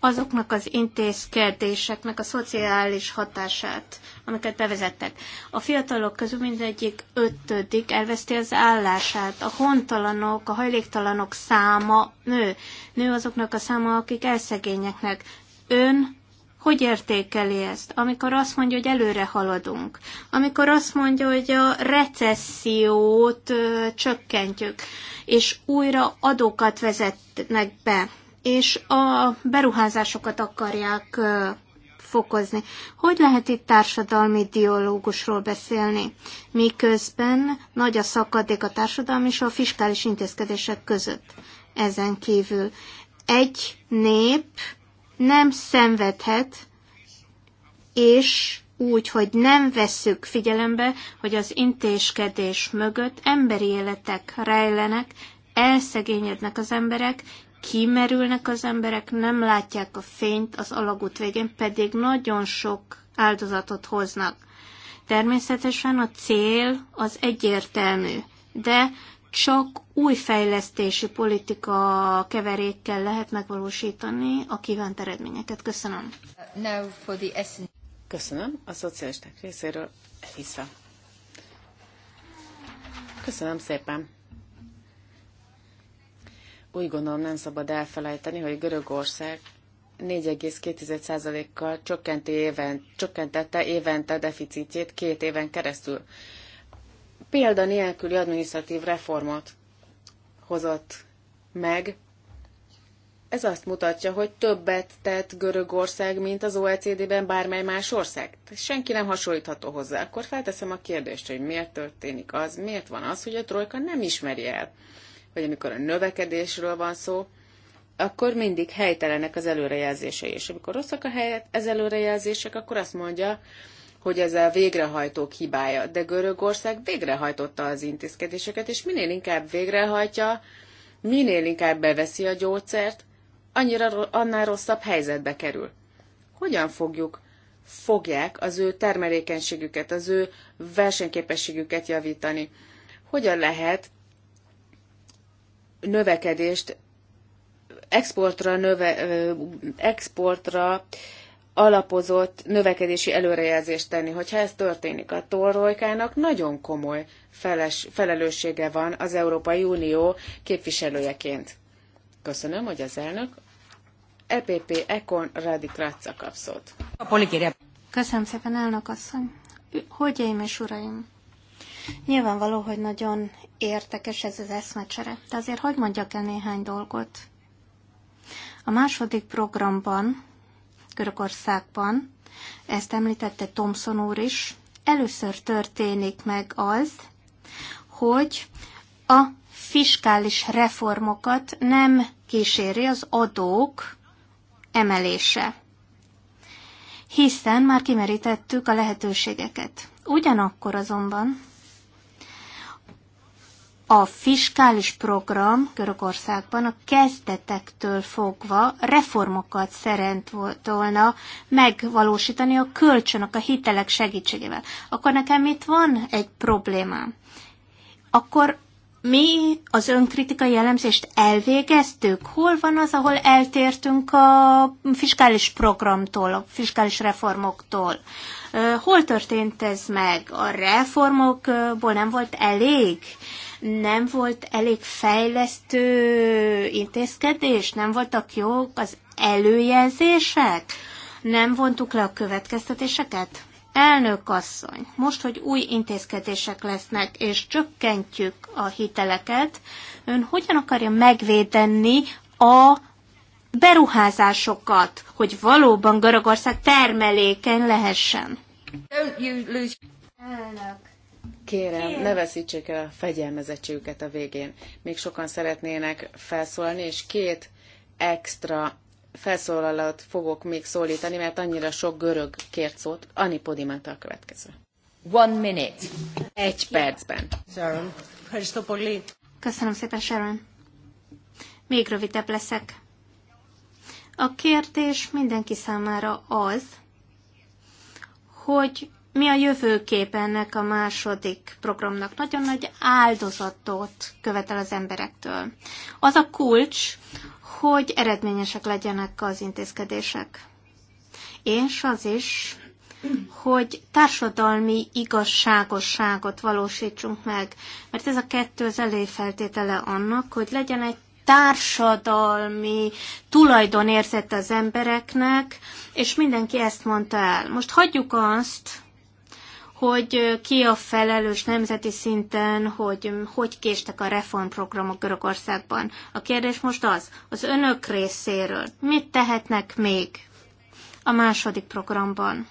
Speaker 1: azoknak az intézkedéseknek a szociális hatását, amiket bevezettek. A fiatalok közül mindegyik ötödik elveszti az állását. A hontalanok, a hajléktalanok száma nő. Nő azoknak a száma, akik elszegényeknek. Ön hogy értékeli ezt? Amikor azt mondja, hogy előre haladunk, amikor azt mondja, hogy a recessziót ö, csökkentjük, és újra adókat vezetnek be, és a beruházásokat akarják fokozni. Hogy lehet itt társadalmi dialógusról beszélni, miközben nagy a szakadék a társadalmi és a fiskális intézkedések között ezen kívül? Egy nép nem szenvedhet, és úgy, hogy nem vesszük figyelembe, hogy az intézkedés mögött emberi életek rejlenek, elszegényednek az emberek, kimerülnek az emberek, nem látják a fényt az alagút végén, pedig nagyon sok áldozatot hoznak. Természetesen a cél az egyértelmű, de csak új fejlesztési politika keverékkel lehet megvalósítani a kívánt eredményeket. Köszönöm.
Speaker 3: Now for the essence. Köszönöm. A szocialisták részéről Elisa. Köszönöm szépen. Úgy gondolom nem szabad elfelejteni, hogy Görögország 4,2%-kal éven, csökkentette évente deficitjét két éven keresztül. Példa nélküli adminisztratív reformot hozott meg. Ez azt mutatja, hogy többet tett Görögország, mint az OECD-ben bármely más ország. Senki nem hasonlítható hozzá. Akkor felteszem a kérdést, hogy miért történik az, miért van az, hogy a trojka nem ismeri el vagy amikor a növekedésről van szó, akkor mindig helytelenek az előrejelzései. És amikor rosszak a helyet, ez előrejelzések, akkor azt mondja, hogy ez a végrehajtók hibája. De Görögország végrehajtotta az intézkedéseket, és minél inkább végrehajtja, minél inkább beveszi a gyógyszert, annyira annál rosszabb helyzetbe kerül. Hogyan fogjuk, fogják az ő termelékenységüket, az ő versenyképességüket javítani? Hogyan lehet növekedést exportra, növe, exportra alapozott növekedési előrejelzést tenni. Hogyha ez történik, a tolrojkának nagyon komoly feles, felelőssége van az Európai Unió képviselőjeként. Köszönöm, hogy az elnök. EPP Ekon Radi Kratza kapszott.
Speaker 1: Köszönöm szépen, elnök asszony. Hölgyeim és uraim! Nyilvánvaló, hogy nagyon értekes ez az eszmecsere, de azért hagyd mondjak el néhány dolgot. A második programban, Görögországban, ezt említette Thomson úr is, először történik meg az, hogy a fiskális reformokat nem kíséri az adók emelése, hiszen már kimerítettük a lehetőségeket. Ugyanakkor azonban a fiskális program Görögországban a kezdetektől fogva reformokat szerint volna megvalósítani a kölcsönök, a hitelek segítségével. Akkor nekem itt van egy problémám. Akkor mi az önkritikai jellemzést elvégeztük? Hol van az, ahol eltértünk a fiskális programtól, a fiskális reformoktól? Hol történt ez meg? A reformokból nem volt elég? nem volt elég fejlesztő intézkedés, nem voltak jók az előjelzések, nem vontuk le a következtetéseket. Elnök asszony, most, hogy új intézkedések lesznek, és csökkentjük a hiteleket, ön hogyan akarja megvédeni a beruházásokat, hogy valóban Görögország termelékeny lehessen?
Speaker 3: Elnök Kérem, ne veszítsék el a fegyelmezettségüket a végén. Még sokan szeretnének felszólalni, és két extra felszólalat fogok még szólítani, mert annyira sok görög kért szót. Ani Podimata a következő. One minute. Egy percben. Sharon. Köszönöm szépen, Sharon. Még rövidebb leszek.
Speaker 1: A kérdés mindenki számára az, hogy mi a jövőkép ennek a második programnak? Nagyon nagy áldozatot követel az emberektől. Az a kulcs, hogy eredményesek legyenek az intézkedések. És az is, hogy társadalmi igazságosságot valósítsunk meg, mert ez a kettő az előfeltétele annak, hogy legyen egy társadalmi tulajdonérzet az embereknek, és mindenki ezt mondta el. Most hagyjuk azt, hogy ki a felelős nemzeti szinten, hogy hogy késtek a reformprogramok Görögországban. A kérdés most az, az önök részéről mit tehetnek még a második programban?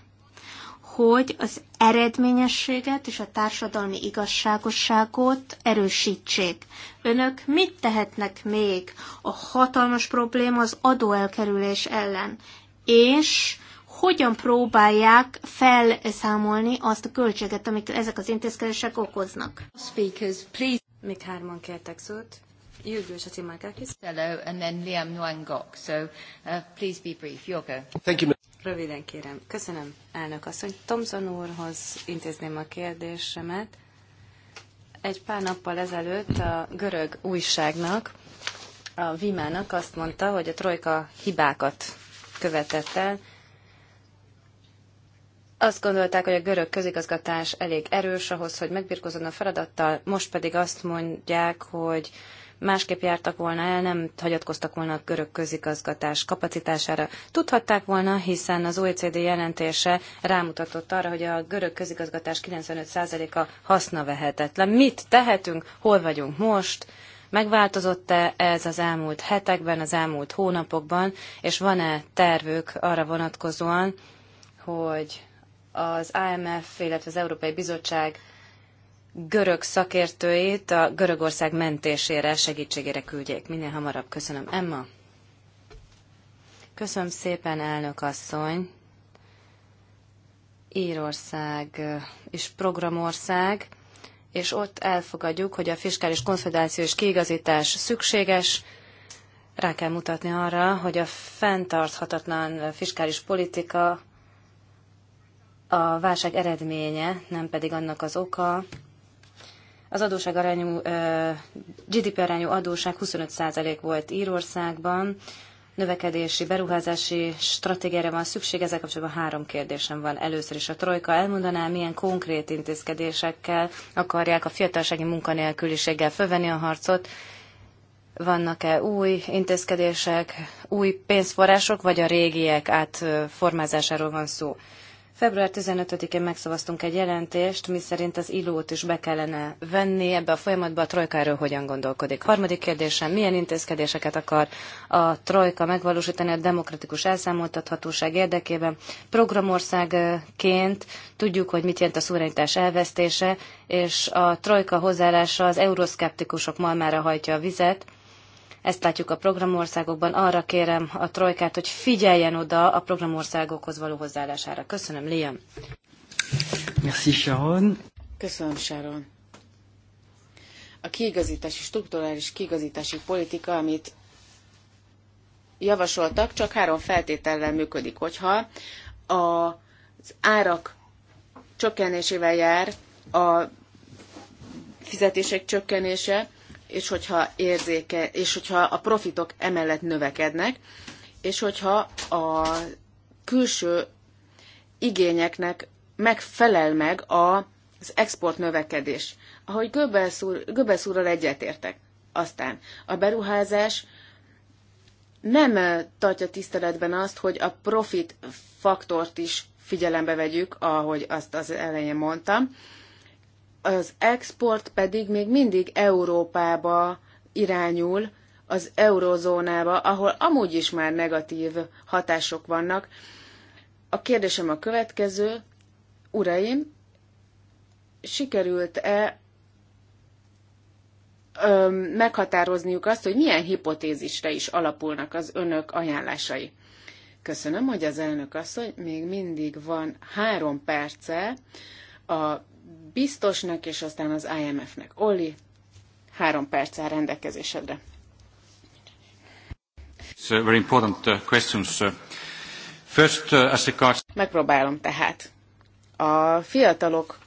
Speaker 1: hogy az eredményességet és a társadalmi igazságosságot erősítsék. Önök mit tehetnek még a hatalmas probléma az adóelkerülés ellen? És hogyan próbálják felszámolni azt a költséget, amit ezek az intézkedések okoznak. Speakers,
Speaker 2: please. Még hárman kértek szót. Jürgős a Timákákis. Hello, and then Liam Nguyen Gok. So, uh, please be brief. Your go. Thank you. Röviden kérem. Köszönöm, elnök asszony. Thomson úrhoz intézném a kérdésemet. Egy pár nappal ezelőtt a görög újságnak, a Vimának azt mondta, hogy a Trojka hibákat követett el, azt gondolták, hogy a görög közigazgatás elég erős ahhoz, hogy megbirkózon a feladattal, most pedig azt mondják, hogy másképp jártak volna el, nem hagyatkoztak volna a görög közigazgatás kapacitására. Tudhatták volna, hiszen az OECD jelentése rámutatott arra, hogy a görög közigazgatás 95%-a haszna vehetetlen. Mit tehetünk, hol vagyunk most? Megváltozott-e ez az elmúlt hetekben, az elmúlt hónapokban, és van-e tervük arra vonatkozóan, hogy az IMF, illetve az Európai Bizottság görög szakértőjét a Görögország mentésére, segítségére küldjék. Minél hamarabb köszönöm. Emma? Köszönöm szépen, elnök asszony. Írország és programország, és ott elfogadjuk, hogy a fiskális konszolidáció és kiigazítás szükséges, rá kell mutatni arra, hogy a fenntarthatatlan fiskális politika a válság eredménye, nem pedig annak az oka. Az adóság arányú, GDP arányú adóság 25% volt Írországban, növekedési, beruházási stratégiára van szükség. Ezzel kapcsolatban három kérdésem van. Először is a Trojka elmondaná, milyen konkrét intézkedésekkel akarják a fiatalsági munkanélküliséggel fölvenni a harcot. Vannak-e új intézkedések, új pénzforrások, vagy a régiek átformázásáról van szó? Február 15-én megszavaztunk egy jelentést, miszerint az ilót is be kellene venni ebbe a folyamatba. A trojka erről hogyan gondolkodik? Harmadik kérdésem, milyen intézkedéseket akar a trojka megvalósítani a demokratikus elszámoltathatóság érdekében? Programországként tudjuk, hogy mit jelent a szuverenitás elvesztése, és a trojka hozzáállása az euroszkeptikusok malmára hajtja a vizet, ezt látjuk a programországokban. Arra kérem a trojkát, hogy figyeljen oda a programországokhoz való hozzáállására. Köszönöm, Liam.
Speaker 1: Merci, Sharon.
Speaker 3: Köszönöm, Sharon. A kiigazítási, strukturális kiigazítási politika, amit javasoltak, csak három feltétellel működik, hogyha az árak csökkenésével jár a fizetések csökkenése, és hogyha érzéke, és hogyha a profitok emellett növekednek, és hogyha a külső igényeknek megfelel meg az export növekedés. Ahogy Göbbels, úr, úrral egyetértek. Aztán a beruházás nem tartja tiszteletben azt, hogy a profit faktort is figyelembe vegyük, ahogy azt az elején mondtam, az export pedig még mindig Európába irányul, az eurozónába, ahol amúgy is már negatív hatások vannak. A kérdésem a következő, uraim, sikerült-e meghatározniuk azt, hogy milyen hipotézisre is alapulnak az önök ajánlásai. Köszönöm, hogy az elnök asszony még mindig van három perce a biztosnak, és aztán az IMF-nek. Olli, három perc áll rendelkezésedre.
Speaker 2: Uh, very important uh, questions. First, uh, as regards...
Speaker 3: Megpróbálom tehát. A fiatalok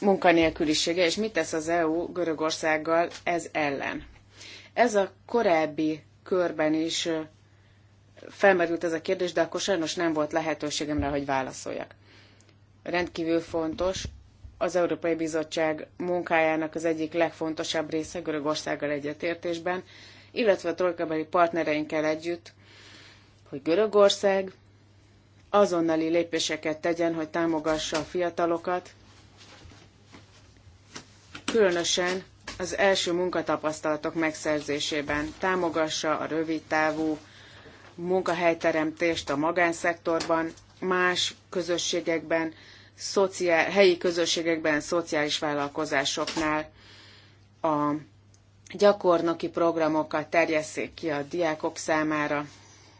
Speaker 3: munkanélkülisége, és mit tesz az EU Görögországgal ez ellen. Ez a korábbi körben is felmerült ez a kérdés, de akkor sajnos nem volt lehetőségemre, hogy válaszoljak rendkívül fontos, az Európai Bizottság munkájának az egyik legfontosabb része Görögországgal egyetértésben, illetve a trojkabeli partnereinkkel együtt, hogy Görögország azonnali lépéseket tegyen, hogy támogassa a fiatalokat, különösen az első munkatapasztalatok megszerzésében támogassa a rövidtávú munkahelyteremtést a magánszektorban, más közösségekben, szociál, helyi közösségekben, szociális vállalkozásoknál a gyakornoki programokat terjesszék ki a diákok számára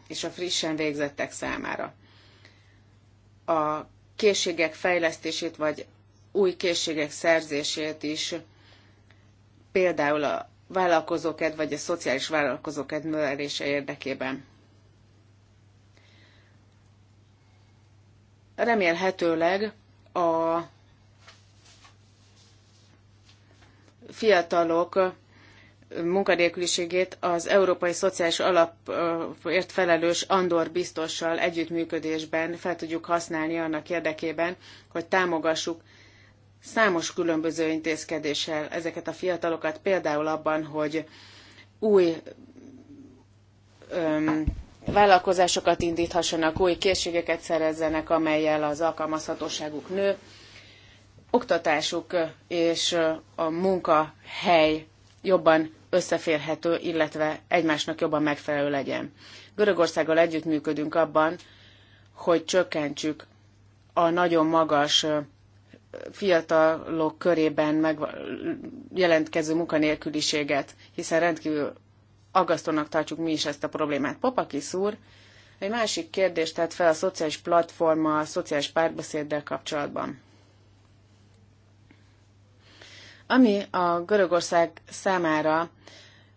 Speaker 3: és a frissen végzettek számára. A készségek fejlesztését vagy új készségek szerzését is például a vállalkozókedv vagy a szociális vállalkozókedv növelése érdekében. Remélhetőleg a fiatalok munkanélküliségét az Európai Szociális Alapért felelős Andor biztossal együttműködésben fel tudjuk használni annak érdekében, hogy támogassuk számos különböző intézkedéssel ezeket a fiatalokat, például abban, hogy új öm, vállalkozásokat indíthassanak, új készségeket szerezzenek, amelyel az alkalmazhatóságuk nő, oktatásuk és a munkahely jobban összeférhető, illetve egymásnak jobban megfelelő legyen. Görögországgal együttműködünk abban, hogy csökkentsük a nagyon magas fiatalok körében meg jelentkező munkanélküliséget, hiszen rendkívül aggasztónak tartjuk mi is ezt a problémát. Popakis úr egy másik kérdést tett fel a szociális platforma, a szociális párbeszéddel kapcsolatban. Ami a Görögország számára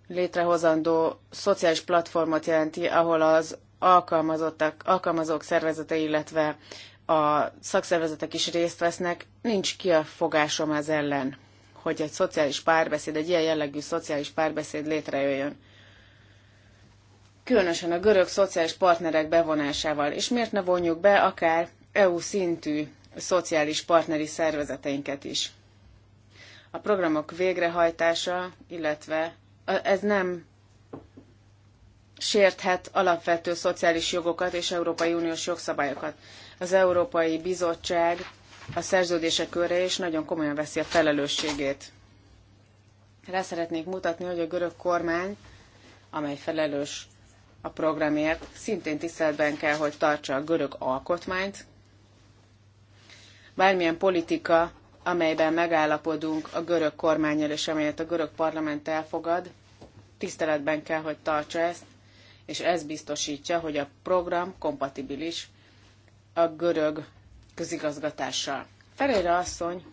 Speaker 3: létrehozandó szociális platformot jelenti, ahol az alkalmazottak, alkalmazók szervezete, illetve a szakszervezetek is részt vesznek, nincs ki a fogásom ez ellen, hogy egy szociális párbeszéd, egy ilyen jellegű szociális párbeszéd létrejöjjön különösen a görög szociális partnerek bevonásával, és miért ne vonjuk be akár EU szintű szociális partneri szervezeteinket is. A programok végrehajtása, illetve ez nem sérthet alapvető szociális jogokat és Európai Uniós jogszabályokat. Az Európai Bizottság a szerződések körre is nagyon komolyan veszi a felelősségét. Rá szeretnék mutatni, hogy a görög kormány, amely felelős a programért, szintén tiszteletben kell, hogy tartsa a görög alkotmányt. Bármilyen politika, amelyben megállapodunk a görög kormányjal és amelyet a görög parlament elfogad, tiszteletben kell, hogy tartsa ezt, és ez biztosítja, hogy a program kompatibilis a görög közigazgatással. Ferére asszony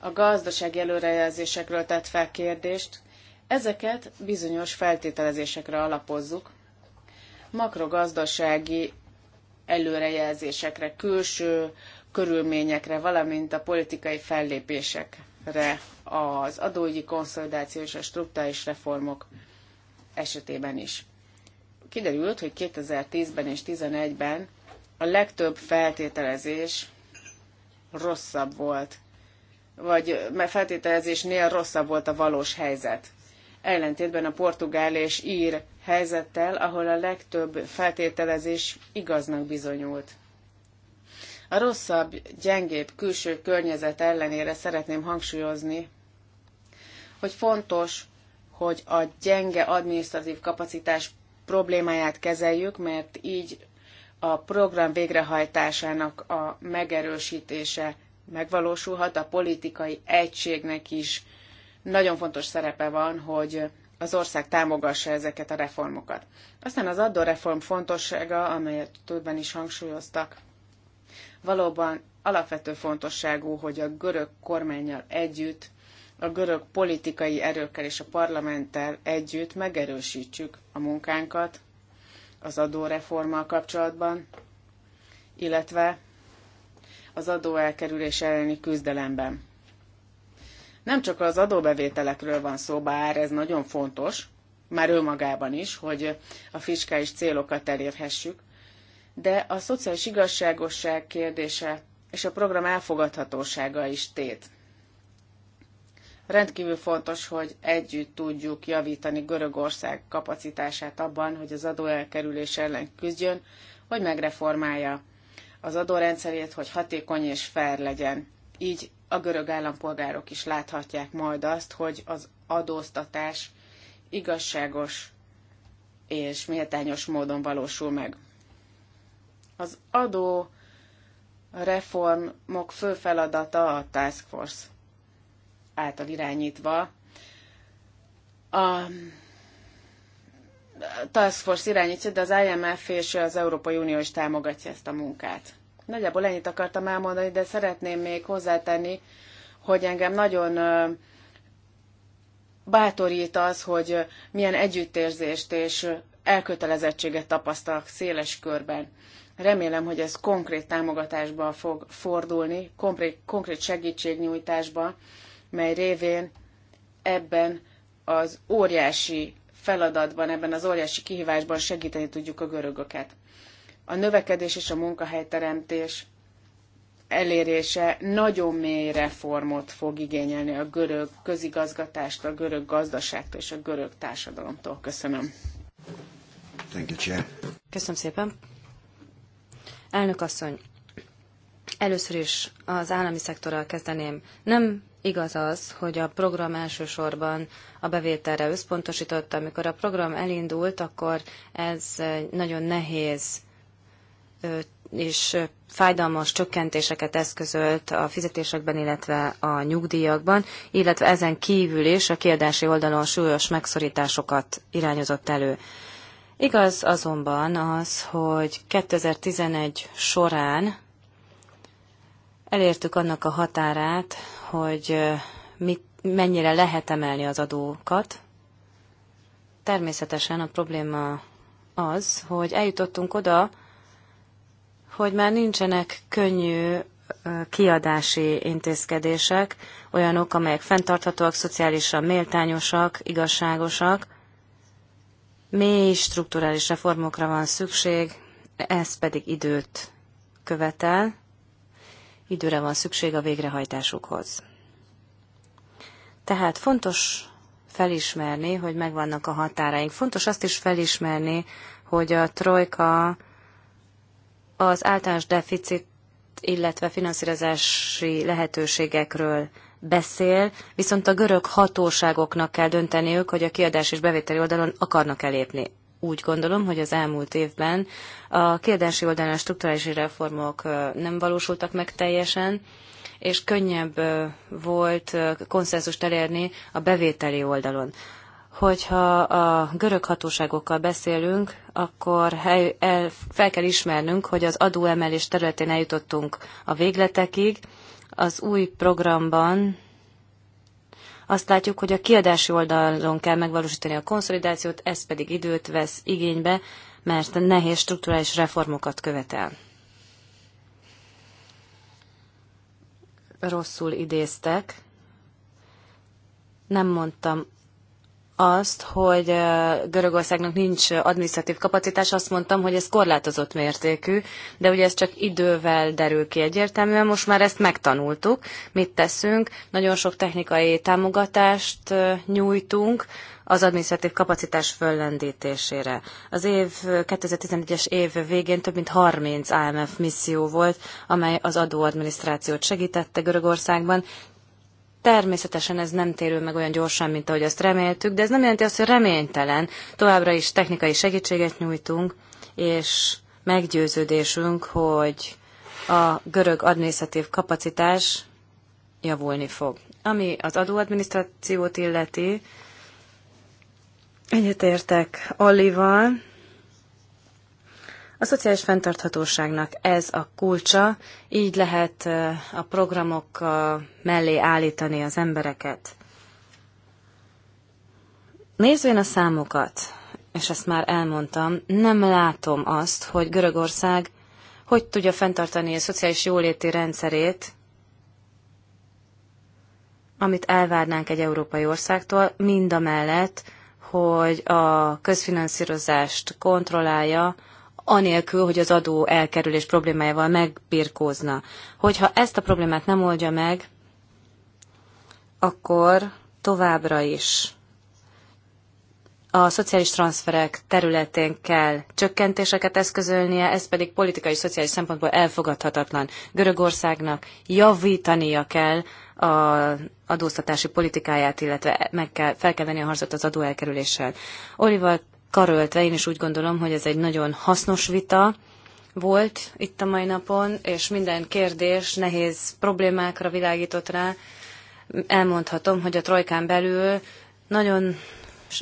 Speaker 3: a gazdasági előrejelzésekről tett fel kérdést, Ezeket bizonyos feltételezésekre alapozzuk, makrogazdasági előrejelzésekre, külső körülményekre, valamint a politikai fellépésekre az adóügyi konszolidáció és a struktúrális reformok esetében is. Kiderült, hogy 2010-ben és 2011-ben a legtöbb feltételezés rosszabb volt, vagy feltételezésnél rosszabb volt a valós helyzet ellentétben a portugál és ír helyzettel, ahol a legtöbb feltételezés igaznak bizonyult. A rosszabb, gyengébb külső környezet ellenére szeretném hangsúlyozni, hogy fontos, hogy a gyenge adminisztratív kapacitás problémáját kezeljük, mert így a program végrehajtásának a megerősítése megvalósulhat, a politikai egységnek is nagyon fontos szerepe van, hogy az ország támogassa ezeket a reformokat. Aztán az adóreform fontossága, amelyet többen is hangsúlyoztak, valóban alapvető fontosságú, hogy a görög kormányjal együtt, a görög politikai erőkkel és a parlamenttel együtt megerősítsük a munkánkat az adóreformmal kapcsolatban, illetve az adóelkerülés elleni küzdelemben. Nem csak az adóbevételekről van szó, bár ez nagyon fontos, már önmagában is, hogy a fiskális célokat elérhessük, de a szociális igazságosság kérdése és a program elfogadhatósága is tét. Rendkívül fontos, hogy együtt tudjuk javítani Görögország kapacitását abban, hogy az adóelkerülés ellen küzdjön, hogy megreformálja az adórendszerét, hogy hatékony és fair legyen. Így a görög állampolgárok is láthatják majd azt, hogy az adóztatás igazságos és méltányos módon valósul meg. Az adó reformok fő feladata a Task Force által irányítva. A Task Force irányítja, de az IMF és az Európai Unió is támogatja ezt a munkát. Nagyjából ennyit akartam elmondani, de szeretném még hozzátenni, hogy engem nagyon bátorít az, hogy milyen együttérzést és elkötelezettséget tapasztalak széles körben. Remélem, hogy ez konkrét támogatásba fog fordulni, konkrét, konkrét segítségnyújtásba, mely révén ebben az óriási feladatban, ebben az óriási kihívásban segíteni tudjuk a görögöket a növekedés és a munkahelyteremtés elérése nagyon mély reformot fog igényelni a görög közigazgatástól, a görög gazdaságtól és a görög társadalomtól. Köszönöm.
Speaker 2: Thank you, Chair. Köszönöm szépen. Elnök asszony, először is az állami szektorral kezdeném. Nem igaz az, hogy a program elsősorban a bevételre összpontosította. Amikor a program elindult, akkor ez nagyon nehéz és fájdalmas csökkentéseket eszközölt a fizetésekben, illetve a nyugdíjakban, illetve ezen kívül is a kiadási oldalon súlyos megszorításokat irányozott elő. Igaz azonban az, hogy 2011 során elértük annak a határát, hogy mit, mennyire lehet emelni az adókat. Természetesen a probléma az, hogy eljutottunk oda, hogy már nincsenek könnyű kiadási intézkedések, olyanok, amelyek fenntarthatóak, szociálisan méltányosak, igazságosak. Mély strukturális reformokra van szükség, ez pedig időt követel, időre van szükség a végrehajtásukhoz. Tehát fontos felismerni, hogy megvannak a határaink. Fontos azt is felismerni, hogy a trojka az általános deficit, illetve finanszírozási lehetőségekről beszél, viszont a görög hatóságoknak kell dönteniük, hogy a kiadás és bevételi oldalon akarnak elépni. Úgy gondolom, hogy az elmúlt évben a kiadási oldalon a strukturális reformok nem valósultak meg teljesen, és könnyebb volt konszenzust elérni a bevételi oldalon hogyha a görög hatóságokkal beszélünk, akkor hely, el, fel kell ismernünk, hogy az adóemelés területén eljutottunk a végletekig. Az új programban azt látjuk, hogy a kiadási oldalon kell megvalósítani a konszolidációt, ez pedig időt vesz igénybe, mert nehéz strukturális reformokat követel. Rosszul idéztek. Nem mondtam azt, hogy Görögországnak nincs adminisztratív kapacitás, azt mondtam, hogy ez korlátozott mértékű, de ugye ez csak idővel derül ki egyértelműen, most már ezt megtanultuk, mit teszünk, nagyon sok technikai támogatást nyújtunk az adminisztratív kapacitás föllendítésére. Az év 2011-es év végén több mint 30 AMF misszió volt, amely az adóadminisztrációt segítette Görögországban, Természetesen ez nem térül meg olyan gyorsan, mint ahogy azt reméltük, de ez nem jelenti azt, hogy reménytelen. Továbbra is technikai segítséget nyújtunk, és meggyőződésünk, hogy a görög adminisztratív kapacitás javulni fog. Ami az adóadminisztrációt illeti, egyetértek Olival, a szociális fenntarthatóságnak ez a kulcsa, így lehet a programok mellé állítani az embereket. Nézvén a számokat, és ezt már elmondtam, nem látom azt, hogy Görögország hogy tudja fenntartani a szociális jóléti rendszerét, amit elvárnánk egy európai országtól, mind a mellett, hogy a közfinanszírozást kontrollálja, anélkül, hogy az adó elkerülés problémájával megbirkózna. Hogyha ezt a problémát nem oldja meg, akkor továbbra is a szociális transferek területén kell csökkentéseket eszközölnie, ez pedig politikai és szociális szempontból elfogadhatatlan. Görögországnak javítania kell a adóztatási politikáját, illetve meg kell, fel kell venni a harcot az adóelkerüléssel. Oliver karöltve. Én is úgy gondolom, hogy ez egy nagyon hasznos vita volt itt a mai napon, és minden kérdés nehéz problémákra világított rá. Elmondhatom, hogy a trojkán belül nagyon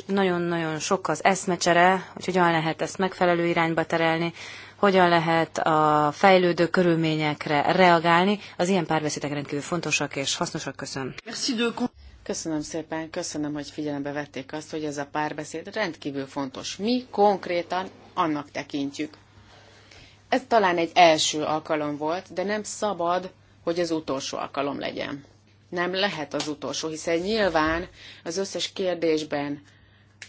Speaker 2: nagyon-nagyon sok az eszmecsere, hogy hogyan lehet ezt megfelelő irányba terelni, hogyan lehet a fejlődő körülményekre reagálni. Az ilyen párbeszédek rendkívül fontosak és hasznosak. Köszönöm.
Speaker 3: Köszönöm szépen, köszönöm, hogy figyelembe vették azt, hogy ez a párbeszéd rendkívül fontos. Mi konkrétan annak tekintjük. Ez talán egy első alkalom volt, de nem szabad, hogy az utolsó alkalom legyen. Nem lehet az utolsó, hiszen nyilván az összes kérdésben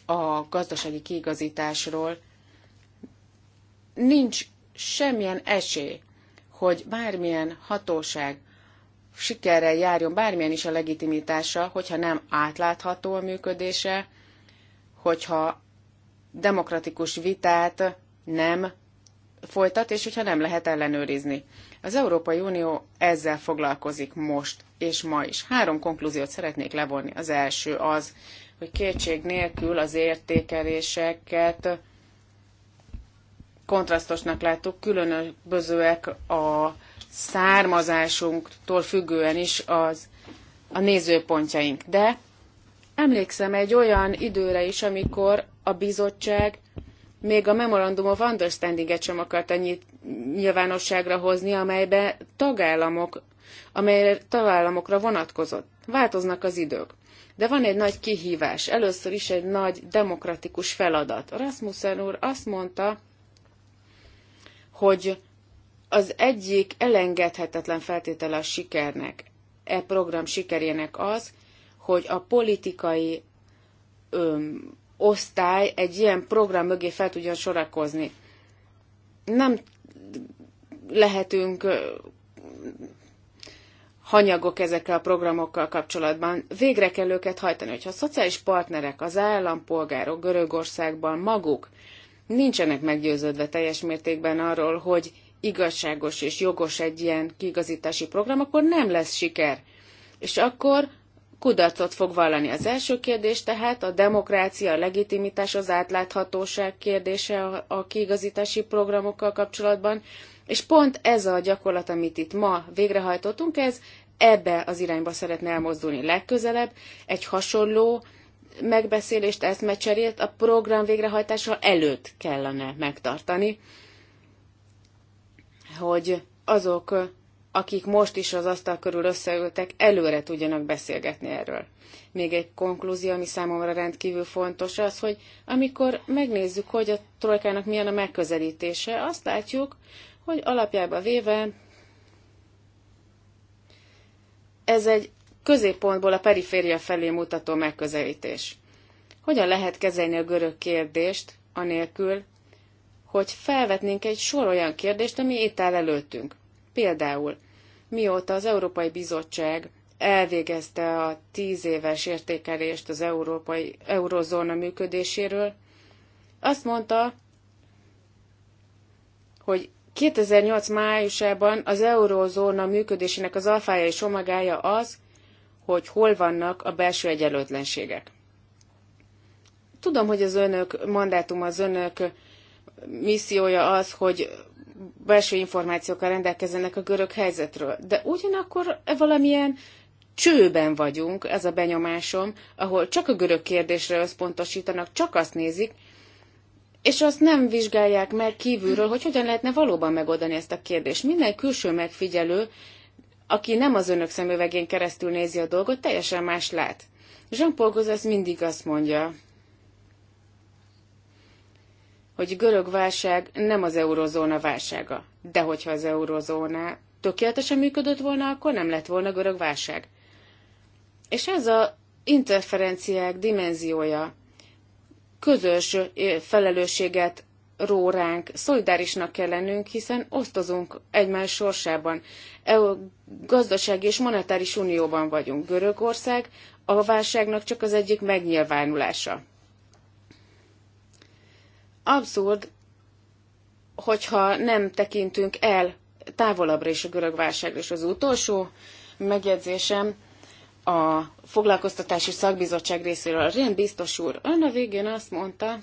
Speaker 3: a gazdasági kiigazításról nincs semmilyen esély, hogy bármilyen hatóság sikerrel járjon bármilyen is a legitimitása, hogyha nem átlátható a működése, hogyha demokratikus vitát nem folytat, és hogyha nem lehet ellenőrizni. Az Európai Unió ezzel foglalkozik most és ma is. Három konklúziót szeretnék levonni. Az első az, hogy kétség nélkül az értékeléseket kontrasztosnak láttuk, különbözőek a származásunktól függően is az a nézőpontjaink. De emlékszem egy olyan időre is, amikor a bizottság még a Memorandum of Understanding-et sem akarta nyit, nyilvánosságra hozni, amelybe tagállamok, amelyre tagállamokra vonatkozott. Változnak az idők. De van egy nagy kihívás, először is egy nagy demokratikus feladat. Rasmussen úr azt mondta, hogy az egyik elengedhetetlen feltétele a sikernek, e program sikerének az, hogy a politikai öm, osztály egy ilyen program mögé fel tudjon sorakozni. Nem lehetünk hanyagok ezekkel a programokkal kapcsolatban. Végre kell őket hajtani, hogyha a szociális partnerek, az állampolgárok Görögországban maguk nincsenek meggyőződve teljes mértékben arról, hogy igazságos és jogos egy ilyen kigazítási program, akkor nem lesz siker. És akkor kudarcot fog vallani. Az első kérdés tehát a demokrácia, a legitimitás, az átláthatóság kérdése a, a kiigazítási programokkal kapcsolatban, és pont ez a gyakorlat, amit itt ma végrehajtottunk, ez ebbe az irányba szeretne elmozdulni legközelebb. Egy hasonló megbeszélést, eszmecserét a program végrehajtása előtt kellene megtartani, hogy azok, akik most is az asztal körül összeültek, előre tudjanak beszélgetni erről. Még egy konklúzió, ami számomra rendkívül fontos, az, hogy amikor megnézzük, hogy a trojkának milyen a megközelítése, azt látjuk, hogy alapjába véve ez egy középpontból a periféria felé mutató megközelítés. Hogyan lehet kezelni a görög kérdést, anélkül, hogy felvetnénk egy sor olyan kérdést, ami itt áll előttünk. Például, mióta az Európai Bizottság elvégezte a tíz éves értékelést az európai eurozóna működéséről, azt mondta, hogy 2008 májusában az eurozóna működésének az alfája és omagája az, hogy hol vannak a belső egyenlőtlenségek. Tudom, hogy az önök mandátum, az önök missziója az, hogy belső információkkal rendelkezzenek a görög helyzetről. De ugyanakkor valamilyen csőben vagyunk, ez a benyomásom, ahol csak a görög kérdésre összpontosítanak, csak azt nézik, és azt nem vizsgálják meg kívülről, hogy hogyan lehetne valóban megoldani ezt a kérdést. Minden külső megfigyelő, aki nem az önök szemüvegén keresztül nézi a dolgot, teljesen más lát. Jean-Paul Gauzès mindig azt mondja, hogy görög válság nem az eurozóna válsága. De hogyha az eurozóna tökéletesen működött volna, akkor nem lett volna görög válság. És ez a interferenciák dimenziója közös felelősséget ró ránk, szolidárisnak kell lennünk, hiszen osztozunk egymás sorsában. EU gazdasági és monetáris unióban vagyunk. Görögország a válságnak csak az egyik megnyilvánulása abszurd, hogyha nem tekintünk el távolabbra is a görög válságra. És az utolsó megjegyzésem a foglalkoztatási szakbizottság részéről. rend biztos úr, ön a végén azt mondta,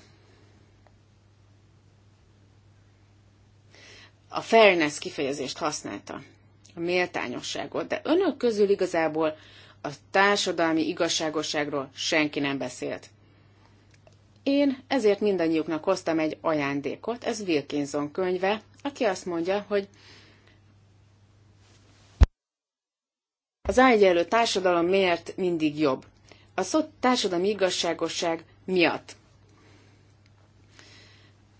Speaker 3: a fairness kifejezést használta, a méltányosságot, de önök közül igazából a társadalmi igazságosságról senki nem beszélt. Én ezért mindannyiuknak hoztam egy ajándékot, ez Wilkinson könyve, aki azt mondja, hogy az ágyelő társadalom miért mindig jobb? A szó társadalmi igazságosság miatt.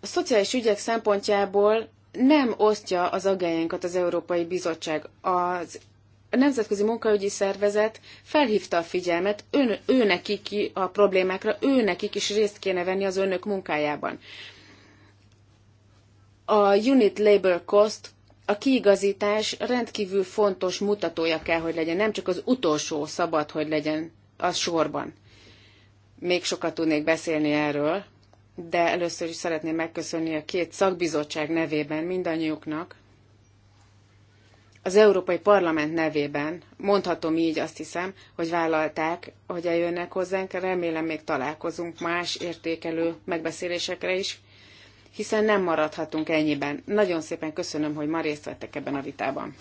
Speaker 3: A szociális ügyek szempontjából nem osztja az agályánkat az Európai Bizottság. Az a Nemzetközi Munkaügyi Szervezet felhívta a figyelmet, ön, neki ki a problémákra, ő nekik is részt kéne venni az önök munkájában. A Unit Labor Cost, a kiigazítás rendkívül fontos mutatója kell, hogy legyen, nem csak az utolsó szabad, hogy legyen a sorban. Még sokat tudnék beszélni erről, de először is szeretném megköszönni a két szakbizottság nevében mindannyiuknak, az Európai Parlament nevében, mondhatom így azt hiszem, hogy vállalták, hogy eljönnek hozzánk, remélem még találkozunk más értékelő megbeszélésekre is, hiszen nem maradhatunk ennyiben. Nagyon szépen köszönöm, hogy ma részt vettek ebben a vitában.